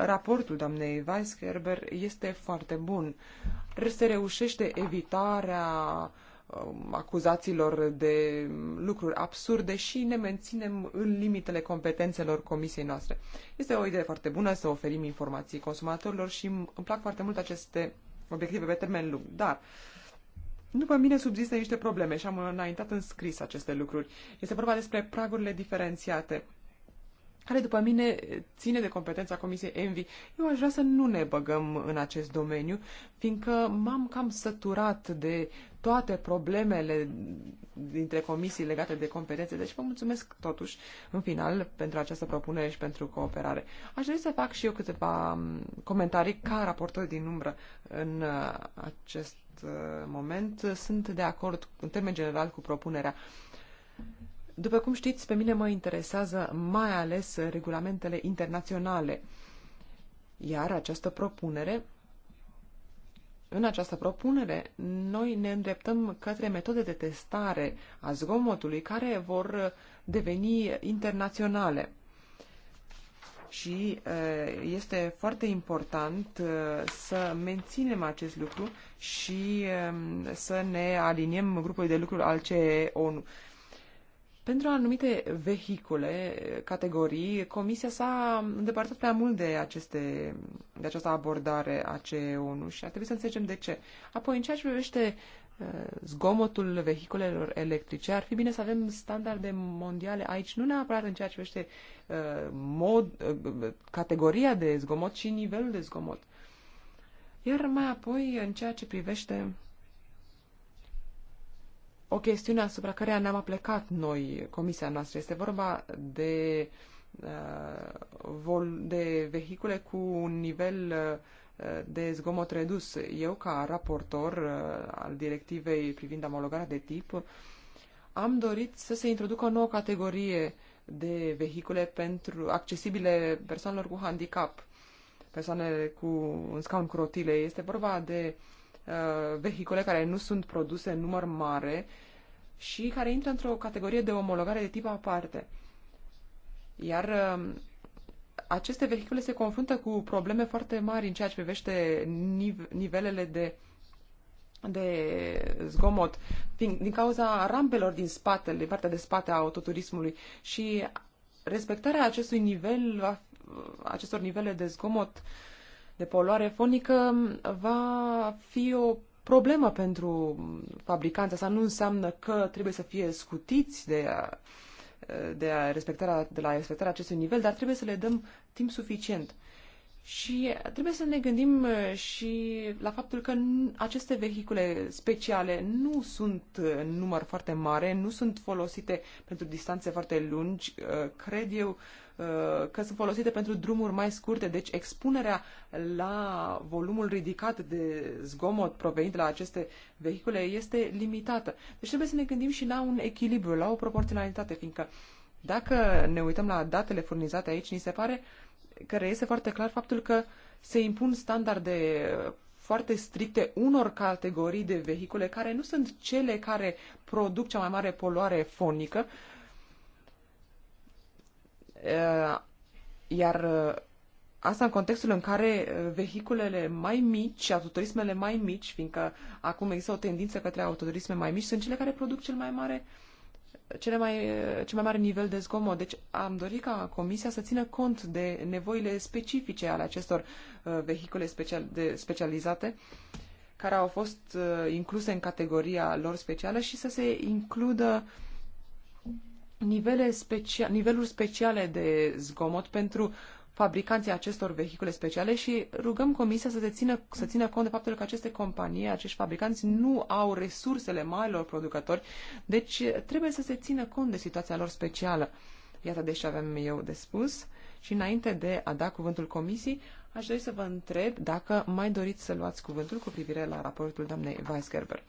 raportul doamnei Weisgerber este foarte bun. Se reușește evitarea uh, Um, acuzațiilor de lucruri absurde și ne menținem în limitele competențelor comisiei noastre. Este o idee foarte bună să oferim informații consumatorilor și îmi plac foarte mult aceste obiective pe termen lung, dar după mine subzistă niște probleme și am înaintat în scris aceste lucruri. Este vorba despre pragurile diferențiate care, după mine, ține de competența Comisiei Envi. Eu aș vrea să nu ne băgăm în acest domeniu, fiindcă m-am cam săturat de toate problemele dintre comisii legate de competențe. Deci vă mulțumesc totuși în final pentru această propunere și pentru cooperare. Aș dori să fac și eu câteva um, comentarii ca raportor din umbră în uh, acest uh, moment. Sunt de acord în termen general cu propunerea. După cum știți, pe mine mă interesează mai ales regulamentele internaționale. Iar această propunere în această propunere, noi ne îndreptăm către metode de testare a zgomotului care vor deveni internaționale. Și eh, este foarte important eh, să menținem acest lucru și eh, să ne aliniem grupului de lucru al CE ONU. Pentru anumite vehicule, categorii, Comisia s-a îndepărtat prea mult de, aceste, de această abordare a CE1 și ar trebui să înțelegem de ce. Apoi, în ceea ce privește uh, zgomotul vehiculelor electrice, ar fi bine să avem standarde mondiale aici, nu neapărat în ceea ce privește uh, mod, uh, categoria de zgomot, ci nivelul de zgomot. Iar mai apoi, în ceea ce privește o chestiune asupra care ne-am aplecat noi, comisia noastră. Este vorba de, uh, de vehicule cu un nivel uh, de zgomot redus. Eu, ca raportor uh, al directivei privind amologarea de tip, am dorit să se introducă o nouă categorie de vehicule pentru accesibile persoanelor cu handicap, persoanele cu un scaun cu rotile. Este vorba de uh, Uh, vehicule care nu sunt produse în număr mare și care intră într-o categorie de omologare de tip aparte. Iar uh, aceste vehicule se confruntă cu probleme foarte mari în ceea ce privește nive nivelele de de zgomot din, din cauza rampelor din spatele, din partea de spate a autoturismului și respectarea acestui nivel, acestor nivele de zgomot de poluare fonică va fi o problemă pentru fabricanți. Asta nu înseamnă că trebuie să fie scutiți de, a, de, a respectarea, de la respectarea acestui nivel, dar trebuie să le dăm timp suficient. Și trebuie să ne gândim uh, și la faptul că aceste vehicule speciale nu sunt uh, în număr foarte mare, nu sunt folosite pentru distanțe foarte lungi, uh, cred eu că sunt folosite pentru drumuri mai scurte, deci expunerea la volumul ridicat de zgomot provenit de la aceste vehicule este limitată. Deci trebuie să ne gândim și la un echilibru, la o proporționalitate, fiindcă dacă ne uităm la datele furnizate aici, ni se pare uh, care este foarte clar faptul că se impun standarde foarte stricte unor categorii de vehicule care nu sunt cele care produc cea mai mare poluare fonică. Iar uh, asta în contextul în care uh, vehiculele mai mici, autoturismele mai mici, fiindcă acum există o tendință către autoturisme mai mici, sunt cele care produc cel mai mare uh, cele mai, cel mai mare nivel de zgomot. Deci am dorit ca Comisia să țină cont de nevoile specifice ale acestor uh, vehicule special, de, specializate care au fost uh, incluse în categoria lor specială și să se includă nivele specia- niveluri speciale de zgomot pentru fabricanții acestor vehicule speciale și rugăm Comisia să, țină, să țină cont de faptul că aceste companii, acești fabricanți nu au resursele marilor producători, deci trebuie să se țină cont de situația lor specială. Iată de ce avem eu de spus și înainte de a da cuvântul Comisiei, aș dori să vă întreb dacă mai doriți să luați cuvântul cu privire la raportul doamnei Weisgerber.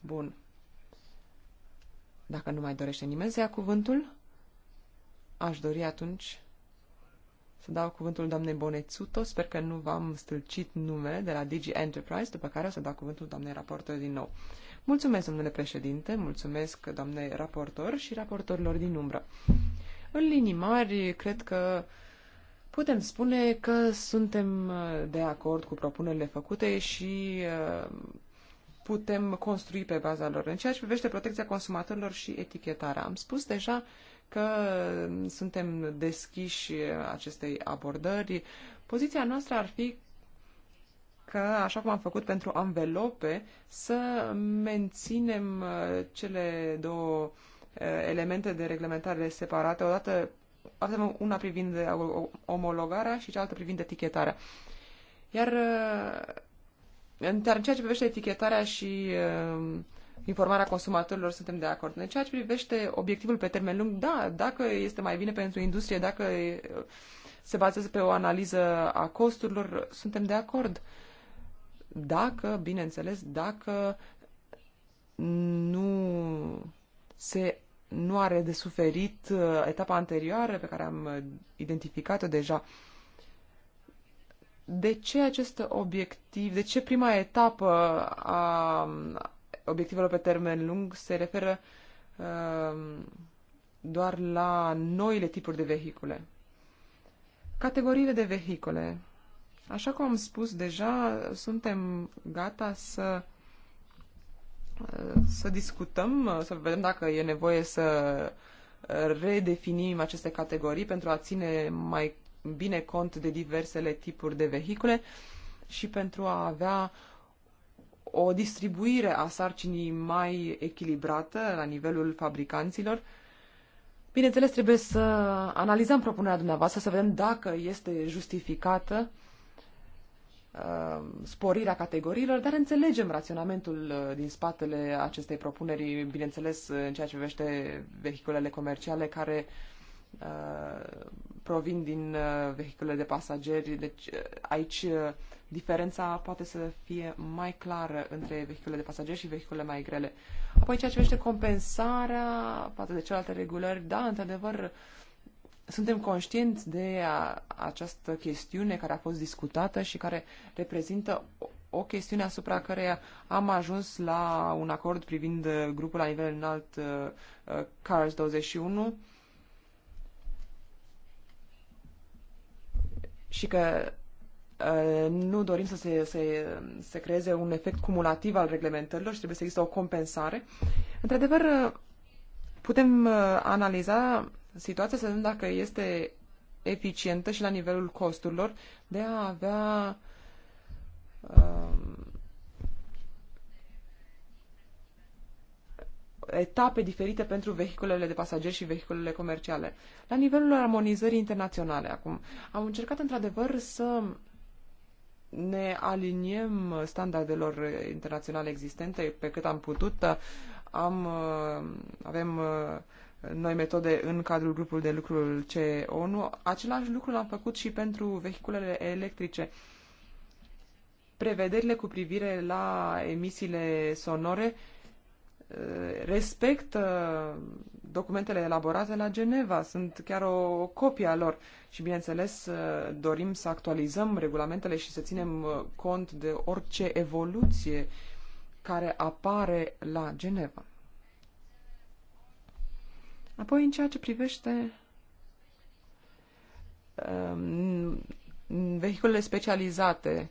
Bun. Dacă nu mai dorește nimeni să ia cuvântul, aș dori atunci să dau cuvântul doamnei Bonețuto. Sper că nu v-am stâlcit numele de la Digi Enterprise, după care o să dau cuvântul doamnei raportor din nou. Mulțumesc, domnule președinte, mulțumesc doamnei raportor și raportorilor din umbră. În linii mari, cred că putem spune că suntem de acord cu propunerile făcute și uh, putem construi pe baza lor. În ceea ce privește protecția consumatorilor și etichetarea, am spus deja că suntem deschiși acestei abordări. Poziția noastră ar fi că, așa cum am făcut pentru anvelope, să menținem uh, cele două uh, elemente de reglementare separate, odată avem una privind omologarea și cealaltă privind etichetarea. Iar uh, în ceea ce privește etichetarea și informarea consumatorilor suntem de acord. În ceea ce privește obiectivul pe termen lung, da, dacă este mai bine pentru industrie, dacă se bazează pe o analiză a costurilor, suntem de acord. Dacă, bineînțeles, dacă nu se nu are de suferit uh, etapa anterioară pe care am uh, identificat-o deja. De ce acest obiectiv, de ce prima etapă a obiectivelor pe termen lung se referă uh, doar la noile tipuri de vehicule. Categoriile de vehicule. Așa cum am spus deja, suntem gata să uh, să discutăm, să vedem dacă e nevoie să uh, redefinim aceste categorii pentru a ține mai bine cont de diversele tipuri de vehicule și pentru a avea o distribuire a sarcinii mai echilibrată la nivelul fabricanților. Bineînțeles, trebuie să analizăm propunerea dumneavoastră, să vedem dacă este justificată uh, sporirea categoriilor, dar înțelegem raționamentul uh, din spatele acestei propuneri, bineînțeles, în ceea ce privește vehiculele comerciale care uh, Uh, provin din uh, vehiculele vehicule de pasageri, deci uh, aici diferența poate să fie mai clară între vehicule de pasageri și vehicule mai grele. Apoi ceea ce vește compensarea, poate de celelalte regulări, da, într-adevăr, suntem conștienți de această chestiune care a fost discutată și care reprezintă o, chestiune asupra care am ajuns la un acord privind grupul la nivel înalt CARS 21 și că uh, nu dorim să se, se, se creeze un efect cumulativ al reglementărilor și trebuie să există o compensare. Într-adevăr, uh, putem uh, analiza situația să vedem dacă este eficientă și la nivelul costurilor de a avea um, etape diferite pentru vehiculele de pasageri și vehiculele comerciale. La nivelul armonizării internaționale, acum, am încercat într-adevăr să ne aliniem standardelor internaționale existente pe cât am putut. Am, uh, avem uh, noi metode în cadrul grupului de lucru CONU. Același lucru l-am făcut și pentru vehiculele electrice. Prevederile cu privire la emisiile sonore Eh, respectă documentele elaborate la Geneva, sunt chiar o copie a lor și, bineînțeles, eh, dorim să actualizăm regulamentele și să ținem eh, cont de orice evoluție care apare la Geneva. Apoi, în ceea ce privește um, vehiculele specializate,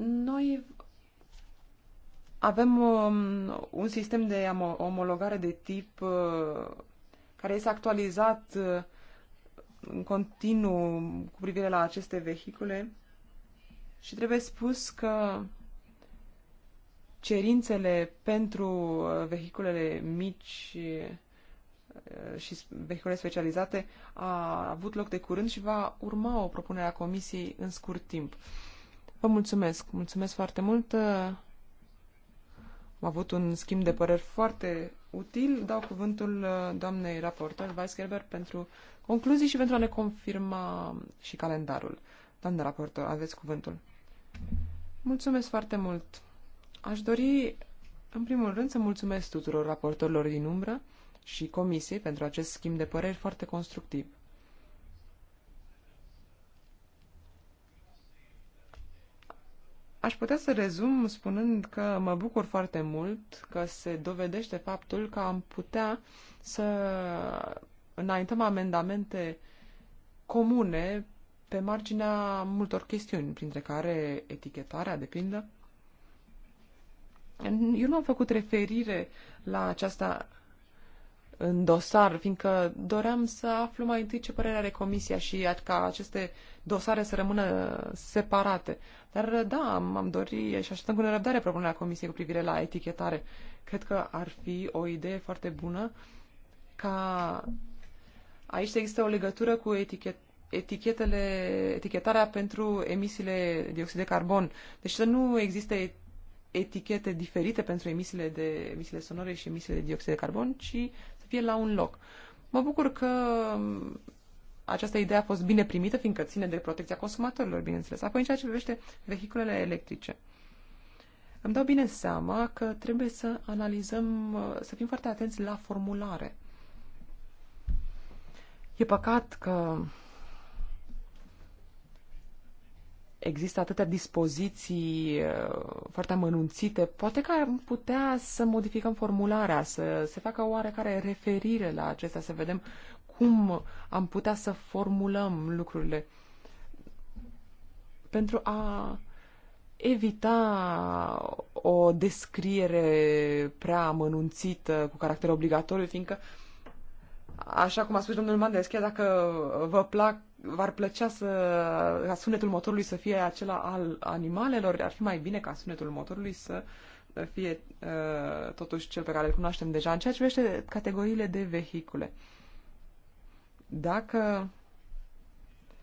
noi avem um, un sistem de omologare de tip uh, care este actualizat uh, în continuu cu privire la aceste vehicule și trebuie spus că cerințele pentru uh, vehiculele mici uh, și vehicule specializate a avut loc de curând și va urma o propunere a Comisiei în scurt timp. Vă mulțumesc, mulțumesc foarte mult. Uh, a avut un schimb de păreri foarte util. Dau cuvântul uh, doamnei raportor Weisgerber pentru concluzii și pentru a ne confirma um, și calendarul. Doamne raportor, aveți cuvântul. Mulțumesc foarte mult. Aș dori, în primul rând, să mulțumesc tuturor raportorilor din umbră și comisiei pentru acest schimb de păreri foarte constructiv. Aș putea să rezum spunând că mă bucur foarte mult că se dovedește faptul că am putea să înaintăm amendamente comune pe marginea multor chestiuni, printre care etichetarea, de pildă. Eu nu am făcut referire la aceasta în dosar, fiindcă doream să aflu mai întâi ce părere are comisia și ca aceste dosare să rămână separate. Dar da, am dorit și așteptăm cu nerăbdare propunerea comisiei cu privire la etichetare. Cred că ar fi o idee foarte bună ca aici există o legătură cu etichet etichetele, etichetarea pentru emisiile dioxid de carbon. Deci să nu existe etichete diferite pentru emisiile, de, emisiile sonore și emisiile de dioxid de carbon, ci fie la un loc. Mă bucur că această idee a fost bine primită, fiindcă ține de protecția consumatorilor, bineînțeles. Apoi, în ceea ce privește vehiculele electrice, îmi dau bine seama că trebuie să analizăm, să fim foarte atenți la formulare. E păcat că există atâtea dispoziții uh, foarte amănunțite, poate că am putea să modificăm formularea, să se facă oarecare referire la acestea, să vedem cum am putea să formulăm lucrurile pentru a evita o descriere prea amănunțită cu caracter obligatoriu, fiindcă, așa cum a spus domnul Mandesche, dacă vă plac v-ar plăcea să, ca sunetul motorului să fie acela al animalelor, ar fi mai bine ca sunetul motorului să uh, fie uh, totuși cel pe care îl cunoaștem deja. În ceea ce privește categoriile de vehicule, dacă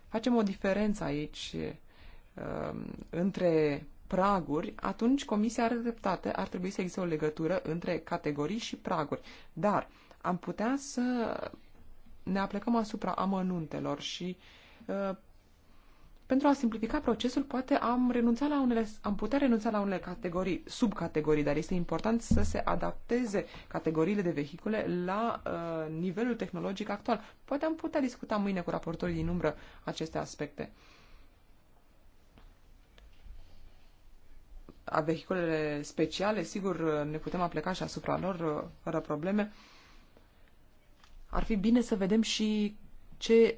facem o diferență aici uh, între praguri, atunci Comisia are dreptate, ar trebui să existe o legătură între categorii și praguri. Dar am putea să ne aplecăm asupra amănuntelor și uh, pentru a simplifica procesul, poate am, renunțat la unele, am putea renunța la unele categorii, subcategorii, dar este important să se adapteze categoriile de vehicule la uh, nivelul tehnologic actual. Poate am putea discuta mâine cu raportorii din umbră aceste aspecte. A vehiculele speciale, sigur, ne putem apleca și asupra lor, uh, fără probleme. Uh, ar fi bine să vedem și ce,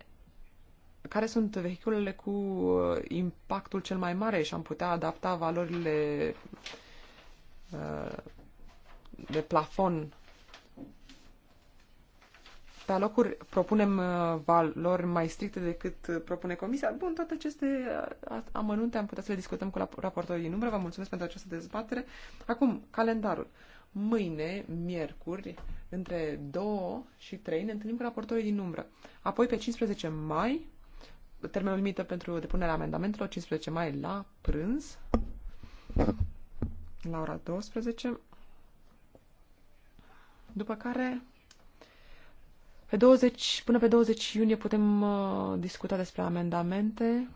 care sunt vehiculele cu uh, impactul cel mai mare și am putea adapta valorile uh, de plafon. Pe alocuri propunem uh, valori mai stricte decât propune Comisia. Bun, toate aceste amănunte am putea să le discutăm cu raportorii din umbră. Vă mulțumesc pentru această dezbatere. Acum, calendarul mâine, miercuri, între 2 și 3, ne întâlnim cu raportorii din umbră. Apoi, pe 15 mai, termenul limită pentru depunerea amendamentelor, 15 mai la prânz, la ora 12, după care pe 20, până pe 20 iunie putem uh, discuta despre amendamente.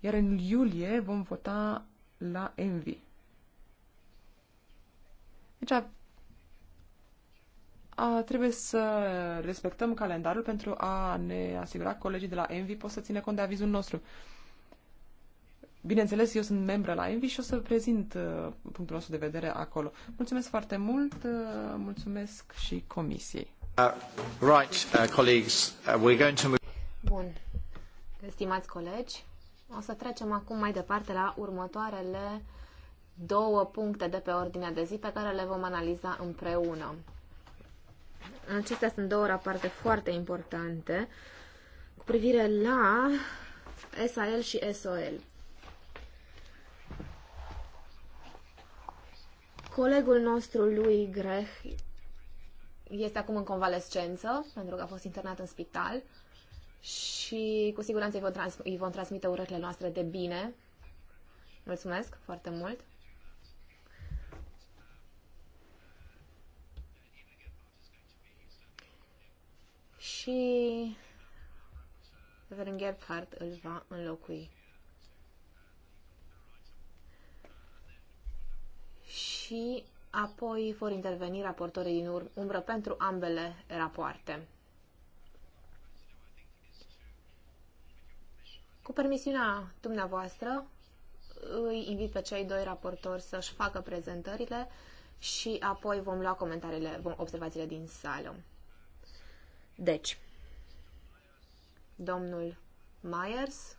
Iar în iulie vom vota la Envy. Deci a, a, trebuie să respectăm calendarul pentru a ne asigura că colegii de la Envy pot să țină cont de avizul nostru. Bineînțeles, eu sunt membră la Envy și o să prezint uh, punctul nostru de vedere acolo. Mulțumesc foarte mult, uh, mulțumesc și comisiei. Uh, right, uh, colleagues, uh, we're going to move... Bun. Estimați colegi, o să trecem acum mai departe la următoarele două puncte de pe ordinea de zi pe care le vom analiza împreună. Acestea sunt două rapoarte foarte importante cu privire la SAL și SOL. Colegul nostru lui Greh este acum în convalescență pentru că a fost internat în spital și cu siguranță îi vom, trans- îi vom transmite urările noastre de bine. Mulțumesc foarte mult! Și Reverend Gerhardt îl va înlocui. Și apoi vor interveni raportorii din umbră pentru ambele rapoarte. Cu permisiunea dumneavoastră, îi invit pe cei doi raportori să-și facă prezentările și apoi vom lua comentariile, vom observațiile din sală. Deci, domnul Myers,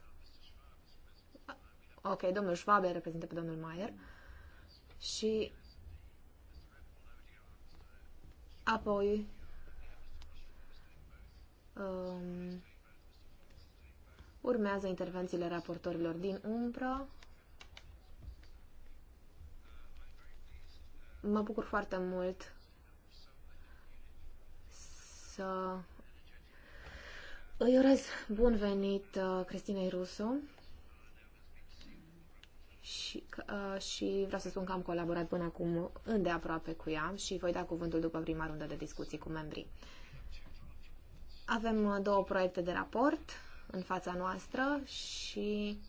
ok, domnul Schwab reprezintă pe domnul Mayer și apoi um, Urmează intervențiile raportorilor din umbră. Mă bucur foarte mult să îi urez bun venit uh, Cristinei Rusu și, uh, și vreau să spun că am colaborat până acum îndeaproape cu ea și voi da cuvântul după prima rundă de discuții cu membrii. Avem uh, două proiecte de raport în fața noastră și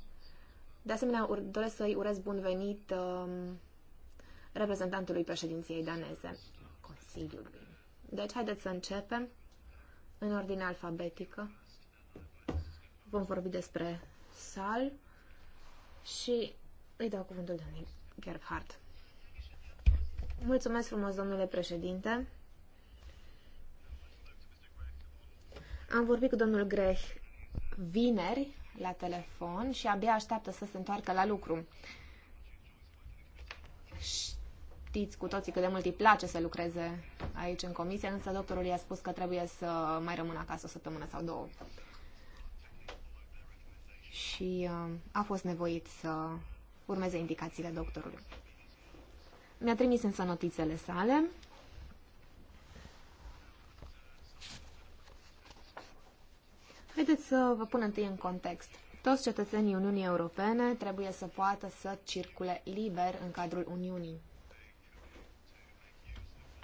de asemenea doresc să-i urez bun venit um, reprezentantului președinției daneze, Consiliului. Deci, haideți să începem în ordine alfabetică. Vom vorbi despre sal și îi dau cuvântul domnului Gerhard. Mulțumesc frumos, domnule președinte. Am vorbit cu domnul Grech vineri la telefon și abia așteaptă să se întoarcă la lucru. Știți cu toții cât de mult îi place să lucreze aici în comisie, însă doctorul i-a spus că trebuie să mai rămână acasă o săptămână sau două. Și uh, a fost nevoit să urmeze indicațiile doctorului. Mi-a trimis însă notițele sale Haideți să vă pun întâi în context. Toți cetățenii Uniunii Europene trebuie să poată să circule liber în cadrul Uniunii.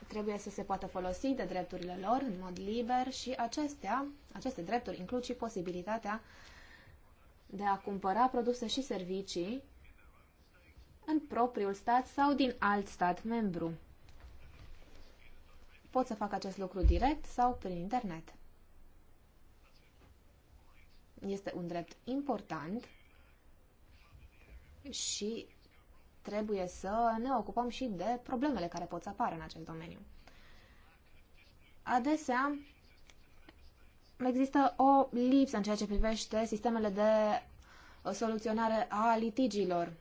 Trebuie să se poată folosi de drepturile lor în mod liber și acestea, aceste drepturi includ și posibilitatea de a cumpăra produse și servicii în propriul stat sau din alt stat membru. Pot să fac acest lucru direct sau prin internet. Este un drept important și trebuie să ne ocupăm și de problemele care pot să apară în acest domeniu. Adesea există o lipsă în ceea ce privește sistemele de soluționare a litigiilor.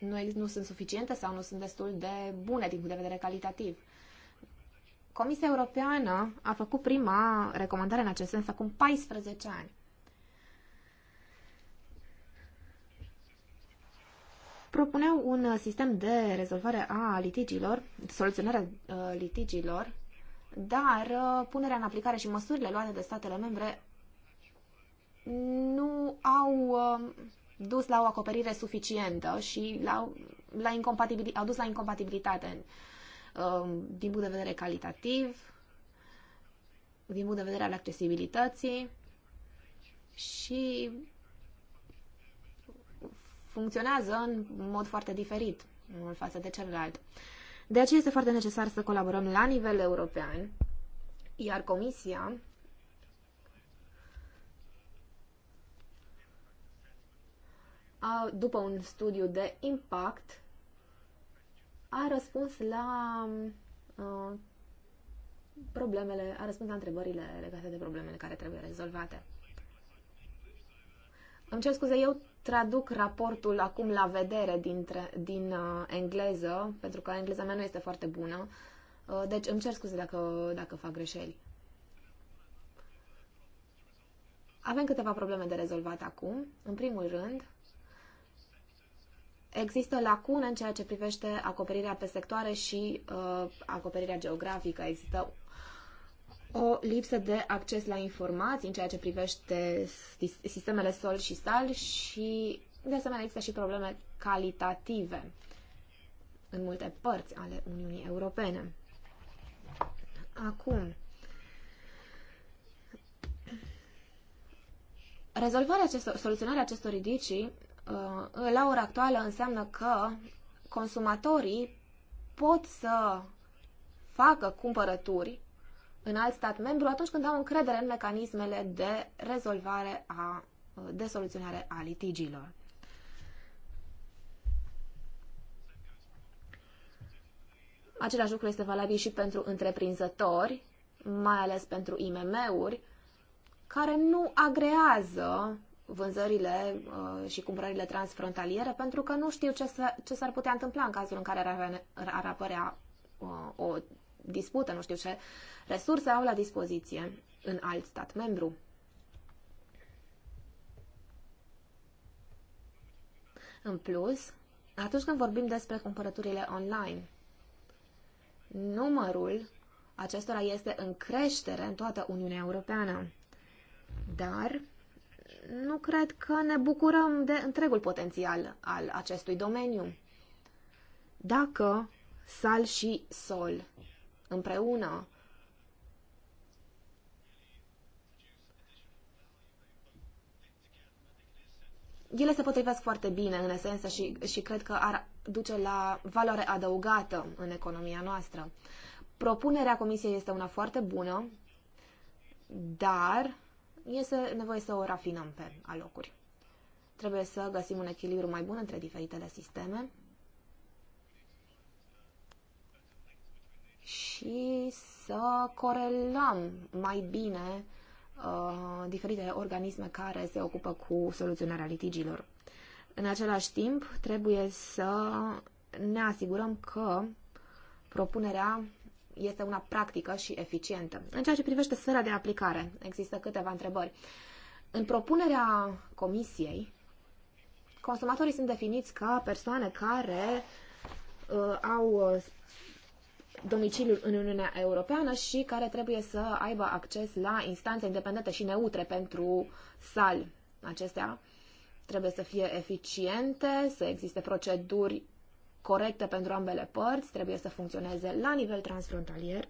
Nu, nu sunt suficiente sau nu sunt destul de bune din punct de vedere calitativ. Comisia Europeană a făcut prima recomandare în acest sens acum 14 ani. Propuneau un uh, sistem de rezolvare a litigiilor, soluționarea uh, litigiilor, dar uh, punerea în aplicare și măsurile luate de statele membre nu au dus la o acoperire suficientă și la, la incompatibil, au dus la incompatibilitate Um, din punct de vedere calitativ, din punct de vedere al accesibilității și funcționează în mod foarte diferit în față de celălalt. De aceea este foarte necesar să colaborăm la nivel european, iar Comisia după un studiu de impact a răspuns la uh, problemele, a răspuns la întrebările legate de problemele care trebuie rezolvate. Îmi cer scuze, eu traduc raportul acum la vedere dintre, din uh, engleză, pentru că engleza mea nu este foarte bună, uh, deci îmi cer scuze dacă, dacă fac greșeli. Avem câteva probleme de rezolvat acum. În primul rând, Există lacune în ceea ce privește acoperirea pe sectoare și uh, acoperirea geografică. Există o lipsă de acces la informații în ceea ce privește sistemele sol și sal și, de asemenea, există și probleme calitative în multe părți ale Uniunii Europene. Acum, rezolvarea acestor, soluționarea acestor ridicii Uh, la ora actuală înseamnă că consumatorii pot să facă cumpărături în alt stat membru atunci când au încredere în mecanismele de rezolvare a, uh, de soluționare a litigiilor. Același lucru este valabil și pentru întreprinzători, mai ales pentru IMM-uri, care nu agrează vânzările uh, și cumpărările transfrontaliere pentru că nu știu ce s-ar putea întâmpla în cazul în care ar apărea uh, o dispută, nu știu ce resurse au la dispoziție în alt stat membru. În plus, atunci când vorbim despre cumpărăturile online, numărul acestora este în creștere în toată Uniunea Europeană. Dar nu cred că ne bucurăm de întregul potențial al acestui domeniu. Dacă sal și sol împreună ele se potrivesc foarte bine în esență și, și cred că ar duce la valoare adăugată în economia noastră. Propunerea Comisiei este una foarte bună, dar este nevoie să o rafinăm pe alocuri. Trebuie să găsim un echilibru mai bun între diferitele sisteme și să corelăm mai bine uh, diferite organisme care se ocupă cu soluționarea litigiilor. În același timp, trebuie să ne asigurăm că propunerea este una practică și eficientă. În ceea ce privește sfera de aplicare, există câteva întrebări. În propunerea comisiei, consumatorii sunt definiți ca persoane care uh, au uh, domiciliul în Uniunea Europeană și care trebuie să aibă acces la instanțe independente și neutre pentru sal. Acestea trebuie să fie eficiente, să existe proceduri corectă pentru ambele părți, trebuie să funcționeze la nivel transfrontalier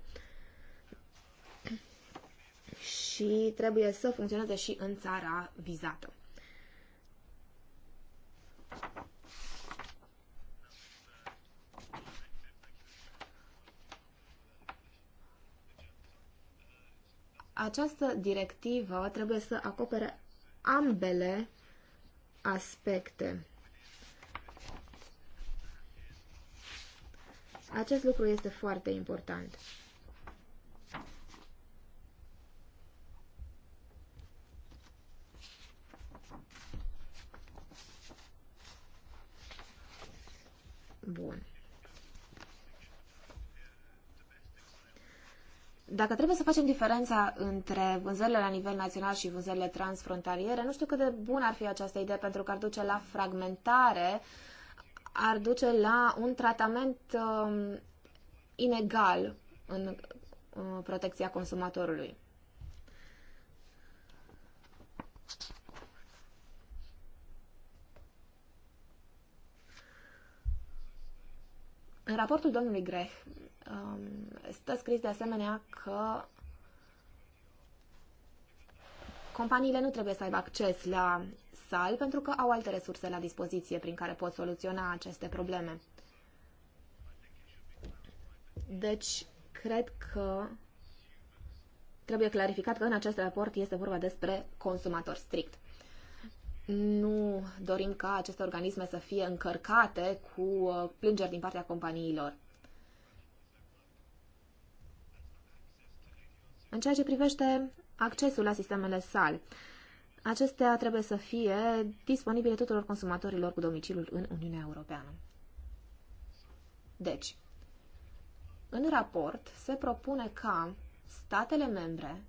și trebuie să funcționeze și în țara vizată. Această directivă trebuie să acopere ambele aspecte. Acest lucru este foarte important. Bun. Dacă trebuie să facem diferența între vânzările la nivel național și vânzările transfrontaliere, nu știu cât de bună ar fi această idee pentru că ar duce la fragmentare uh, ar duce la un tratament uh, inegal în uh, protecția consumatorului. În raportul domnului Greh um, stă scris de asemenea că companiile nu trebuie să aibă acces la sal pentru că au alte resurse la dispoziție prin care pot soluționa aceste probleme. Deci, cred că trebuie clarificat că în acest raport este vorba despre consumator strict. Nu dorim ca aceste organisme să fie încărcate cu uh, plângeri din partea companiilor. În ceea ce privește accesul la sistemele SAL, Acestea trebuie să fie disponibile tuturor consumatorilor cu domiciliul în Uniunea Europeană. Deci, în raport se propune ca statele membre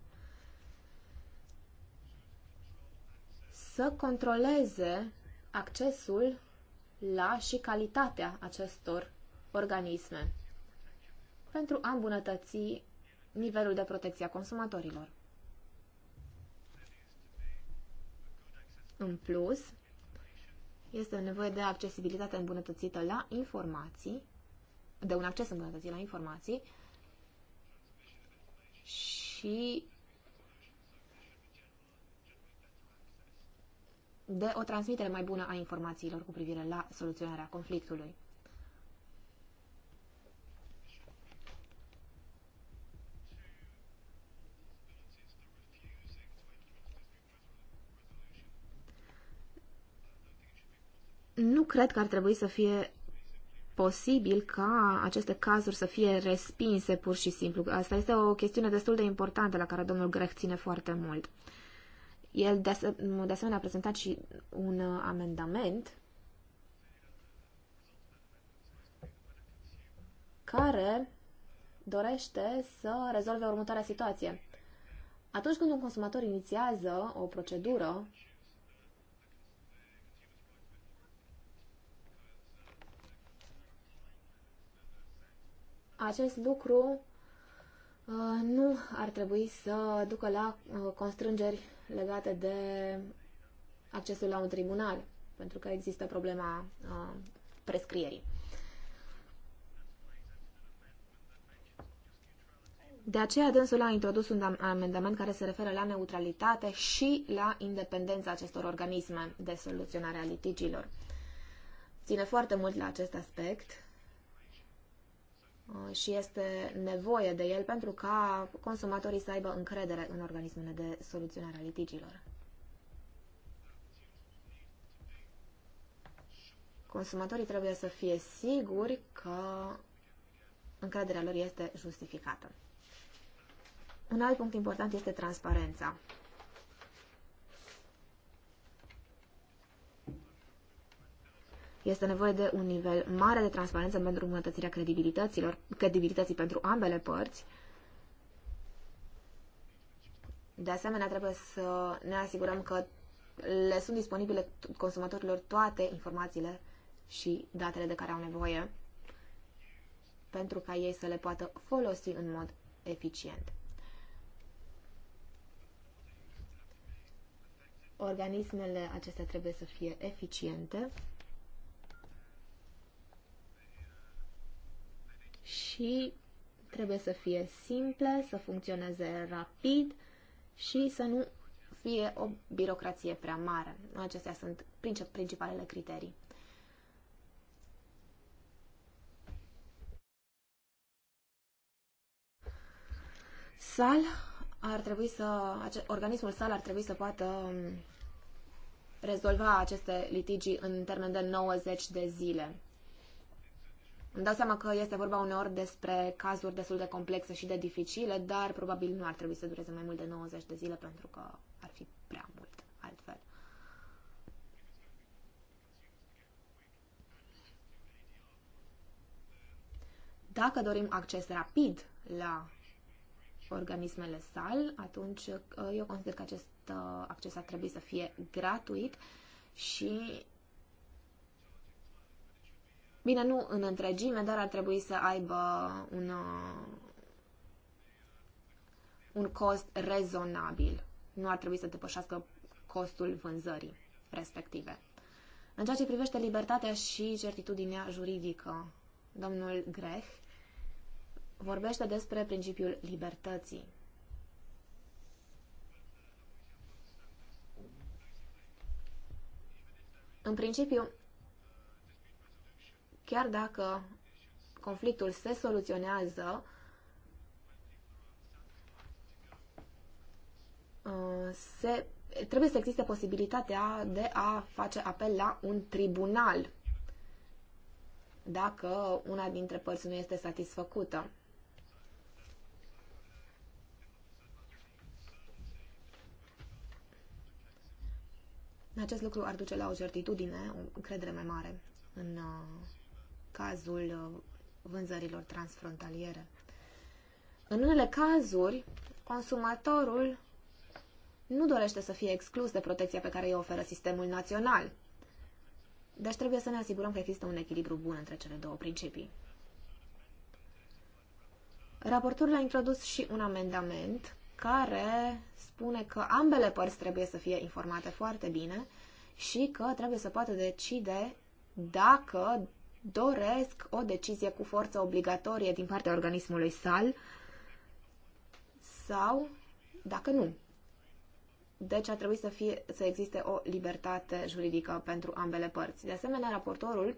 să controleze accesul la și calitatea acestor organisme pentru a îmbunătăți nivelul de protecție a consumatorilor. În plus, este nevoie de accesibilitate îmbunătățită la informații, de un acces îmbunătățit la informații și de o transmitere mai bună a informațiilor cu privire la soluționarea conflictului. nu cred că ar trebui să fie posibil ca aceste cazuri să fie respinse pur și simplu. Asta este o chestiune destul de importantă la care domnul Grech ține foarte mult. El de, asemenea a prezentat și un amendament care dorește să rezolve următoarea situație. Atunci când un consumator inițiază o procedură acest lucru uh, nu ar trebui să ducă la uh, constrângeri legate de accesul la un tribunal, pentru că există problema uh, prescrierii. De aceea, dânsul a introdus un amendament care se referă la neutralitate și la independența acestor organisme de soluționare a litigiilor. Ține foarte mult la acest aspect Uh, și este nevoie de el pentru ca consumatorii să aibă încredere în organismele de soluționare a litigilor. Consumatorii trebuie să fie siguri că încrederea lor este justificată. Un alt punct important este transparența. Este nevoie de un nivel mare de transparență pentru îmbunătățirea credibilităților, credibilității pentru ambele părți. De asemenea, trebuie să ne asigurăm că le sunt disponibile consumatorilor toate informațiile și datele de care au nevoie pentru ca ei să le poată folosi în mod eficient. Organismele acestea trebuie să fie eficiente și trebuie să fie simple, să funcționeze rapid și să nu fie o birocrație prea mare. Acestea sunt principalele criterii. Sal ar trebui să, organismul sal ar trebui să poată um, rezolva aceste litigi în termen de 90 de zile. Îmi dau seama că este vorba uneori despre cazuri destul de complexe și de dificile, dar probabil nu ar trebui să dureze mai mult de 90 de zile pentru că ar fi prea mult altfel. Dacă dorim acces rapid la organismele sal, atunci uh, eu consider că acest uh, acces ar trebui să fie gratuit și Bine, nu în întregime, dar ar trebui să aibă un, uh, un cost rezonabil. Nu ar trebui să depășească costul vânzării respective. În ceea ce privește libertatea și certitudinea juridică, domnul Grech vorbește despre principiul libertății. În principiu, chiar dacă conflictul se soluționează, uh, se, trebuie să existe posibilitatea de a face apel la un tribunal dacă una dintre părți nu este satisfăcută. Acest lucru ar duce la o certitudine, o încredere mai mare în uh, cazul uh, vânzărilor transfrontaliere. În unele cazuri, consumatorul nu dorește să fie exclus de protecția pe care îi oferă sistemul național. Deci trebuie să ne asigurăm că există un echilibru bun între cele două principii. Raportul a introdus și un amendament care spune că ambele părți trebuie să fie informate foarte bine și că trebuie să poată decide dacă doresc o decizie cu forță obligatorie din partea organismului sal sau dacă nu. Deci ar trebui să, fie, să existe o libertate juridică pentru ambele părți. De asemenea, raportorul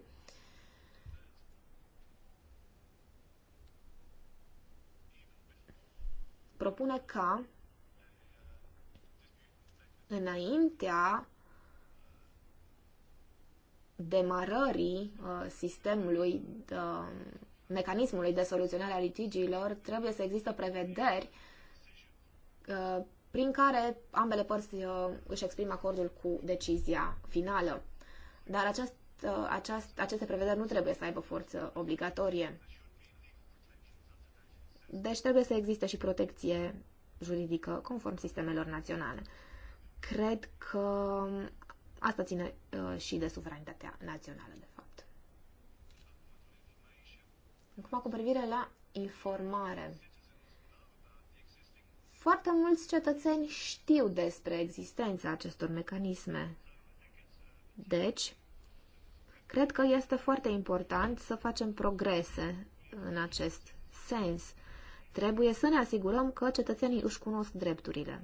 propune ca înaintea demarării uh, sistemului, uh, mecanismului de soluționare a litigiilor, trebuie să există prevederi uh, prin care ambele părți uh, își exprimă acordul cu decizia finală. Dar aceast, uh, aceast, aceste prevederi nu trebuie să aibă forță obligatorie. Deci trebuie să existe și protecție juridică conform sistemelor naționale. Cred că Asta ține uh, și de suveranitatea națională, de fapt. Acum, cu privire la informare. Foarte mulți cetățeni știu despre existența acestor mecanisme. Deci, cred că este foarte important să facem progrese în acest sens. Trebuie să ne asigurăm că cetățenii își cunosc drepturile.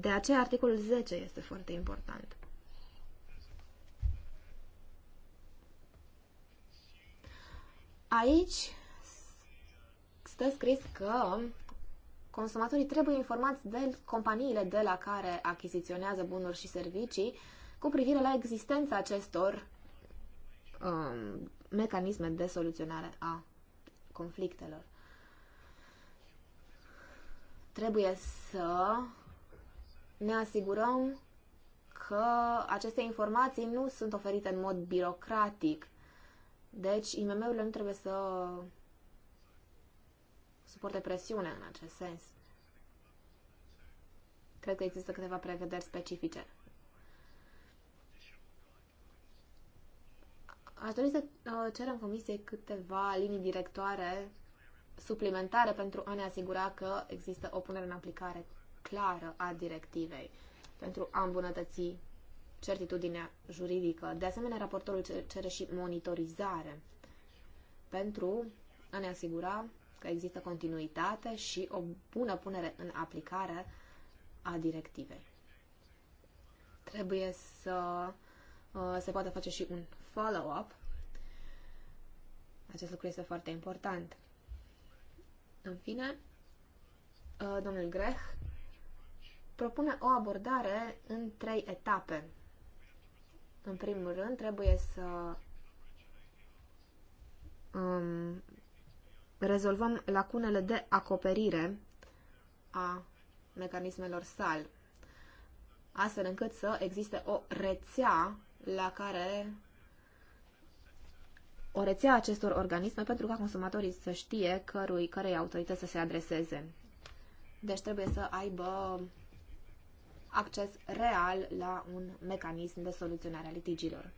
De aceea articolul 10 este foarte important. Aici stă scris că consumatorii trebuie informați de companiile de la care achiziționează bunuri și servicii cu privire la existența acestor um, mecanisme de soluționare a conflictelor. Trebuie să ne asigurăm că aceste informații nu sunt oferite în mod birocratic. Deci, IMM-urile nu trebuie să suporte presiune în acest sens. Cred că există câteva prevederi specifice. Aș dori să uh, cerem comisiei câteva linii directoare suplimentare pentru a ne asigura că există o punere în aplicare clară a directivei pentru a îmbunătăți certitudinea juridică. De asemenea, raportorul cere și monitorizare pentru a ne asigura că există continuitate și o bună punere în aplicare a directivei. Trebuie să uh, se poată face și un follow-up. Acest lucru este foarte important. În fine, uh, domnul Greh propune o abordare în trei etape. În primul rând, trebuie să um, rezolvăm lacunele de acoperire a mecanismelor sal, astfel încât să existe o rețea la care o rețea acestor organisme pentru ca consumatorii să știe cărui, cărei autorități să se adreseze. Deci trebuie să aibă acces real la un mecanism de soluționare a litigiilor.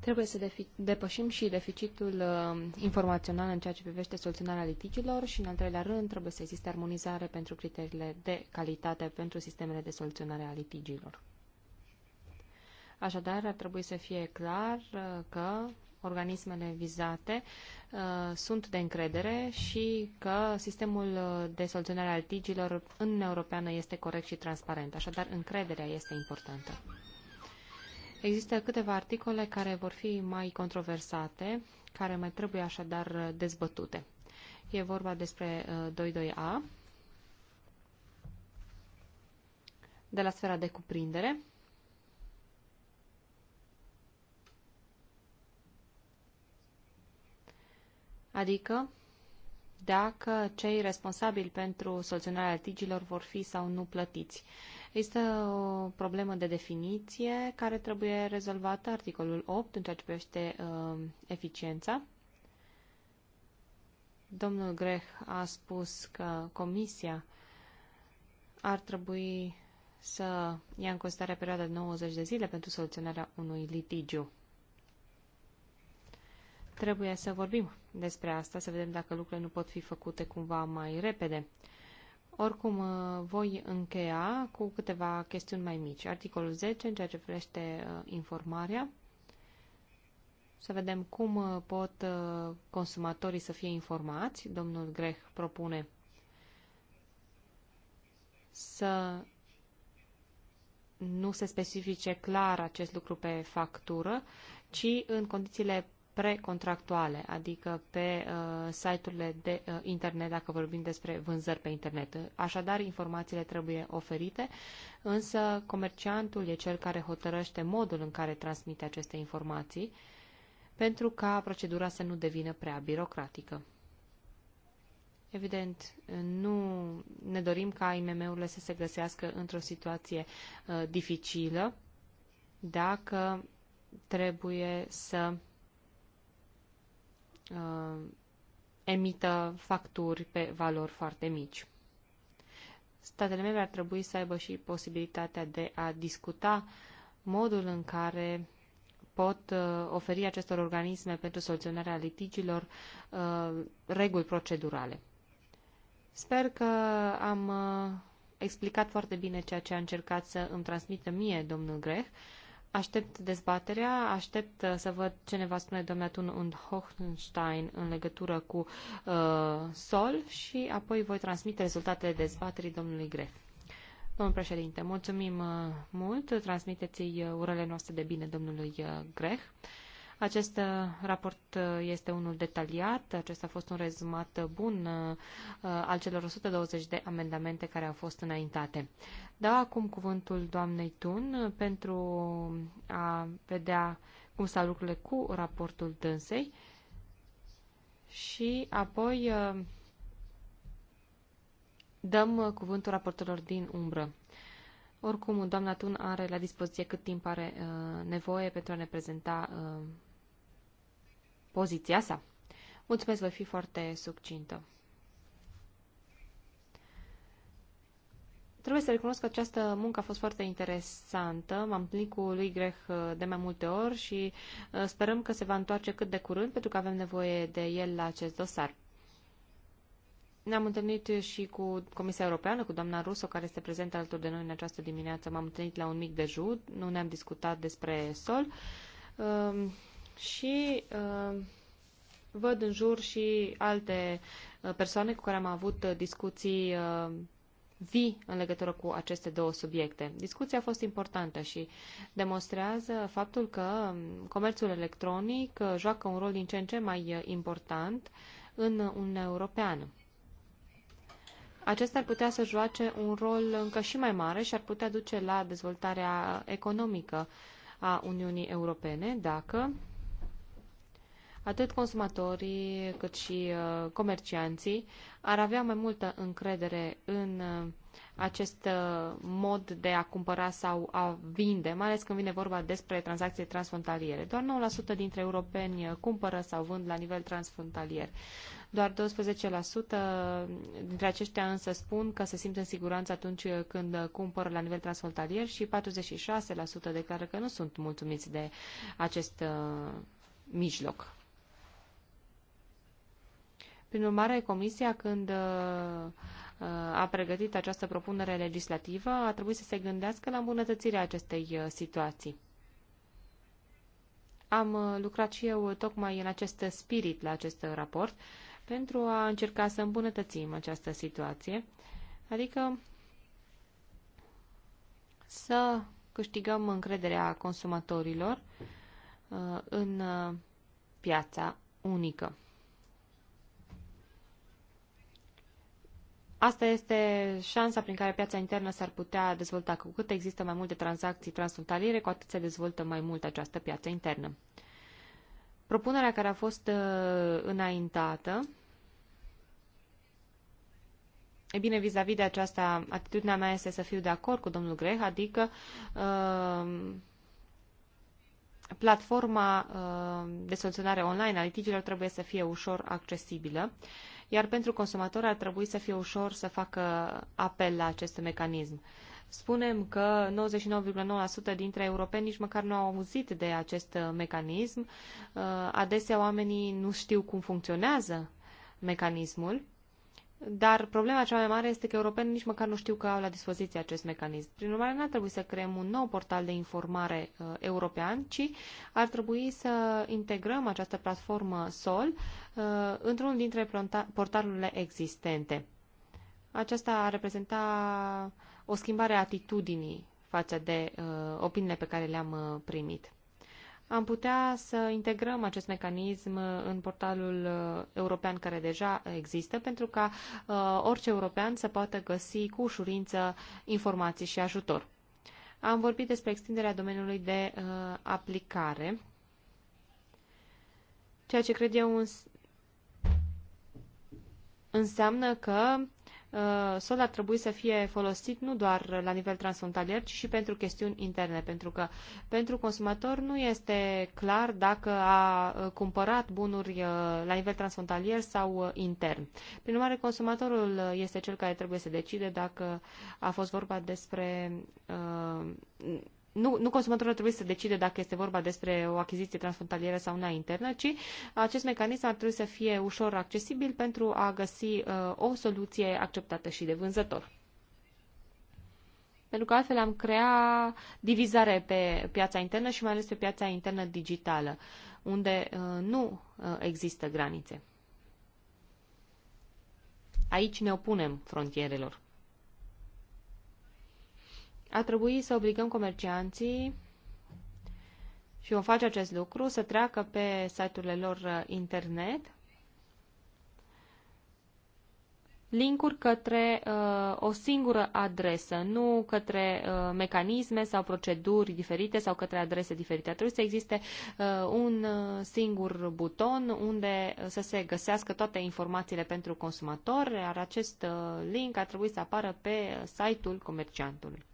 Trebuie să depășim și deficitul uh, informațional în ceea ce privește soluționarea litigiilor și, în al treilea rând, trebuie să existe armonizare pentru criteriile de calitate pentru sistemele de soluționare a litigiilor. Așadar, ar trebui să fie clar uh, că organismele vizate uh, sunt de încredere și că sistemul de soluționare a litigilor în Uniunea Europeană este corect și transparent. Așadar, încrederea este importantă. Există câteva articole care vor fi mai controversate, care mai trebuie așadar dezbătute. E vorba despre 22A, uh, de la sfera de cuprindere, Adică dacă cei responsabili pentru soluționarea litigilor vor fi sau nu plătiți. este o problemă de definiție care trebuie rezolvată, articolul 8, în ceea ce privește uh, eficiența. Domnul Greh a spus că comisia ar trebui să ia în considerare perioada de 90 de zile pentru soluționarea unui litigiu. Trebuie să vorbim despre asta, să vedem dacă lucrurile nu pot fi făcute cumva mai repede. Oricum, uh, voi încheia cu câteva chestiuni mai mici. Articolul 10, în ceea ce privește uh, informarea, să vedem cum uh, pot consumatorii să fie informați. Domnul Greh propune să nu se specifice clar acest lucru pe factură, ci în condițiile precontractuale, adică pe uh, site-urile de uh, internet, dacă vorbim despre vânzări pe internet. Așadar, informațiile trebuie oferite, însă comerciantul e cel care hotărăște modul în care transmite aceste informații, pentru ca procedura să nu devină prea birocratică. Evident, nu ne dorim ca IMM-urile să se găsească într-o situație uh, dificilă dacă trebuie să uh, emită facturi pe valori foarte mici. Statele membre ar trebui să aibă și posibilitatea de a discuta modul în care pot uh, oferi acestor organisme pentru soluționarea litigilor uh, reguli procedurale. Sper că am uh, explicat foarte bine ceea ce a încercat să îmi transmită mie domnul Greh. Uh, Aștept dezbaterea, aștept uh, să văd ce ne va spune domnul Atun und Hohenstein în legătură cu uh, Sol și apoi voi transmite rezultatele dezbaterii domnului Gref. Domnul președinte, mulțumim uh, mult, transmiteți uh, urele noastre de bine domnului Greh. Acest uh, raport uh, este unul detaliat, acesta a fost un rezumat uh, bun al celor 120 de amendamente care au fost înaintate. Dau acum cuvântul doamnei Tun pentru a vedea cum stau lucrurile cu raportul dânsei și apoi dăm cuvântul raportelor din umbră. Oricum, doamna Tun are la dispoziție cât timp are uh, nevoie pentru a ne prezenta uh, poziția sa. Mulțumesc, voi fi foarte succintă. Trebuie să recunosc că această muncă a fost foarte interesantă. M-am întâlnit cu lui Greh uh, de mai multe ori și uh, sperăm că se va întoarce cât de curând, pentru că avem nevoie de el la acest dosar. Ne-am întâlnit și cu Comisia Europeană, cu doamna Russo, care este prezentă alături de noi în această dimineață. M-am întâlnit la un mic dejun, nu ne-am discutat despre sol. Um, și um, văd în jur și alte eh, persoane cu care am avut eh, discuții um, vii în legătură cu aceste două subiecte. Discuția a fost importantă și demonstrează faptul că mm, comerțul electronic eh, joacă un rol din ce în ce mai important în Uniunea Europeană acesta ar putea să joace un rol încă și mai mare și ar putea duce la dezvoltarea economică a Uniunii Europene dacă atât consumatorii cât și uh, comercianții ar avea mai multă încredere în uh, acest uh, mod de a cumpăra sau a vinde, mai ales când vine vorba despre tranzacții transfrontaliere. Doar 9% dintre europeni cumpără sau vând la nivel transfrontalier. Doar 12% dintre aceștia însă spun că se simt în siguranță atunci când cumpără la nivel transfrontalier și 46% declară că nu sunt mulțumiți de acest uh, mijloc. Prin urmare, Comisia, când uh, uh, a pregătit această propunere legislativă, a trebuit să se gândească la îmbunătățirea acestei situații. Am lucrat și eu tocmai în acest spirit la acest raport pentru a încerca să îmbunătățim această situație, adică să câștigăm încrederea consumatorilor uh, în uh, piața unică. Asta este șansa prin care piața internă s-ar putea dezvolta. Cu cât există mai multe tranzacții transfrontaliere, cu atât se dezvoltă mai mult această piață internă. Propunerea care a fost uh, înaintată, e bine, vis-a-vis -vis de aceasta, atitudinea mea este să fiu de acord cu domnul Greh, adică uh, platforma uh, de soluționare online a litigiilor trebuie să fie ușor accesibilă, iar pentru consumator ar trebui să fie ușor să facă apel la acest mecanism spunem că 99,9% dintre europeni nici măcar nu au auzit de acest uh, mecanism. Uh, adesea oamenii nu știu cum funcționează mecanismul. Dar problema cea mai mare este că europenii nici măcar nu știu că au la dispoziție acest mecanism. Prin urmare, nu ar trebui să creăm un nou portal de informare uh, european, ci ar trebui să integrăm această platformă SOL uh, într-unul dintre portalurile existente. Aceasta ar reprezenta uh, o schimbare a atitudinii față de uh, opiniile pe care le-am uh, primit. Am putea să integrăm acest mecanism în portalul uh, european care deja există, pentru ca uh, orice european să poată găsi cu ușurință informații și ajutor. Am vorbit despre extinderea domeniului de uh, aplicare, ceea ce cred eu înseamnă că Uh, sol ar trebui să fie folosit nu doar la nivel transfrontalier, ci și pentru chestiuni interne, pentru că pentru consumator nu este clar dacă a uh, cumpărat bunuri uh, la nivel transfrontalier sau intern. Prin urmare, consumatorul este cel care trebuie să decide dacă a fost vorba despre nu, nu consumatorul trebuie să decide dacă este vorba despre o achiziție transfrontalieră sau una internă, ci acest mecanism ar trebui să fie ușor accesibil pentru a găsi uh, o soluție acceptată și de vânzător. Pentru că altfel am crea divizare pe piața internă și mai ales pe piața internă digitală, unde uh, nu uh, există granițe. Aici ne opunem frontierelor a trebuit să obligăm comercianții și vom face acest lucru, să treacă pe site-urile lor uh, internet linkuri către uh, o singură adresă, nu către uh, mecanisme sau proceduri diferite sau către adrese diferite. Ar trebui să existe uh, un uh, singur buton unde să se găsească toate informațiile pentru consumator, iar acest uh, link ar trebui să apară pe uh, site-ul comerciantului.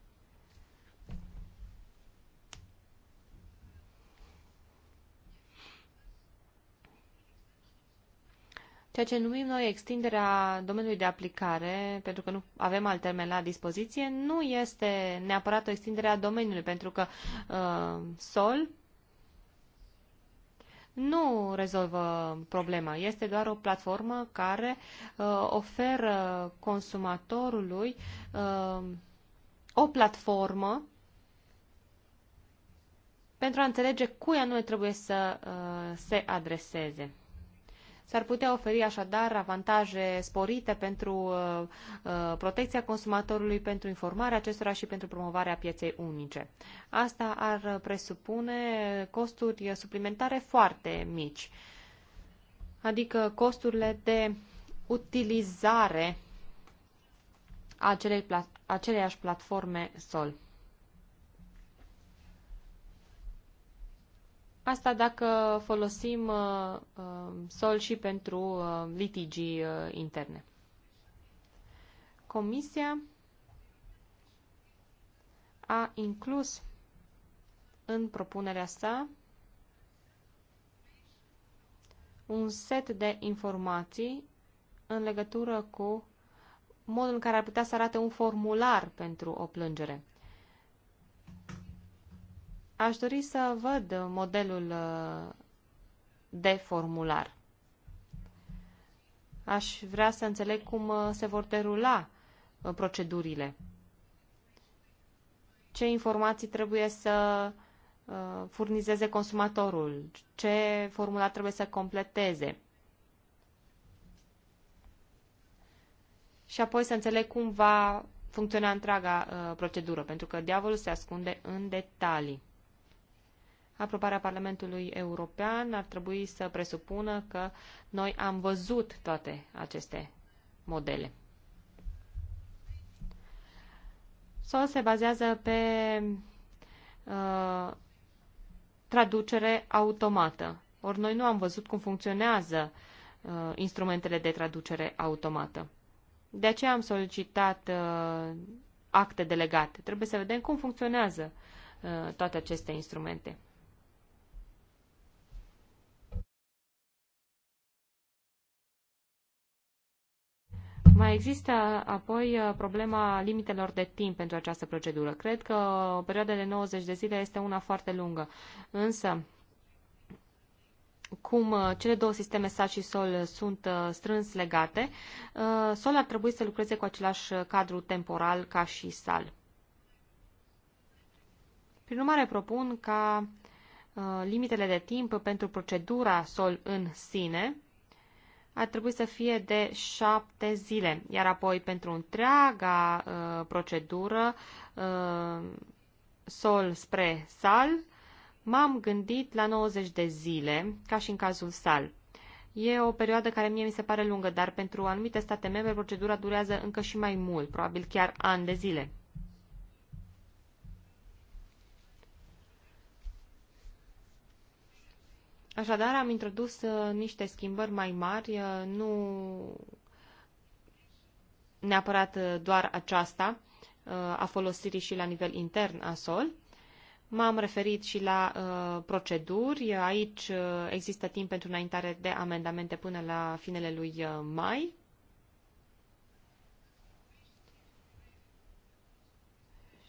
Ceea ce numim noi extinderea domeniului de aplicare, pentru că nu avem alt termen la dispoziție, nu este neapărat o extindere a domeniului, pentru că uh, sol nu rezolvă problema. Este doar o platformă care uh, oferă consumatorului uh, o platformă pentru a înțelege cui anume trebuie să uh, se adreseze. S-ar putea oferi așadar avantaje sporite pentru uh, uh, protecția consumatorului, pentru informarea acestora și pentru promovarea pieței unice. Asta ar presupune costuri suplimentare foarte mici, adică costurile de utilizare a aceleiași platforme SOL. Asta dacă folosim uh, uh, sol și pentru uh, litigii interne. Comisia a inclus în propunerea sa un set de informații în legătură cu modul în care ar putea să arate un formular pentru o plângere. Aș dori să văd modelul uh, de formular. Aș vrea să înțeleg cum uh, se vor derula uh, procedurile. Ce informații trebuie să furnizeze consumatorul, ce formular trebuie să completeze. Și apoi să înțeleg cum va funcționa întreaga uh, procedură, pentru că diavolul se ascunde în detalii aprobarea Parlamentului European ar trebui să presupună că noi am văzut toate aceste modele. SOL se bazează pe uh, traducere automată. Ori noi nu am văzut cum funcționează uh, instrumentele de traducere automată. De aceea am solicitat uh, acte delegate. Trebuie să vedem cum funcționează uh, toate aceste instrumente. Mai există apoi uh, problema limitelor de timp pentru această procedură. Cred că o perioadă de 90 de zile este una foarte lungă, însă cum uh, cele două sisteme SAT și SOL uh, sunt strâns legate, SOL ar trebui să lucreze cu același cadru temporal ca și SAL. Prin urmare, propun ca limitele de timp pentru procedura SOL în sine ar trebui să fie de șapte zile, iar apoi pentru întreaga uh, procedură uh, sol spre sal, m-am gândit la 90 de zile, ca și în cazul sal. E o perioadă care mie mi se pare lungă, dar pentru anumite state membre procedura durează încă și mai mult, probabil chiar ani de zile. Așadar, am introdus uh, niște schimbări mai mari, uh, nu neapărat uh, doar aceasta a folosirii și la nivel intern a sol. M-am referit și la uh, proceduri. Aici uh, există timp pentru înaintare de amendamente până la finele lui uh, mai.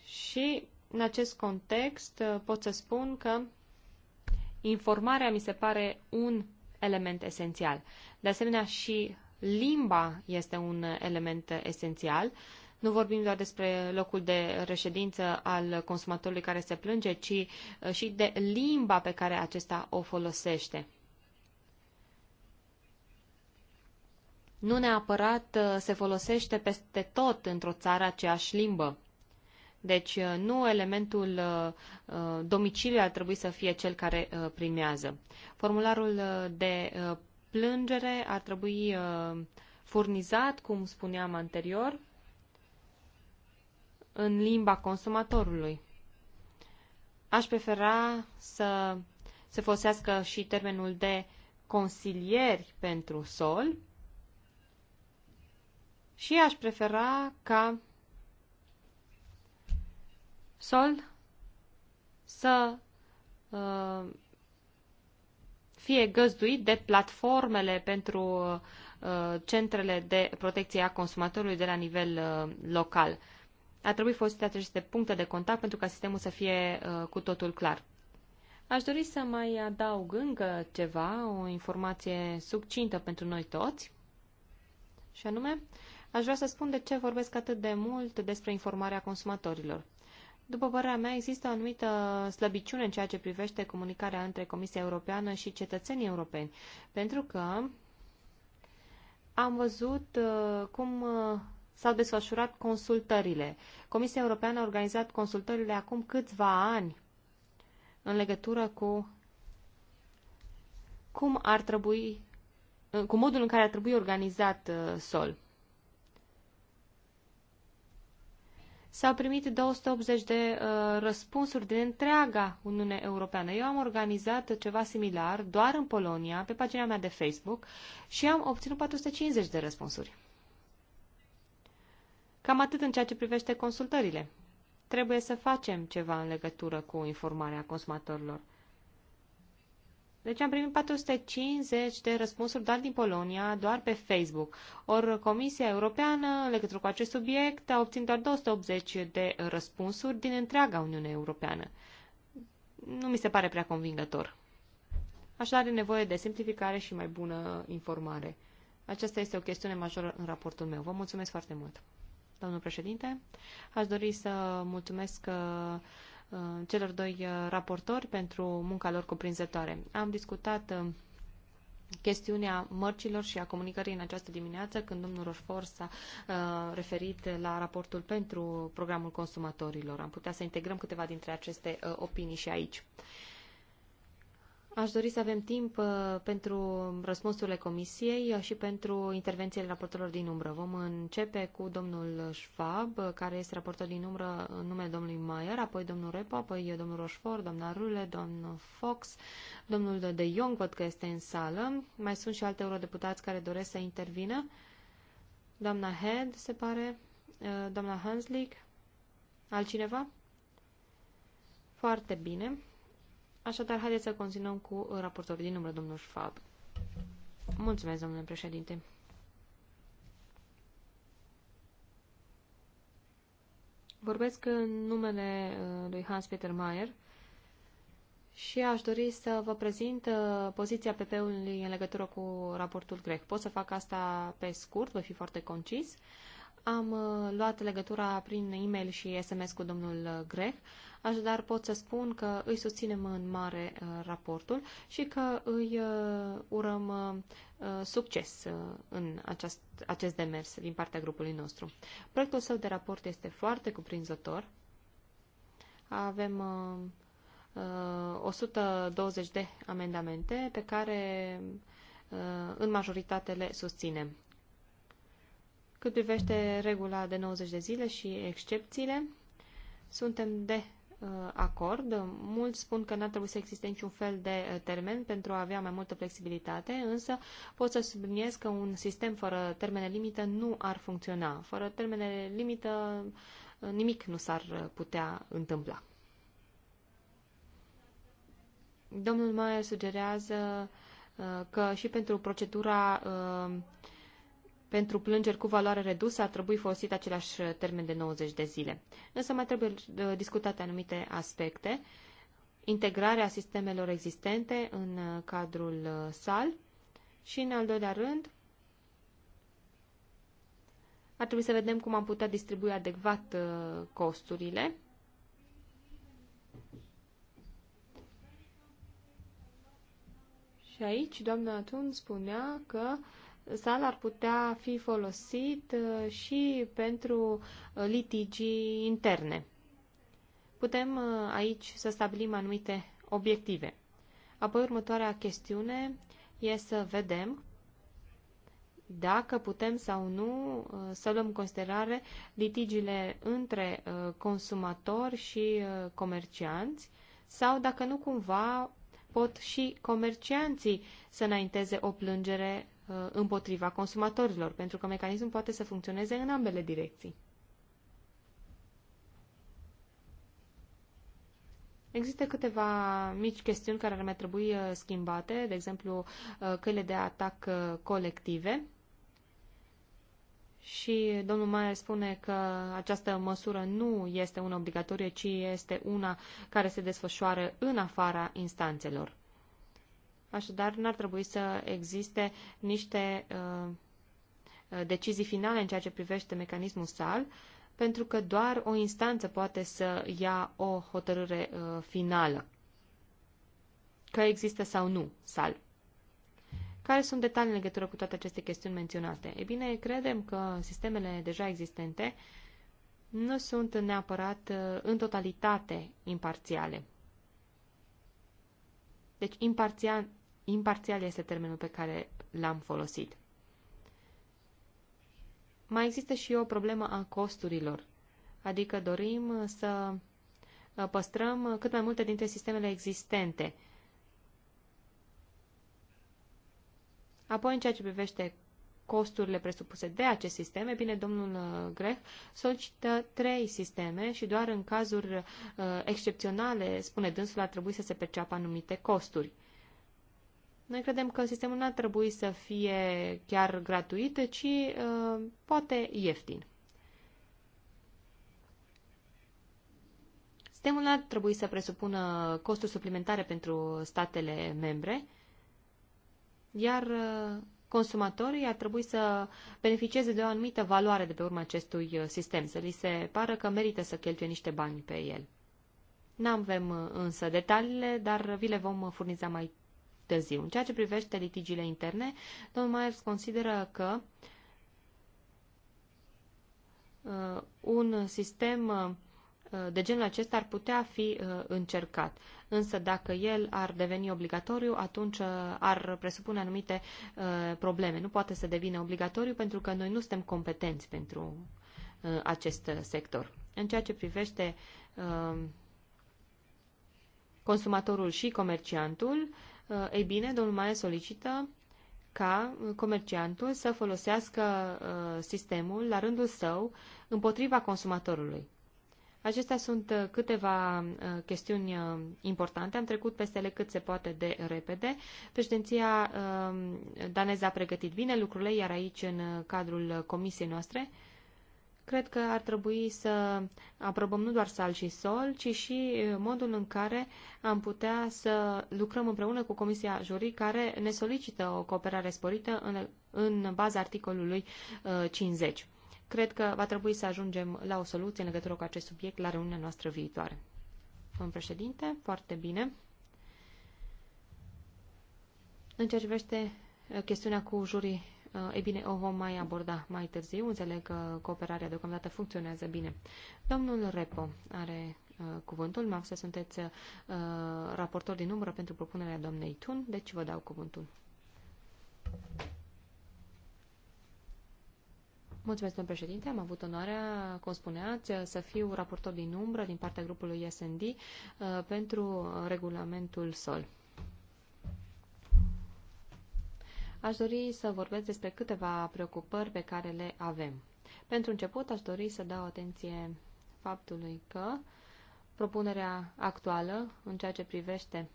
Și în acest context pot să spun că informarea mi se pare un element esențial. De asemenea, și limba este un element esențial. Nu vorbim doar despre locul de reședință al consumatorului care se plânge, ci uh, și de limba pe care acesta o folosește. Nu neapărat uh, se folosește peste tot într-o țară aceeași limbă. Deci uh, nu elementul uh, uh, domiciliu ar trebui să fie cel care primează. Formularul de plângere ar trebui furnizat, cum spuneam anterior, în limba consumatorului. Aș prefera să se folosească și termenul de consilieri pentru sol și aș prefera ca sol să uh, fie găzduit de platformele pentru uh, centrele de protecție a consumatorului de la nivel uh, local. A trebuit folosite aceste puncte de contact pentru ca sistemul să fie uh, cu totul clar. Aș dori să mai adaug încă ceva, o informație succintă pentru noi toți, și anume, aș vrea să spun de ce vorbesc atât de mult despre informarea consumatorilor. După părerea mea, există o anumită slăbiciune în ceea ce privește comunicarea între Comisia Europeană și cetățenii europeni, pentru că am văzut uh, cum uh, s-au desfășurat consultările. Comisia Europeană a organizat consultările acum câțiva ani în legătură cu cum ar trebui, uh, cu modul în care ar trebui organizat sol. S-au primit 280 de uh, răspunsuri din întreaga Uniune Europeană. Eu am organizat ceva similar doar în Polonia, pe pagina mea de Facebook, și am obținut 450 de răspunsuri. Cam atât în ceea ce privește consultările. Trebuie să facem ceva în legătură cu informarea consumatorilor. Deci am primit 450 de răspunsuri doar din Polonia, doar pe Facebook. Or, Comisia Europeană, în legătură cu acest subiect, a obținut doar 280 de răspunsuri din întreaga Uniune Europeană. Nu mi se pare prea convingător. Așadar, are nevoie de simplificare și mai bună informare. Aceasta este o chestiune majoră în raportul meu. Vă mulțumesc foarte mult. Domnul președinte, aș dori să mulțumesc Uh, celor doi uh, raportori pentru munca lor cuprinzătoare. Am discutat uh, chestiunea mărcilor și a comunicării în această dimineață, când domnul Roșfor s-a uh, referit la raportul pentru programul consumatorilor. Am putea să integrăm câteva dintre aceste uh, opinii și aici. Uh, Aș dori să avem timp uh, pentru răspunsurile comisiei uh, și pentru intervențiile raportorilor din umbră. Vom începe cu domnul Schwab, uh, care este raportor din umbră în numele domnului Mayer, apoi domnul Repo, apoi domnul Roșfor, doamna Rule, domnul Fox, domnul De Jong, văd că este în sală. Mai sunt și alte eurodeputați care doresc să intervină. Doamna Head, se pare, doamna Hanslick, altcineva? Foarte bine. Așadar, haideți să continuăm cu raportorul din numărul domnul Schwab. Mulțumesc, domnule președinte. Vorbesc în numele uh, lui Hans-Peter Mayer și aș dori să vă prezint uh, poziția PP-ului în legătură cu raportul grec. Pot să fac asta pe scurt, voi fi foarte concis. Am uh, luat legătura prin e-mail și SMS cu domnul uh, Greh, așadar pot să spun că îi susținem în mare uh, raportul și că îi urăm succes în acest, acest demers din partea grupului nostru. Proiectul său de raport este foarte cuprinzător. Avem 120 de amendamente pe care în majoritate le susținem. Cât privește regula de 90 de zile și excepțiile, suntem de uh, acord. Mulți spun că n-ar trebui să existe niciun fel de uh, termen pentru a avea mai multă flexibilitate, însă pot să subliniez că un sistem fără termene limită nu ar funcționa. Fără termene limită uh, nimic nu s-ar putea întâmpla. Domnul Maier sugerează că și pentru procedura pentru plângeri cu valoare redusă ar trebui folosit același termen de 90 de zile. Însă mai trebuie uh, discutate anumite aspecte, integrarea sistemelor existente în uh, cadrul uh, SAL și, în al doilea rând, ar trebui să vedem cum am putea distribui adecvat costurile. Și aici doamna Atun spunea că sal ar putea fi folosit uh, și pentru uh, litigii interne. Putem uh, aici să stabilim anumite obiective. Apoi următoarea chestiune e să vedem dacă putem sau nu să luăm în considerare litigiile între consumatori și comercianți sau dacă nu cumva pot și comercianții să înainteze o plângere Uh, împotriva consumatorilor, pentru că mecanismul poate să funcționeze în ambele direcții. Există câteva mici chestiuni care ar mai trebui uh, schimbate, de exemplu, uh, căile de atac colective. Și domnul Maier spune că această măsură nu este una obligatorie, ci este una care se desfășoară în afara instanțelor. Așadar, n-ar trebui să existe niște uh, decizii finale în ceea ce privește mecanismul SAL, pentru că doar o instanță poate să ia o hotărâre uh, finală, că există sau nu SAL. Care sunt detalii în legătură cu toate aceste chestiuni menționate? E bine, credem că sistemele deja existente nu sunt neapărat uh, în totalitate imparțiale. Deci, imparțial, Imparțial este termenul pe care l-am folosit. Mai există și o problemă a costurilor, adică dorim să uh, păstrăm cât mai multe dintre sistemele existente. Apoi, în ceea ce privește costurile presupuse de acest sistem, e bine, domnul uh, Greh solicită trei sisteme și doar în cazuri uh, excepționale, spune dânsul, ar trebui să se perceapă anumite costuri. Noi credem că sistemul nu ar trebui să fie chiar gratuit, ci uh, poate ieftin. Sistemul ar trebui să presupună costuri suplimentare pentru statele membre, iar uh, consumatorii ar trebui să beneficieze de o anumită valoare de pe urma acestui uh, sistem, să li se pară că merită să cheltuie niște bani pe el. N-avem însă detaliile, dar vi le vom furniza mai târziu. În ceea ce privește litigiile interne, domnul Myers consideră că uh, un sistem uh, de genul acesta ar putea fi uh, încercat. Însă dacă el ar deveni obligatoriu, atunci uh, ar presupune anumite uh, probleme. Nu poate să devină obligatoriu pentru că noi nu suntem competenți pentru uh, acest sector. În ceea ce privește uh, consumatorul și comerciantul, uh, Eh, ei bine, domnul Maia solicită ca comerciantul să folosească eh, sistemul la rândul său împotriva consumatorului. Acestea sunt eh, câteva chestiuni importante. Am trecut peste ele cât se poate de repede. Președinția daneză a pregătit bine lucrurile, iar aici, în cadrul comisiei noastre, Cred că ar trebui să aprobăm nu doar sal și sol, ci și modul în care am putea să lucrăm împreună cu Comisia Jurii, care ne solicită o cooperare sporită în, în baza articolului 50. Cred că va trebui să ajungem la o soluție în legătură cu acest subiect la reuniunea noastră viitoare. Domnul președinte, foarte bine. În ceea ce privește chestiunea cu jurii Uh, e bine, o vom mai aborda mai târziu. Înțeleg că cooperarea deocamdată funcționează bine. Domnul Repo are uh, cuvântul. Mă să sunteți uh, raportor din umbră pentru propunerea doamnei Tun, deci vă dau cuvântul. Mulțumesc, domnul președinte. Am avut onoarea, cum spuneați, să fiu raportor din umbră din partea grupului SND pentru regulamentul SOL. Aș dori să vorbesc despre câteva preocupări pe care le avem. Pentru început, aș dori să dau atenție faptului că propunerea actuală în ceea ce privește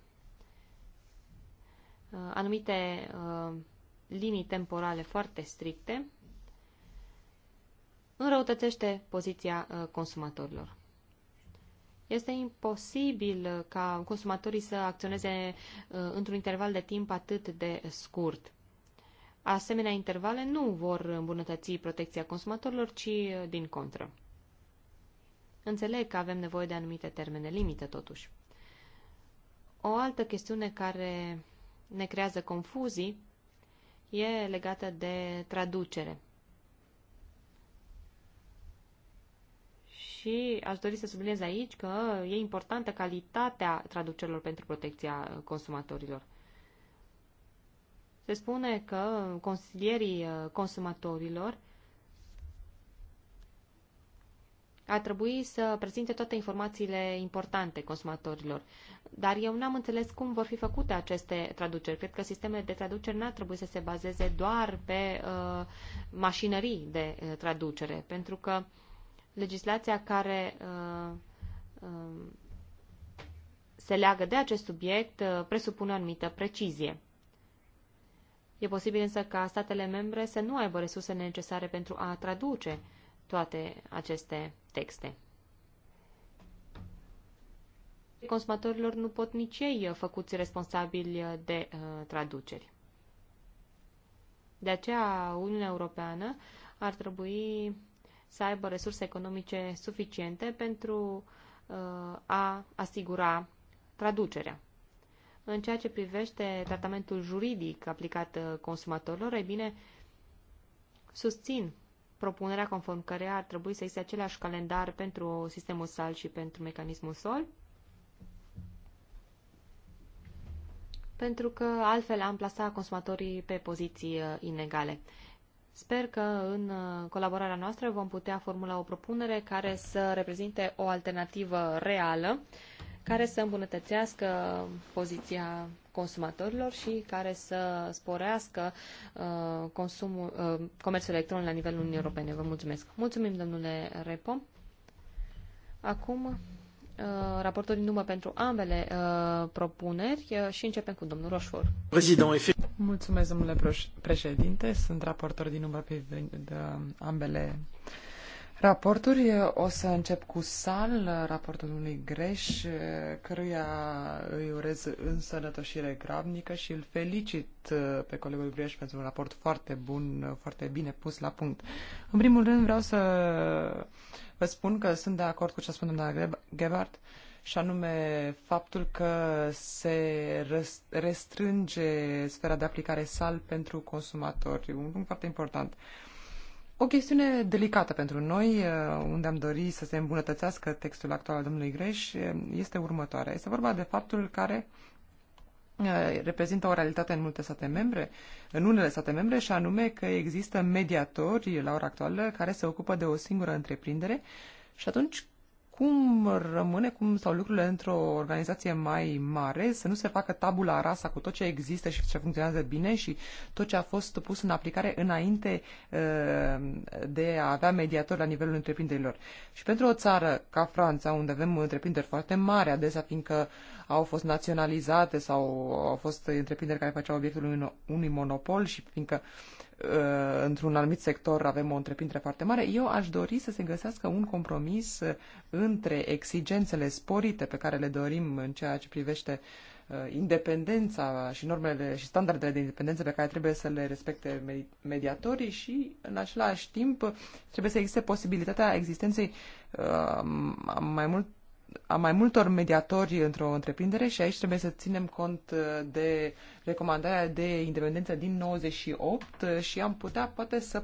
uh, anumite uh, linii temporale foarte stricte înrăutățește poziția uh, consumatorilor. Este imposibil ca consumatorii să acționeze într-un interval de timp atât de scurt asemenea intervale nu vor îmbunătăți protecția consumatorilor, ci din contră. Înțeleg că avem nevoie de anumite termene limite, totuși. O altă chestiune care ne creează confuzii e legată de traducere. Și aș dori să subliniez aici că e importantă calitatea traducerilor pentru protecția consumatorilor se spune că consilierii uh, consumatorilor ar trebui să prezinte toate informațiile importante consumatorilor. Dar eu n-am înțeles cum vor fi făcute aceste traduceri. Cred că sistemele de traducere n-ar trebui să se bazeze doar pe uh, mașinării de uh, traducere, pentru că legislația care uh, uh, se leagă de acest subiect uh, presupune o anumită precizie. E posibil însă ca statele membre să nu aibă resursele necesare pentru a traduce toate aceste texte. Consumatorilor nu pot nici ei făcuți responsabili de uh, traduceri. De aceea, Uniunea Europeană ar trebui să aibă resurse economice suficiente pentru uh, a asigura traducerea. În ceea ce privește tratamentul juridic aplicat uh, consumatorilor, e bine, susțin propunerea conform care ar trebui să existe același calendar pentru sistemul SAL și pentru mecanismul SOL, pentru că altfel am plasat consumatorii pe poziții uh, inegale. Sper că în uh, colaborarea noastră vom putea formula o propunere care să reprezinte o alternativă reală care să îmbunătățească poziția consumatorilor și care să sporească uh, consumul, uh, comerțul electronic la nivelul Uniunii Europene. Vă mulțumesc. Mulțumim, domnule Repo. Acum, uh, raportul din urmă pentru ambele uh, propuneri uh, și începem cu domnul Roșfor. Mulțumesc, domnule președinte. Sunt raportor din urmă pe de ambele uh, raporturi. O să încep cu Sal, raportul unui greș, căruia îi urez însănătoșire grabnică și îl felicit pe colegul Greș pentru un raport foarte bun, foarte bine pus la punct. În primul rând vreau să vă spun că sunt de acord cu ce a spus doamna Gebhardt și anume faptul că se restrânge sfera de aplicare sal pentru consumatori. Un punct foarte important. Uh, o chestiune delicată pentru noi, uh, unde am dori să se îmbunătățească textul actual al domnului Greș, uh, este următoarea. Este vorba de faptul care uh, reprezintă o realitate în multe state membre, în unele state membre, și anume că există mediatori la ora actuală care se ocupă de o singură întreprindere și atunci cum rămâne, cum stau lucrurile într-o organizație mai mare, să nu se facă tabula rasa cu tot ce există și ce funcționează bine și tot ce a fost pus în aplicare înainte uh, de a avea mediatori la nivelul întreprinderilor. Și pentru o țară ca Franța, unde avem întreprinderi foarte mari, adesea fiindcă au fost naționalizate sau au fost întreprinderi care făceau obiectul unui monopol și fiindcă uh, Uh, într-un anumit sector avem o întreprindere foarte mare, eu aș dori să se găsească un compromis între exigențele sporite pe care le dorim în ceea ce privește uh, independența și normele și standardele de independență pe care trebuie să le respecte mediatorii și, în același timp, trebuie să existe posibilitatea existenței uh, mai mult a mai multor mediatori într-o întreprindere și aici trebuie să ținem cont uh, de recomandarea de independență din 98 uh, și am putea poate să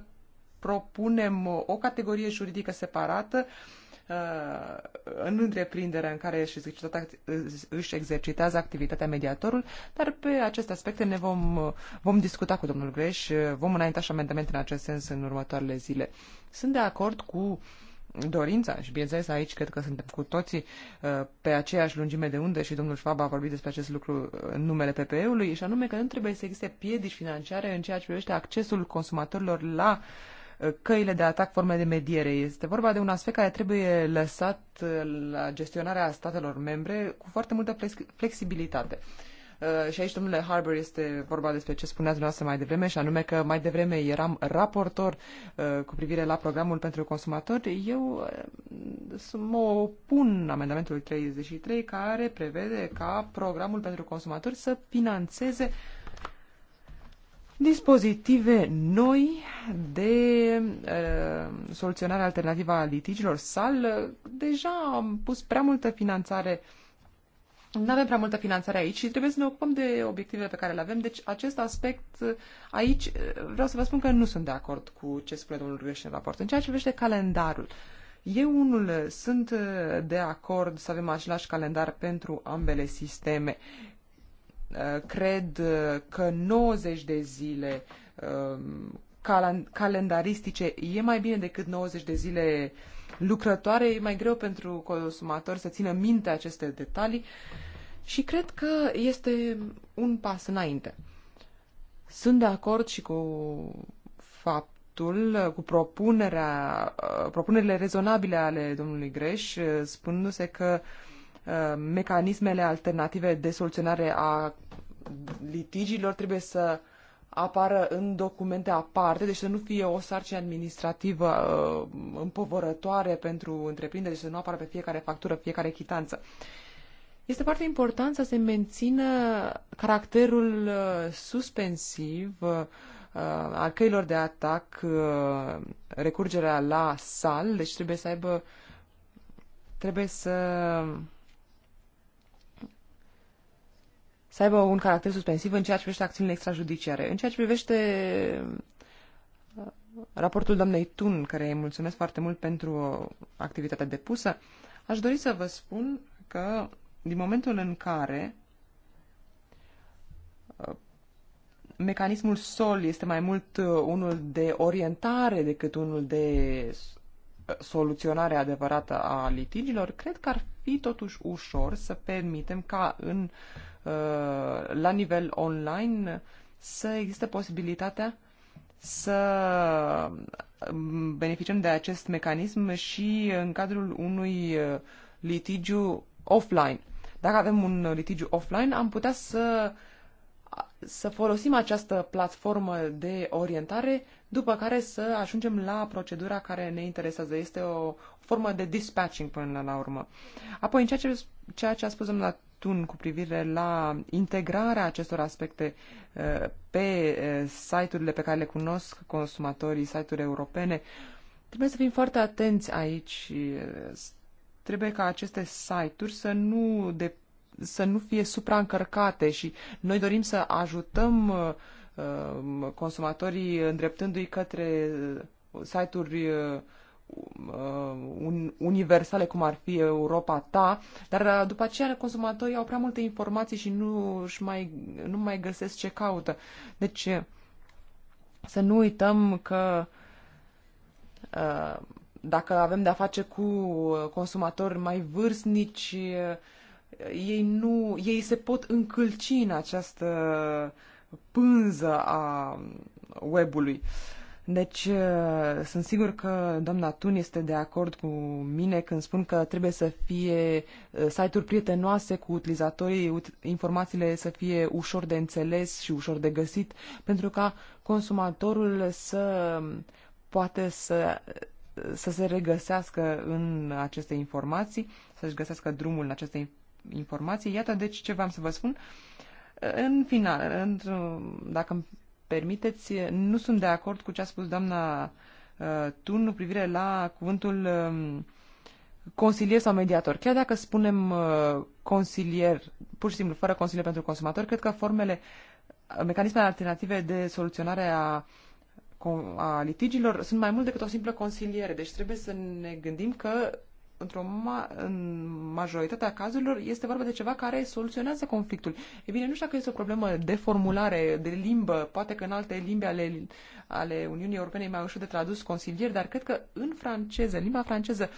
propunem o categorie juridică separată uh, în întreprinderea în care își, exercitează activitatea mediatorul, dar pe aceste aspecte ne vom, vom discuta cu domnul Greș, vom înainta și amendamente în acest sens în următoarele zile. Sunt de acord cu uh, dorința și, bineînțeles, aici cred că suntem cu toții uh, pe aceeași lungime de unde și domnul Schwab a vorbit despre acest lucru în numele PPE-ului și anume că nu trebuie să existe piedici financiare în ceea ce privește accesul consumatorilor la uh, căile de atac, forme de mediere. Este vorba de un aspect care trebuie lăsat uh, la gestionarea statelor membre cu foarte multă flexibilitate. Uh, Uh, și aici, domnule Harbour, este vorba despre ce spuneați dumneavoastră mai devreme, și anume că mai devreme eram raportor uh, cu privire la programul pentru consumatori. Eu uh, mă opun amendamentul 33 care prevede ca programul pentru consumatori să financeze dispozitive noi de uh, soluționare alternativă a litigilor. Sal, deja am pus prea multă finanțare uh, nu avem prea multă finanțare aici și trebuie să ne ocupăm de obiectivele pe care le avem. Deci acest aspect aici, vreau să vă spun că nu sunt de acord cu ce spune domnul Rugăș în raport. În ceea ce privește calendarul, eu unul uh, sunt uh, de acord să avem același calendar pentru ambele sisteme. Uh, cred că 90 de zile um, calendaristice e mai bine decât 90 de zile uh, lucrătoare, e mai greu pentru consumator să țină minte aceste detalii și cred că este un pas înainte. Sunt de acord și cu faptul, cu propunerea, propunerile rezonabile ale domnului Greș, spunându-se că uh, mecanismele alternative de soluționare a litigiilor trebuie să apară în documente aparte, deci să nu fie o sarcină administrativă uh, împovărătoare pentru întreprindere, deci să nu apară pe fiecare factură, fiecare chitanță. Este foarte important să se mențină caracterul uh, suspensiv uh, uh al căilor de atac, uh, recurgerea la sal, deci trebuie să aibă, trebuie să să aibă un caracter suspensiv în ceea ce privește acțiunile extrajudiciare. În ceea ce privește uh, raportul doamnei Tun, care îi mulțumesc foarte mult pentru activitatea depusă, aș dori să vă spun că din momentul în care uh, mecanismul sol este mai mult uh, unul de orientare decât unul de soluționare adevărată a litigilor, cred că ar fi totuși ușor să permitem ca în uh, la nivel online să existe posibilitatea să mm, beneficiem de acest mecanism și în cadrul unui uh, litigiu offline. Dacă avem un litigiu offline, am putea să, să folosim această platformă de orientare, după care să ajungem la procedura care ne interesează. Este o formă de dispatching până la urmă. Apoi, în ceea ce, ceea ce a spus domnul Neptun cu privire la integrarea acestor aspecte uh, pe uh, site-urile pe care le cunosc consumatorii, site-uri europene. Trebuie să fim foarte atenți aici. Uh, trebuie ca aceste site-uri să nu, de, să nu fie supraîncărcate și noi dorim să ajutăm consumatorii îndreptându-i către site-uri Uh, universale, cum ar fi Europa ta, dar uh, după aceea consumatorii au prea multe informații și nu, -și mai, nu mai găsesc ce caută. Deci, să nu uităm că uh, dacă avem de-a face cu consumatori mai vârstnici, ei, nu, ei se pot încălci în această pânză a webului. Uh, deci uh, sunt sigur că doamna Tun este de acord cu mine când spun că trebuie să fie uh, site-uri prietenoase cu utilizatorii, informațiile să fie ușor de înțeles și ușor de găsit, pentru ca consumatorul să poate să, să se regăsească în aceste informații, să-și găsească drumul în aceste informații. Iată deci ce v-am să vă spun. În final, dacă permiteți, nu sunt de acord cu ce a spus doamna uh, Tun cu privire la cuvântul um, consilier sau mediator. Chiar dacă spunem uh, consilier, pur și simplu, fără consilier pentru consumator, cred că formele, uh, mecanismele alternative de soluționare a a litigilor sunt mai mult decât o simplă consiliere. Deci trebuie să ne gândim că într-o ma- în majoritatea cazurilor este vorba de ceva care soluționează conflictul. E bine, nu știu dacă este o problemă de formulare, de limbă, poate că în alte limbi ale, ale Uniunii Europene e mai ușor de tradus consilier, dar cred că în franceză, în limba franceză,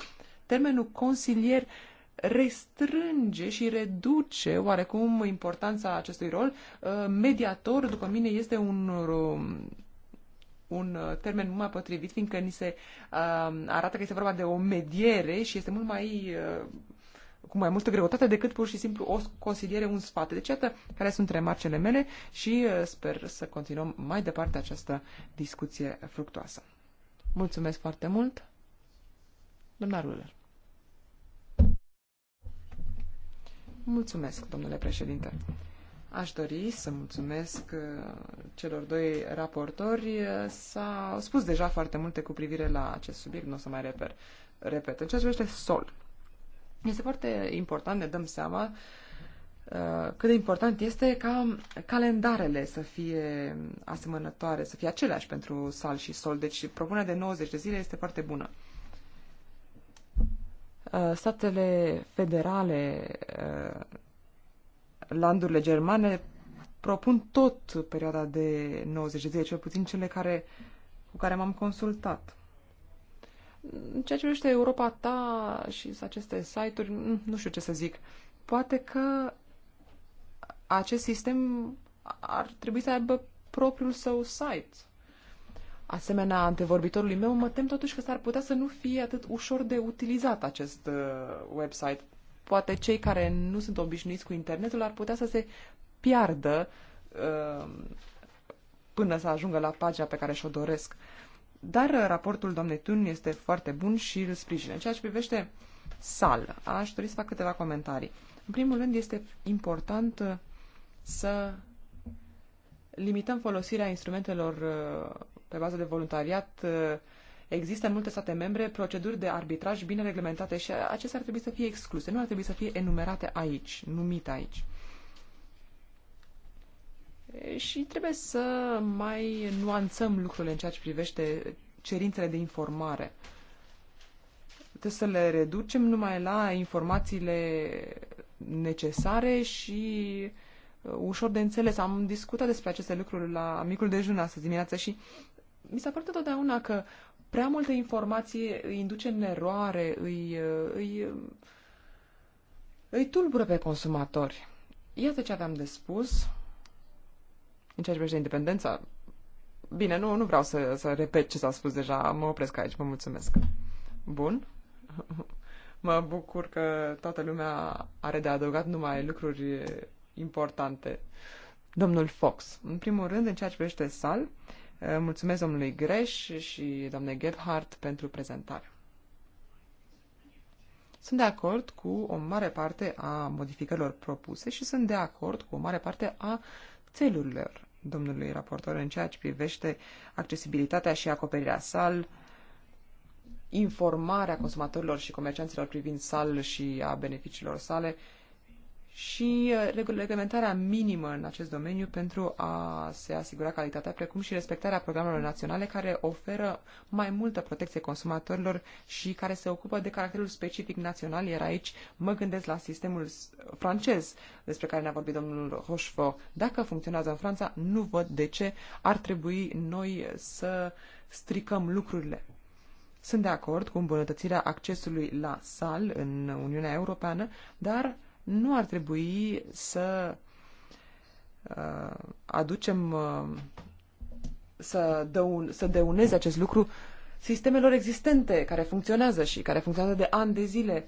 termenul consilier restrânge și reduce oarecum importanța acestui rol. Uh, Mediator, după mine, este un um, un uh, termen mult mai potrivit, fiindcă ni se uh, arată că este vorba de o mediere și este mult mai uh, cu mai multă greutate decât pur și simplu o consiliere, un sfat. Deci, iată care sunt remarcele mele și sper să continuăm mai departe această discuție fructoasă. Mulțumesc foarte mult, domnul Ruler. Mulțumesc, domnule președinte. Aș dori să mulțumesc uh, celor doi raportori. Uh, s-au spus deja foarte multe cu privire la acest subiect, nu o să mai reper. repet. În ceea ce privește sol, este foarte important, ne dăm seama uh, cât de important este ca calendarele să fie asemănătoare, să fie aceleași pentru sal și sol. Deci propunerea de 90 de zile este foarte bună statele federale landurile germane propun tot perioada de 90 de zile, cel puțin cele care, cu care m-am consultat. În ceea ce privește Europa ta și aceste site-uri, nu știu ce să zic. Poate că acest sistem ar trebui să aibă propriul său site. Asemenea, antevorbitorului meu, mă tem totuși că s-ar putea să nu fie atât ușor de utilizat acest uh, website poate cei care nu sunt obișnuiți cu internetul ar putea să se piardă uh, până să ajungă la pagina pe care și-o doresc. Dar uh, raportul doamnei Tun este foarte bun și îl sprijină. În ceea ce privește Sal. aș dori să fac câteva comentarii. În primul rând, este important uh, să limităm folosirea instrumentelor pe bază de voluntariat Există în multe state membre proceduri de arbitraj bine reglementate și acestea ar trebui să fie excluse, nu ar trebui să fie enumerate aici, numite aici. Și trebuie să mai nuanțăm lucrurile în ceea ce privește cerințele de informare. Trebuie să le reducem numai la informațiile necesare și uh, ușor de înțeles. Am discutat despre aceste lucruri la micul dejun astăzi dimineață și mi s-a părut întotdeauna că prea multă informație îi induce în eroare, îi, îi, îi tulbură pe consumatori. Iată ce aveam de spus în ceea ce privește independența. Bine, nu, nu vreau să, să repet ce s-a spus deja, mă opresc aici, vă mulțumesc. Bun. <laughs> Mă bucur că toată lumea are de adăugat numai lucruri importante. Domnul Fox, în primul rând, în ceea ce privește sal, uh, Eh, mulțumesc domnului Greș și doamnei Gebhardt pentru prezentare. Sunt de acord cu o mare parte a modificărilor propuse și sunt de acord cu o mare parte a țelurilor domnului raportor în ceea ce privește accesibilitatea și acoperirea sal, informarea consumatorilor și comercianților privind sal și a beneficiilor sale, uh, și uh, reglementarea minimă în acest domeniu pentru a se asigura calitatea, precum și respectarea programelor naționale care oferă mai multă protecție consumatorilor și care se ocupă de caracterul specific național, iar aici mă gândesc la sistemul francez despre care ne-a vorbit domnul Rochefort. Dacă funcționează în Franța, nu văd de ce ar trebui noi să stricăm lucrurile. Sunt de acord cu îmbunătățirea accesului la sal în Uniunea Europeană, dar nu ar trebui să uh, aducem, uh, să, dăun, să dăuneze acest lucru sistemelor existente care funcționează și care funcționează de ani de zile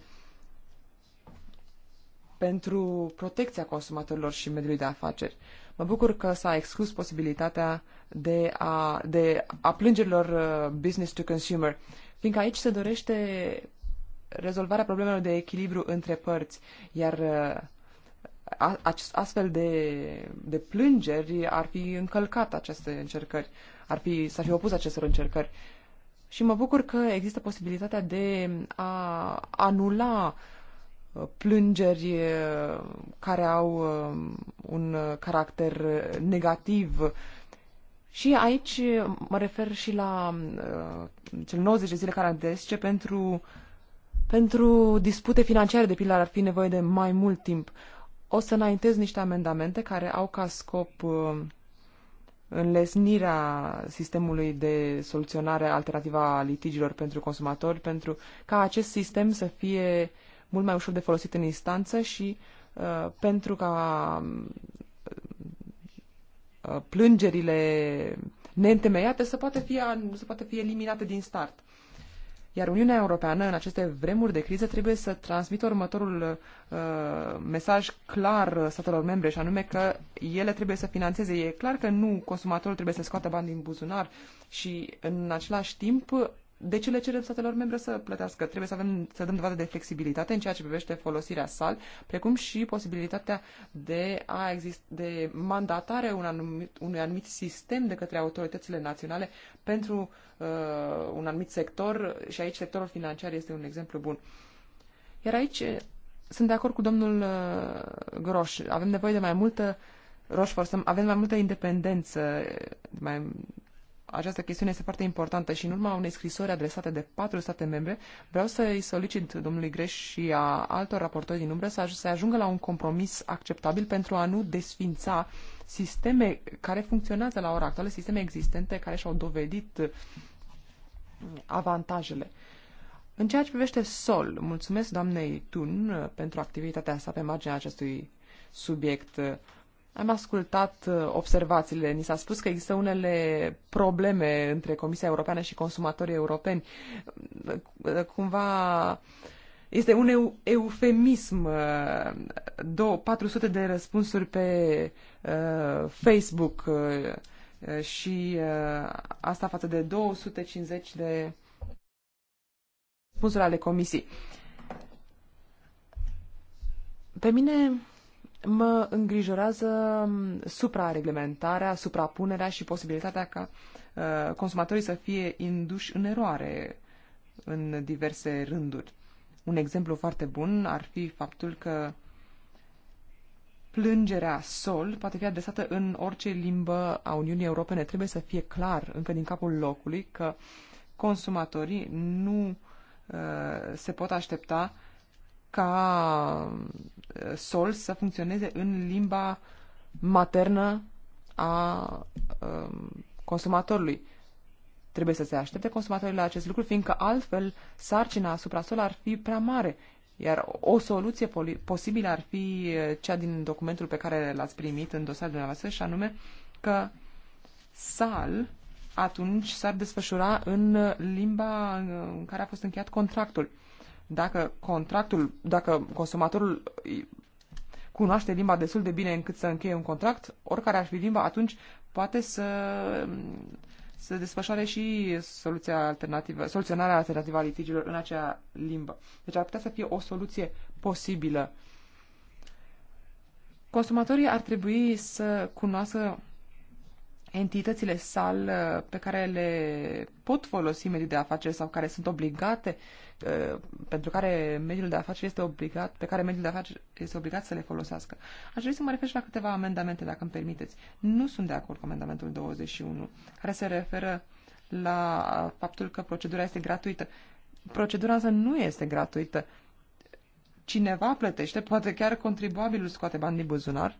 pentru protecția consumatorilor și mediului de afaceri. Mă bucur că s-a exclus posibilitatea de a, de a plângerilor uh, business to consumer, fiindcă aici se dorește rezolvarea problemelor de echilibru între părți, iar uh, astfel de, de plângeri ar fi încălcat aceste încercări, ar fi, s-ar fi opus acestor încercări. Și mă bucur că există posibilitatea de a anula uh, plângeri uh, care au un caracter negativ. Și aici mă refer și la uh, cele 90 de zile care antece pentru pentru dispute financiare, de pildă, ar fi nevoie de mai mult timp. O să înaintez niște amendamente care au ca scop uh, înlesnirea sistemului de soluționare alternativă a litigilor pentru consumatori, pentru ca acest sistem să fie mult mai ușor de folosit în instanță și uh, pentru ca um, uh, plângerile neîntemeiate să poată fi, să poată fi eliminate din start. Iar Uniunea Europeană, în aceste vremuri de criză, trebuie să transmită următorul uh, mesaj clar uh, statelor membre, și anume că ele trebuie să financeze. E clar că nu consumatorul trebuie să scoată bani din buzunar și, în același timp, de ce le cerem statelor membre să plătească? Trebuie să, avem, să dăm dovadă de flexibilitate în ceea ce privește folosirea sal, precum și posibilitatea de a exist, de mandatare un anumit, unui anumit sistem de către autoritățile naționale pentru uh, un anumit sector și aici sectorul financiar este un exemplu bun. Iar aici eh, sunt de acord cu domnul uh, Groș. Avem nevoie de mai multă Roșfort, avem mai multă independență, mai această chestiune este foarte importantă și în urma unei scrisori adresate de patru state membre, vreau să îi solicit domnului Greș și a altor raportori din umbră să, să ajungă la un compromis acceptabil pentru a nu desfința sisteme care funcționează la ora actuală, sisteme existente care și-au dovedit mm, avantajele. În ceea ce privește Sol, mulțumesc doamnei Tun uh, pentru activitatea sa pe marginea acestui subiect. Am ascultat uh, observațiile. Ni s-a spus că există unele probleme între Comisia Europeană și consumatorii europeni. Uh, cumva este un eu, eufemism. Uh, două, 400 de răspunsuri pe Facebook și asta față de 250 de răspunsuri ale Comisiei. Pe mine Mă îngrijorează mm, suprareglementarea, suprapunerea și posibilitatea ca uh, consumatorii să fie induși în eroare în diverse rânduri. Un exemplu foarte bun ar fi faptul că plângerea sol poate fi adresată în orice limbă a Uniunii Europene. Trebuie să fie clar încă din capul locului că consumatorii nu uh, se pot aștepta ca uh, sol să funcționeze în limba maternă a um, consumatorului. Trebuie să se aștepte consumatorii la acest lucru, fiindcă altfel sarcina asupra sol ar fi prea mare. Iar o soluție posibilă ar fi uh, cea din documentul pe care l-ați primit în dosarul dumneavoastră, și anume că sal atunci s-ar desfășura în limba uh, în care a fost încheiat contractul. Dacă contractul, dacă consumatorul cunoaște limba destul de bine încât să încheie un contract, oricare ar fi limba, atunci poate să să desfășoare și soluția alternativă, soluționarea alternativă a litigiilor în acea limbă. Deci ar putea să fie o soluție posibilă. Consumatorii ar trebui să cunoască entitățile sal uh, pe care le pot folosi mediul de afaceri sau care sunt obligate, uh, pentru care mediul de afaceri este obligat, pe care mediul de afaceri este obligat să le folosească. Aș vrea să mă refer și la câteva amendamente, dacă îmi permiteți. Nu sunt de acord cu amendamentul 21, care se referă la faptul că procedura este gratuită. Procedura asta nu este gratuită. Cineva plătește, poate chiar contribuabilul scoate bani din buzunar,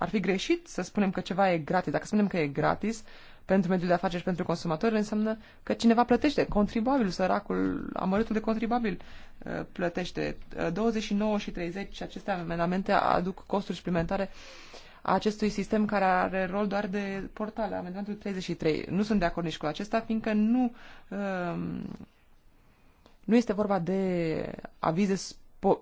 ar fi greșit să spunem că ceva e gratis. Dacă spunem că e gratis pentru mediul de afaceri și pentru consumatori, înseamnă că cineva plătește. Contribuabilul, săracul, amărâtul de contribuabil uh, plătește. 29 uh, și 30 și aceste amendamente aduc costuri suplimentare a acestui sistem care are rol doar de portal, amendamentul 33. Nu sunt de acord nici cu acesta, fiindcă nu, um, nu este vorba de avize Uh,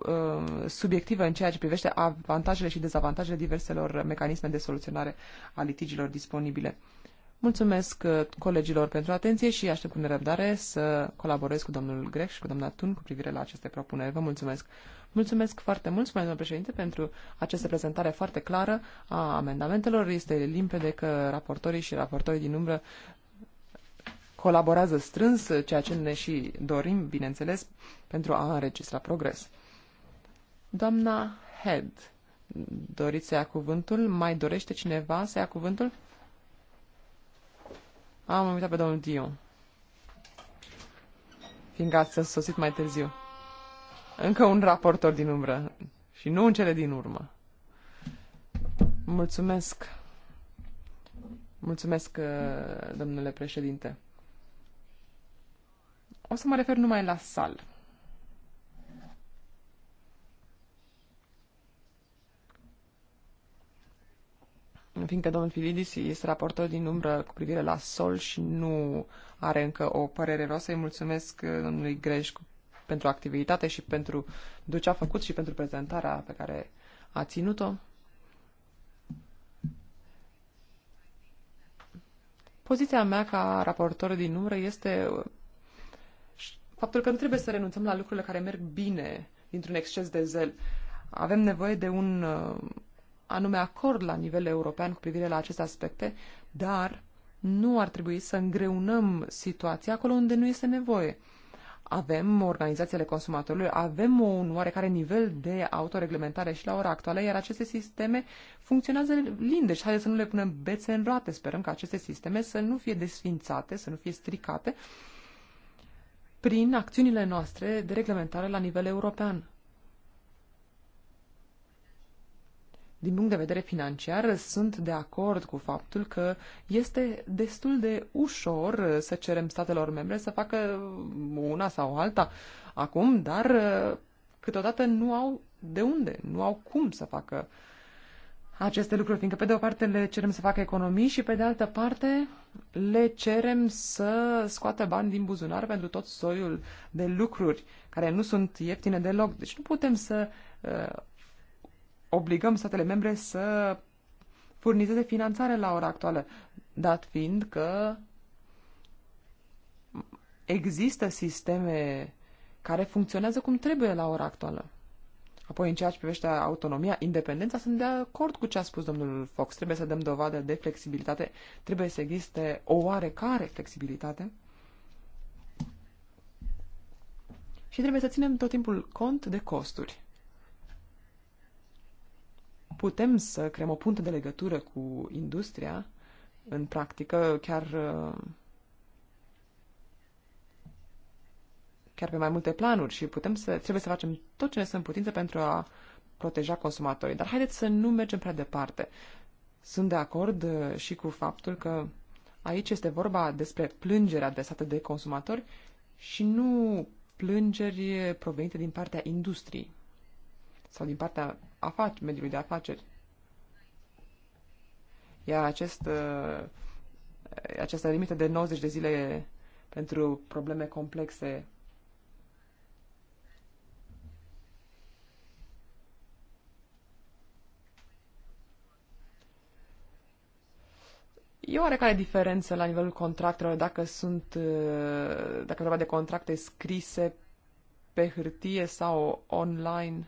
subiectivă în ceea ce privește avantajele și dezavantajele diverselor mecanisme de soluționare a litigilor disponibile. Mulțumesc uh, colegilor pentru atenție și aștept cu nerăbdare să colaborez cu domnul Greș și cu doamna Tun cu privire la aceste propuneri. Vă mulțumesc! Mulțumesc foarte mult, spune domnul președinte, pentru această prezentare foarte clară a amendamentelor. Este limpede că raportorii și raportorii din umbră colaborează strâns, ceea ce ne și dorim, bineînțeles, pentru a înregistra progres. Doamna Head, doriți să ia cuvântul? Mai dorește cineva să ia cuvântul? Am uitat pe domnul Dion. Fiindcă ați sosit mai târziu. Încă un raportor din umbră. Și nu în cele din urmă. Mulțumesc. Mulțumesc, uh, domnule președinte. O să mă refer numai la sal. fiindcă domnul Filidis este raportor din umbră cu privire la sol și nu are încă o părere. Vreau să-i mulțumesc uh, domnului Greș pentru activitate și pentru ce a făcut și pentru prezentarea pe care a ținut-o. Poziția mea ca raportor din umbră este uh, faptul că nu trebuie să renunțăm la lucrurile care merg bine dintr-un exces de zel. Avem nevoie de un uh, anume acord la nivel european cu privire la aceste aspecte, dar nu ar trebui să îngreunăm situația acolo unde nu este nevoie. Avem organizațiile consumatorilor, avem un oarecare nivel de autoreglementare și la ora actuală, iar aceste sisteme funcționează linde și haideți să nu le punem bețe în roate. Sperăm că aceste sisteme să nu fie desfințate, să nu fie stricate prin acțiunile noastre de reglementare la nivel european. din punct de vedere financiar, sunt de acord cu faptul că este destul de ușor uh, să cerem statelor membre să facă uh, una sau alta acum, dar uh, câteodată nu au de unde, nu au cum să facă aceste lucruri, fiindcă pe de o parte le cerem să facă economii și pe de altă parte le cerem să scoată bani din buzunar pentru tot soiul de lucruri care nu sunt ieftine deloc. Deci nu putem să obligăm statele membre să furnizeze finanțare la ora actuală, dat fiind că există sisteme care funcționează cum trebuie la ora actuală. Apoi, în ceea ce privește autonomia, independența, sunt de acord cu ce a spus domnul Fox. Trebuie să dăm dovadă de flexibilitate, trebuie să existe o oarecare flexibilitate. Și trebuie să ținem tot timpul cont de costuri putem să creăm o punte de legătură cu industria, în practică, chiar, uh, chiar pe mai multe planuri și putem să, trebuie să facem tot ce ne sunt putință pentru a proteja consumatorii. Dar haideți să nu mergem prea departe. Sunt de acord uh, și cu faptul că aici este vorba despre plângeri adresate de consumatori și nu plângeri provenite din partea industriei sau din partea afaceri, mediului de afaceri. Iar acest, uh, această limită de 90 de zile pentru probleme complexe E oarecare diferență la nivelul contractelor dacă sunt, uh, dacă vorba de contracte scrise pe hârtie sau online?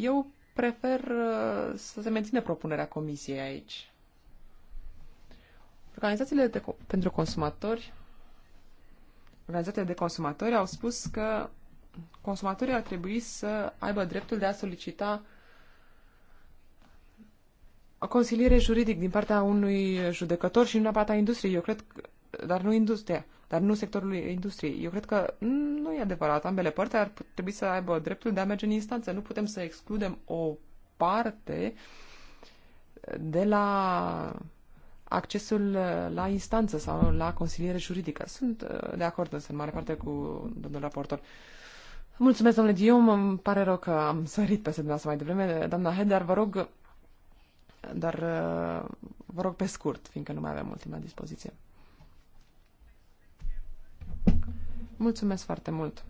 Eu prefer uh, să se menține propunerea comisiei aici. Organizațiile de, pentru consumatori organizațiile de consumatori au spus că consumatorii ar trebui să aibă dreptul de a solicita o consiliere juridic din partea unui judecător și nu din partea industriei. Eu cred, dar nu industria dar nu sectorului industriei. Eu cred că nu e adevărat. Ambele părți ar trebui să aibă dreptul de a merge în instanță. Nu putem să excludem o parte de la accesul la instanță sau la consiliere juridică. Sunt uh, de acord însă în mare parte cu domnul raportor. Mulțumesc, domnule Dium. Îmi pare rău că am sărit peste dumneavoastră mai devreme. Doamna Heder, vă rog, dar uh, vă rog pe scurt, fiindcă nu mai avem mult timp la dispoziție. Mulțumesc foarte mult!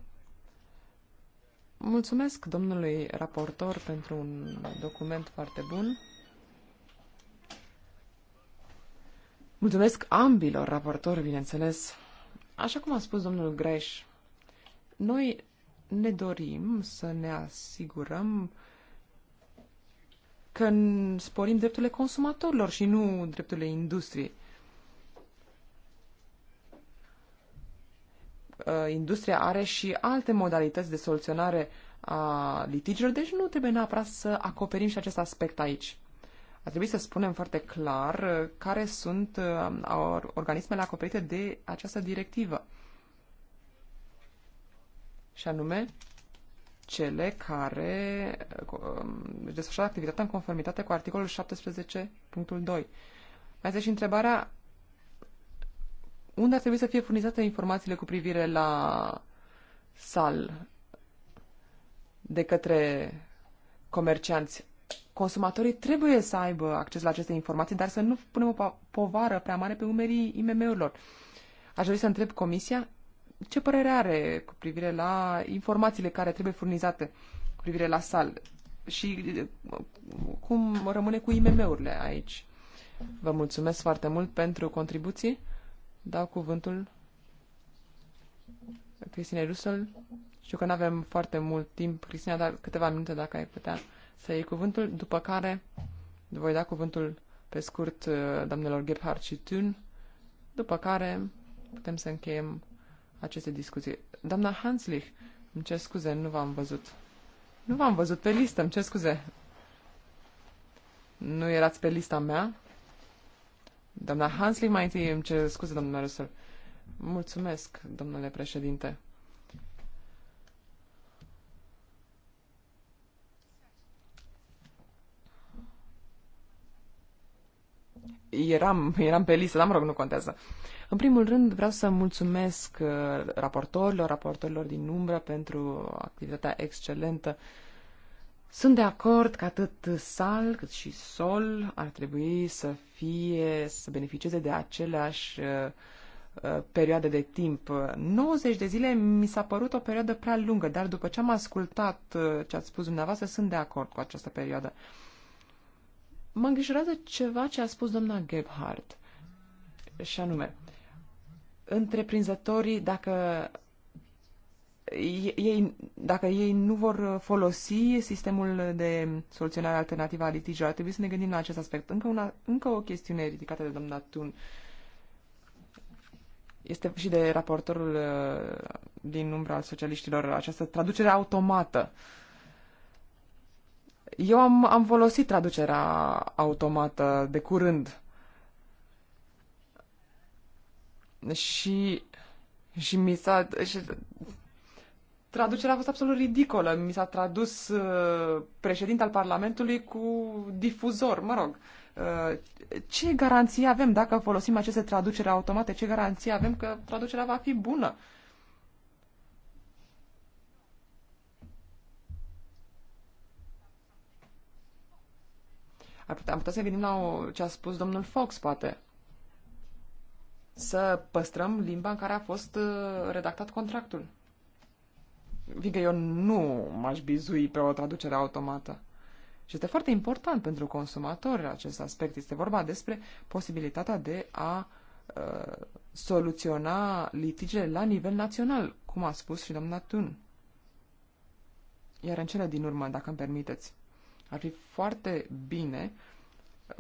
Mulțumesc domnului raportor pentru un document foarte bun. Mulțumesc ambilor raportori, bineînțeles. Așa cum a spus domnul Greș, noi ne dorim să ne asigurăm că sporim drepturile consumatorilor și nu drepturile industriei. Uh, industria are și alte modalități de soluționare a litigiilor, deci nu trebuie neapărat să acoperim și acest aspect aici. A trebuit să spunem foarte clar uh, care sunt uh, organismele acoperite de această directivă. Și anume, cele care um, desfășoară activitatea în conformitate cu articolul 17.2. Mai este și întrebarea unde ar trebui să fie furnizate informațiile cu privire la sal de către comercianți. Consumatorii trebuie să aibă acces la aceste informații, dar să nu punem o povară prea mare pe umerii IMM-urilor. Aș dori să întreb Comisia ce părere are cu privire la informațiile care trebuie furnizate cu privire la sal și eh, cum rămâne cu IMM-urile aici. Vă mulțumesc foarte mult pentru contribuții dau cuvântul Cristinei Rusel. Știu că nu avem foarte mult timp, Cristina, dar câteva minute dacă ai putea să iei cuvântul, după care voi da cuvântul pe scurt uh, doamnelor Gebhardt și Thun, după care putem să încheiem aceste discuții. Doamna Hanslich, îmi cer scuze, nu v-am văzut. Nu v-am văzut pe listă, îmi cer scuze. Nu erați pe lista mea? Doamna Hansley, mai întâi îmi cer scuze, domnule Russell. Mulțumesc, domnule președinte. Eram, eram pe listă, dar mă rog, nu contează. În primul rând, vreau să mulțumesc uh, raportorilor, raportorilor din umbră pentru activitatea excelentă uh, sunt de acord că atât sal cât și sol ar trebui să fie, să beneficieze de aceleași perioadă uh, uh, perioade de timp. 90 de zile mi s-a părut o perioadă prea lungă, dar după ce am ascultat uh, ce ați spus dumneavoastră, sunt de acord cu această perioadă. Mă îngrijorează ceva ce a spus doamna Gebhardt, și anume, întreprinzătorii, dacă ei, dacă ei nu vor folosi sistemul de soluționare alternativă a litigiilor, trebuie să ne gândim la acest aspect. Încă, una, încă o chestiune ridicată de domnul Tun este și de raportorul uh, din umbra al socialiștilor această traducere automată. Eu am, am folosit traducerea automată de curând. Și și mi s-a... Și, Traducerea a fost absolut ridicolă. Mi s-a tradus uh, președinte al Parlamentului cu difuzor, mă rog. Uh, ce garanție avem dacă folosim aceste traduceri automate? Ce garanție avem că traducerea va fi bună? Ar putea, am putea să gândim la o, ce a spus domnul Fox, poate. Să păstrăm limba în care a fost uh, redactat contractul. Fiindcă că eu nu m-aș bizui pe o traducere automată. Și este foarte important pentru consumator acest aspect. Este vorba despre posibilitatea de a uh, soluționa litigiile la nivel național, cum a spus și doamna Tun. Iar în cele din urmă, dacă îmi permiteți, ar fi foarte bine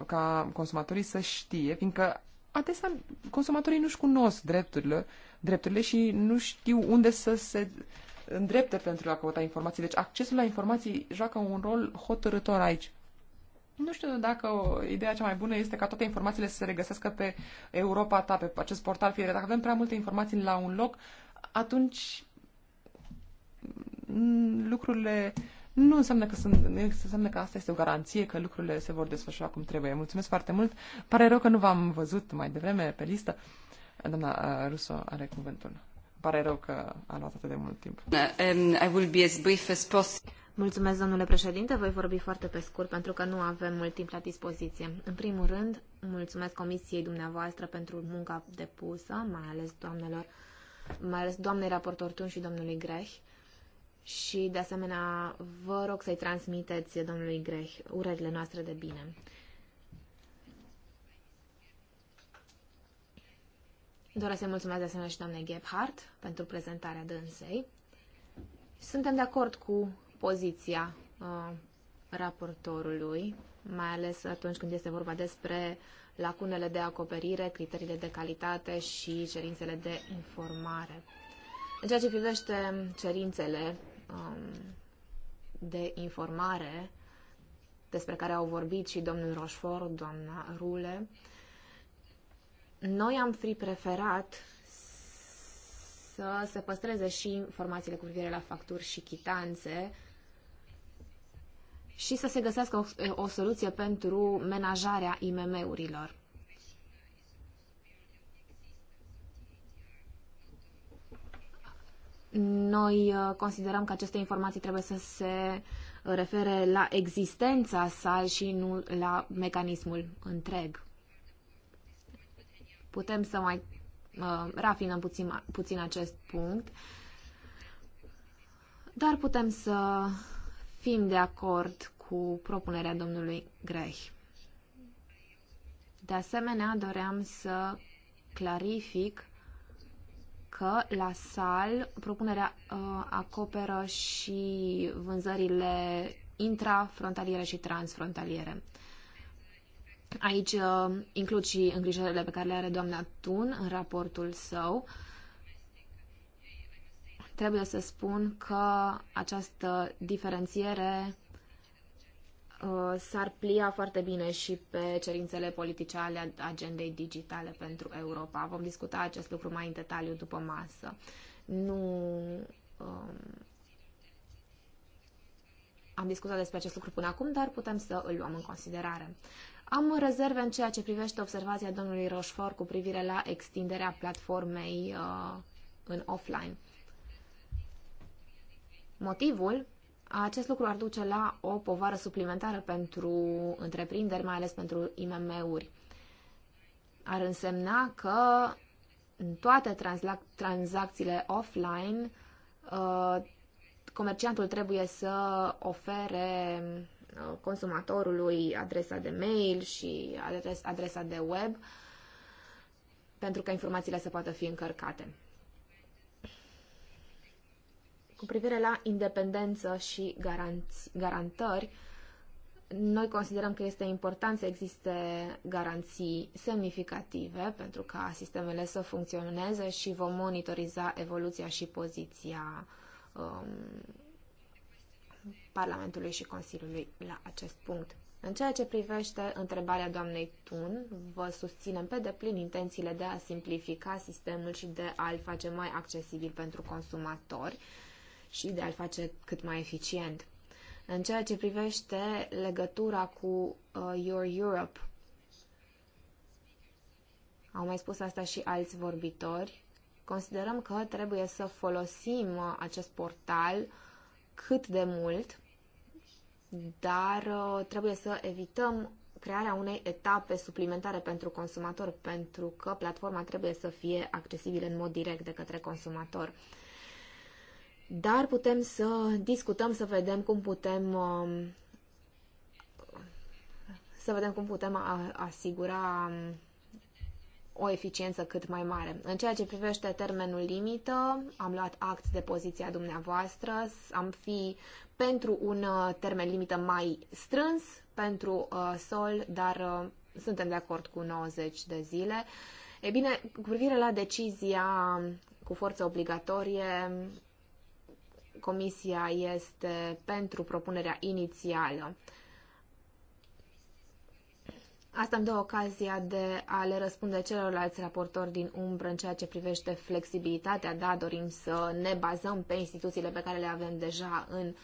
ca consumatorii să știe, fiindcă adesea consumatorii nu-și cunosc drepturile, drepturile și nu știu unde să se îndrepte pentru a căuta informații. Deci accesul la informații joacă un rol hotărător aici. Nu știu dacă o, ideea cea mai bună este ca toate informațiile să se regăsească pe Europa ta, pe acest portal, fiere. dacă avem prea multe informații la un loc, atunci lucrurile nu înseamnă că, sunt, înseamnă că asta este o garanție că lucrurile se vor desfășura cum trebuie. Mulțumesc foarte mult. Pare rău că nu v-am văzut mai devreme pe listă. Doamna uh, Ruso are cuvântul pare rău că a luat atât de mult timp. I will be as brief as possible. Mulțumesc, domnule președinte. Voi vorbi foarte pe scurt, pentru că nu avem mult timp la dispoziție. În primul rând, mulțumesc comisiei dumneavoastră pentru munca depusă, mai ales doamnelor, mai ales doamnei raportor Tun și domnului Greh. Și, de asemenea, vă rog să-i transmiteți domnului Greh urările noastre de bine. Doresc să-i mulțumesc de asemenea și doamnei Gebhardt pentru prezentarea dânsei. Suntem de acord cu poziția uh, raportorului, mai ales atunci când este vorba despre lacunele de acoperire, criteriile de calitate și cerințele de informare. În ceea ce privește cerințele um, de informare despre care au vorbit și domnul Rochefort, doamna Rule, uh, noi am fi preferat să se păstreze și informațiile cu privire la facturi și chitanțe și să se găsească o, o soluție pentru menajarea IMM-urilor. Noi uh, considerăm că aceste informații trebuie să se refere la existența sa și nu la mecanismul întreg putem să mai uh, rafinăm puțin, puțin acest punct, dar putem să fim de acord cu propunerea domnului Greh. De asemenea, doream să clarific că la sal propunerea uh, acoperă și vânzările intrafrontaliere și transfrontaliere. Uh, Aici uh, includ și îngrijorările pe care le are doamna Tun în raportul său. Trebuie să spun că această diferențiere uh, s-ar plia foarte bine și pe cerințele politice ale agendei digitale pentru Europa. Vom discuta acest lucru mai în detaliu după masă. Nu um, am discutat despre acest lucru până acum, dar putem să îl luăm în considerare. Am rezerve în ceea ce privește observația domnului Rochefort cu privire la extinderea platformei uh, în offline. Motivul? Acest lucru ar duce la o povară suplimentară pentru întreprinderi, mai ales pentru IMM-uri. Ar însemna că toate transac- tranzacțiile offline uh, comerciantul trebuie să ofere Uh, consumatorului, adresa de mail și adresa de web, pentru ca informațiile să poată fi încărcate. Cu privire la independență și garanți, garantări, noi considerăm că este important să existe garanții semnificative pentru ca sistemele să funcționeze și vom monitoriza evoluția și poziția um, Parlamentului și Consiliului la acest punct. În ceea ce privește întrebarea doamnei Tun, vă susținem pe deplin intențiile de a simplifica sistemul și de a-l face mai accesibil pentru consumatori și de a-l face cât mai eficient. În ceea ce privește legătura cu uh, Your Europe, au mai spus asta și alți vorbitori, considerăm că trebuie să folosim uh, acest portal uh, cât de mult, dar uh, trebuie să evităm crearea unei etape suplimentare pentru consumator, pentru că platforma trebuie să fie accesibilă în mod direct de către consumator. Dar putem să discutăm, să vedem cum putem um, să vedem cum putem asigura um, o eficiență cât mai mare. În ceea ce privește termenul limită, am luat act de poziția dumneavoastră, am fi pentru un uh, termen limită mai strâns pentru uh, sol, dar uh, suntem de acord cu 90 de zile. E bine, cu privire la decizia cu forță obligatorie, Comisia este pentru propunerea inițială. Uh, Asta îmi dă ocazia de a le răspunde celorlalți raportori din umbră în ceea ce privește flexibilitatea. Da, dorim să ne bazăm pe instituțiile pe care le avem deja în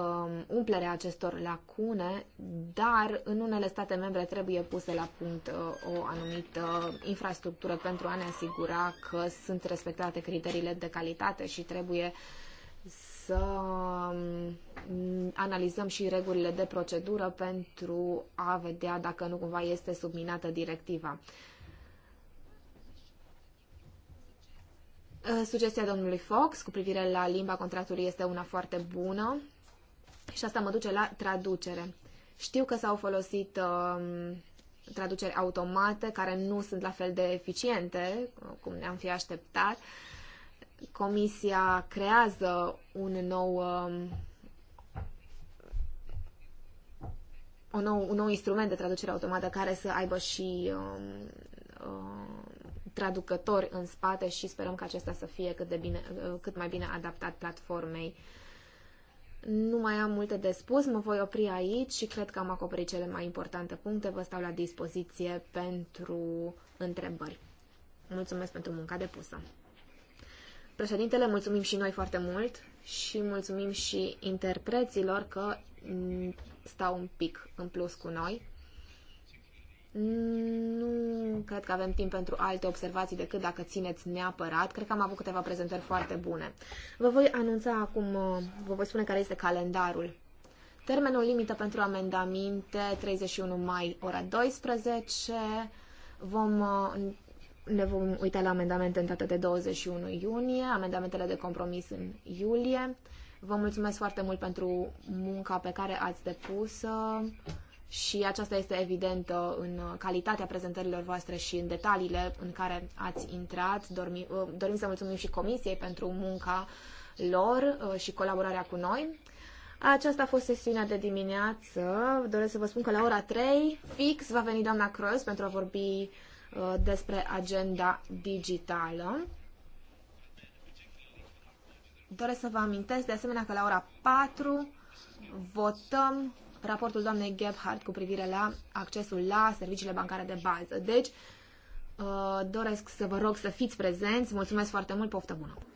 um, umplerea acestor lacune, dar în unele state membre trebuie puse la punct uh, o anumită infrastructură pentru a ne asigura că sunt respectate criteriile de calitate și trebuie să um, analizăm și regulile de procedură pentru a vedea dacă nu cumva este subminată directiva. Uh, sugestia domnului Fox cu privire la limba contractului este una foarte bună și asta mă duce la traducere. Știu că s-au folosit uh, traduceri automate care nu sunt la fel de eficiente uh, cum ne-am fi așteptat, uh, Comisia creează un nou, um, un nou, un nou instrument de traducere automată care să aibă și um, um, traducători în spate și sperăm că acesta să fie cât, de bine, uh, cât mai bine adaptat platformei. Nu mai am multe de spus, mă voi opri aici și cred că am acoperit cele mai importante puncte. Vă stau la dispoziție pentru întrebări. Mulțumesc pentru munca depusă. Președintele, mulțumim și noi foarte mult și mulțumim și interpreților că mm, stau un pic în plus cu noi. Nu cred că avem timp pentru alte observații decât dacă țineți neapărat. Cred că am avut câteva prezentări foarte bune. Vă voi anunța acum, vă voi spune care este calendarul. Termenul limită pentru amendamente 31 mai ora 12. Vom uh, ne vom uita la amendamente în data de 21 iunie, amendamentele de compromis în iulie. Vă mulțumesc foarte mult pentru munca pe care ați depus-o și aceasta este evidentă în calitatea prezentărilor voastre și în detaliile în care ați intrat. Dormi, uh, dorim să mulțumim și Comisiei pentru munca lor uh, și colaborarea cu noi. Aceasta a fost sesiunea de dimineață. Doresc să vă spun că la ora 3 fix va veni doamna Cross pentru a vorbi Uh, despre agenda digitală. Doresc să vă amintesc de asemenea că la ora 4 votăm raportul doamnei Gebhardt cu privire la accesul la serviciile bancare de bază. Deci, uh, doresc să vă rog să fiți prezenți. Mulțumesc foarte mult, poftă bună!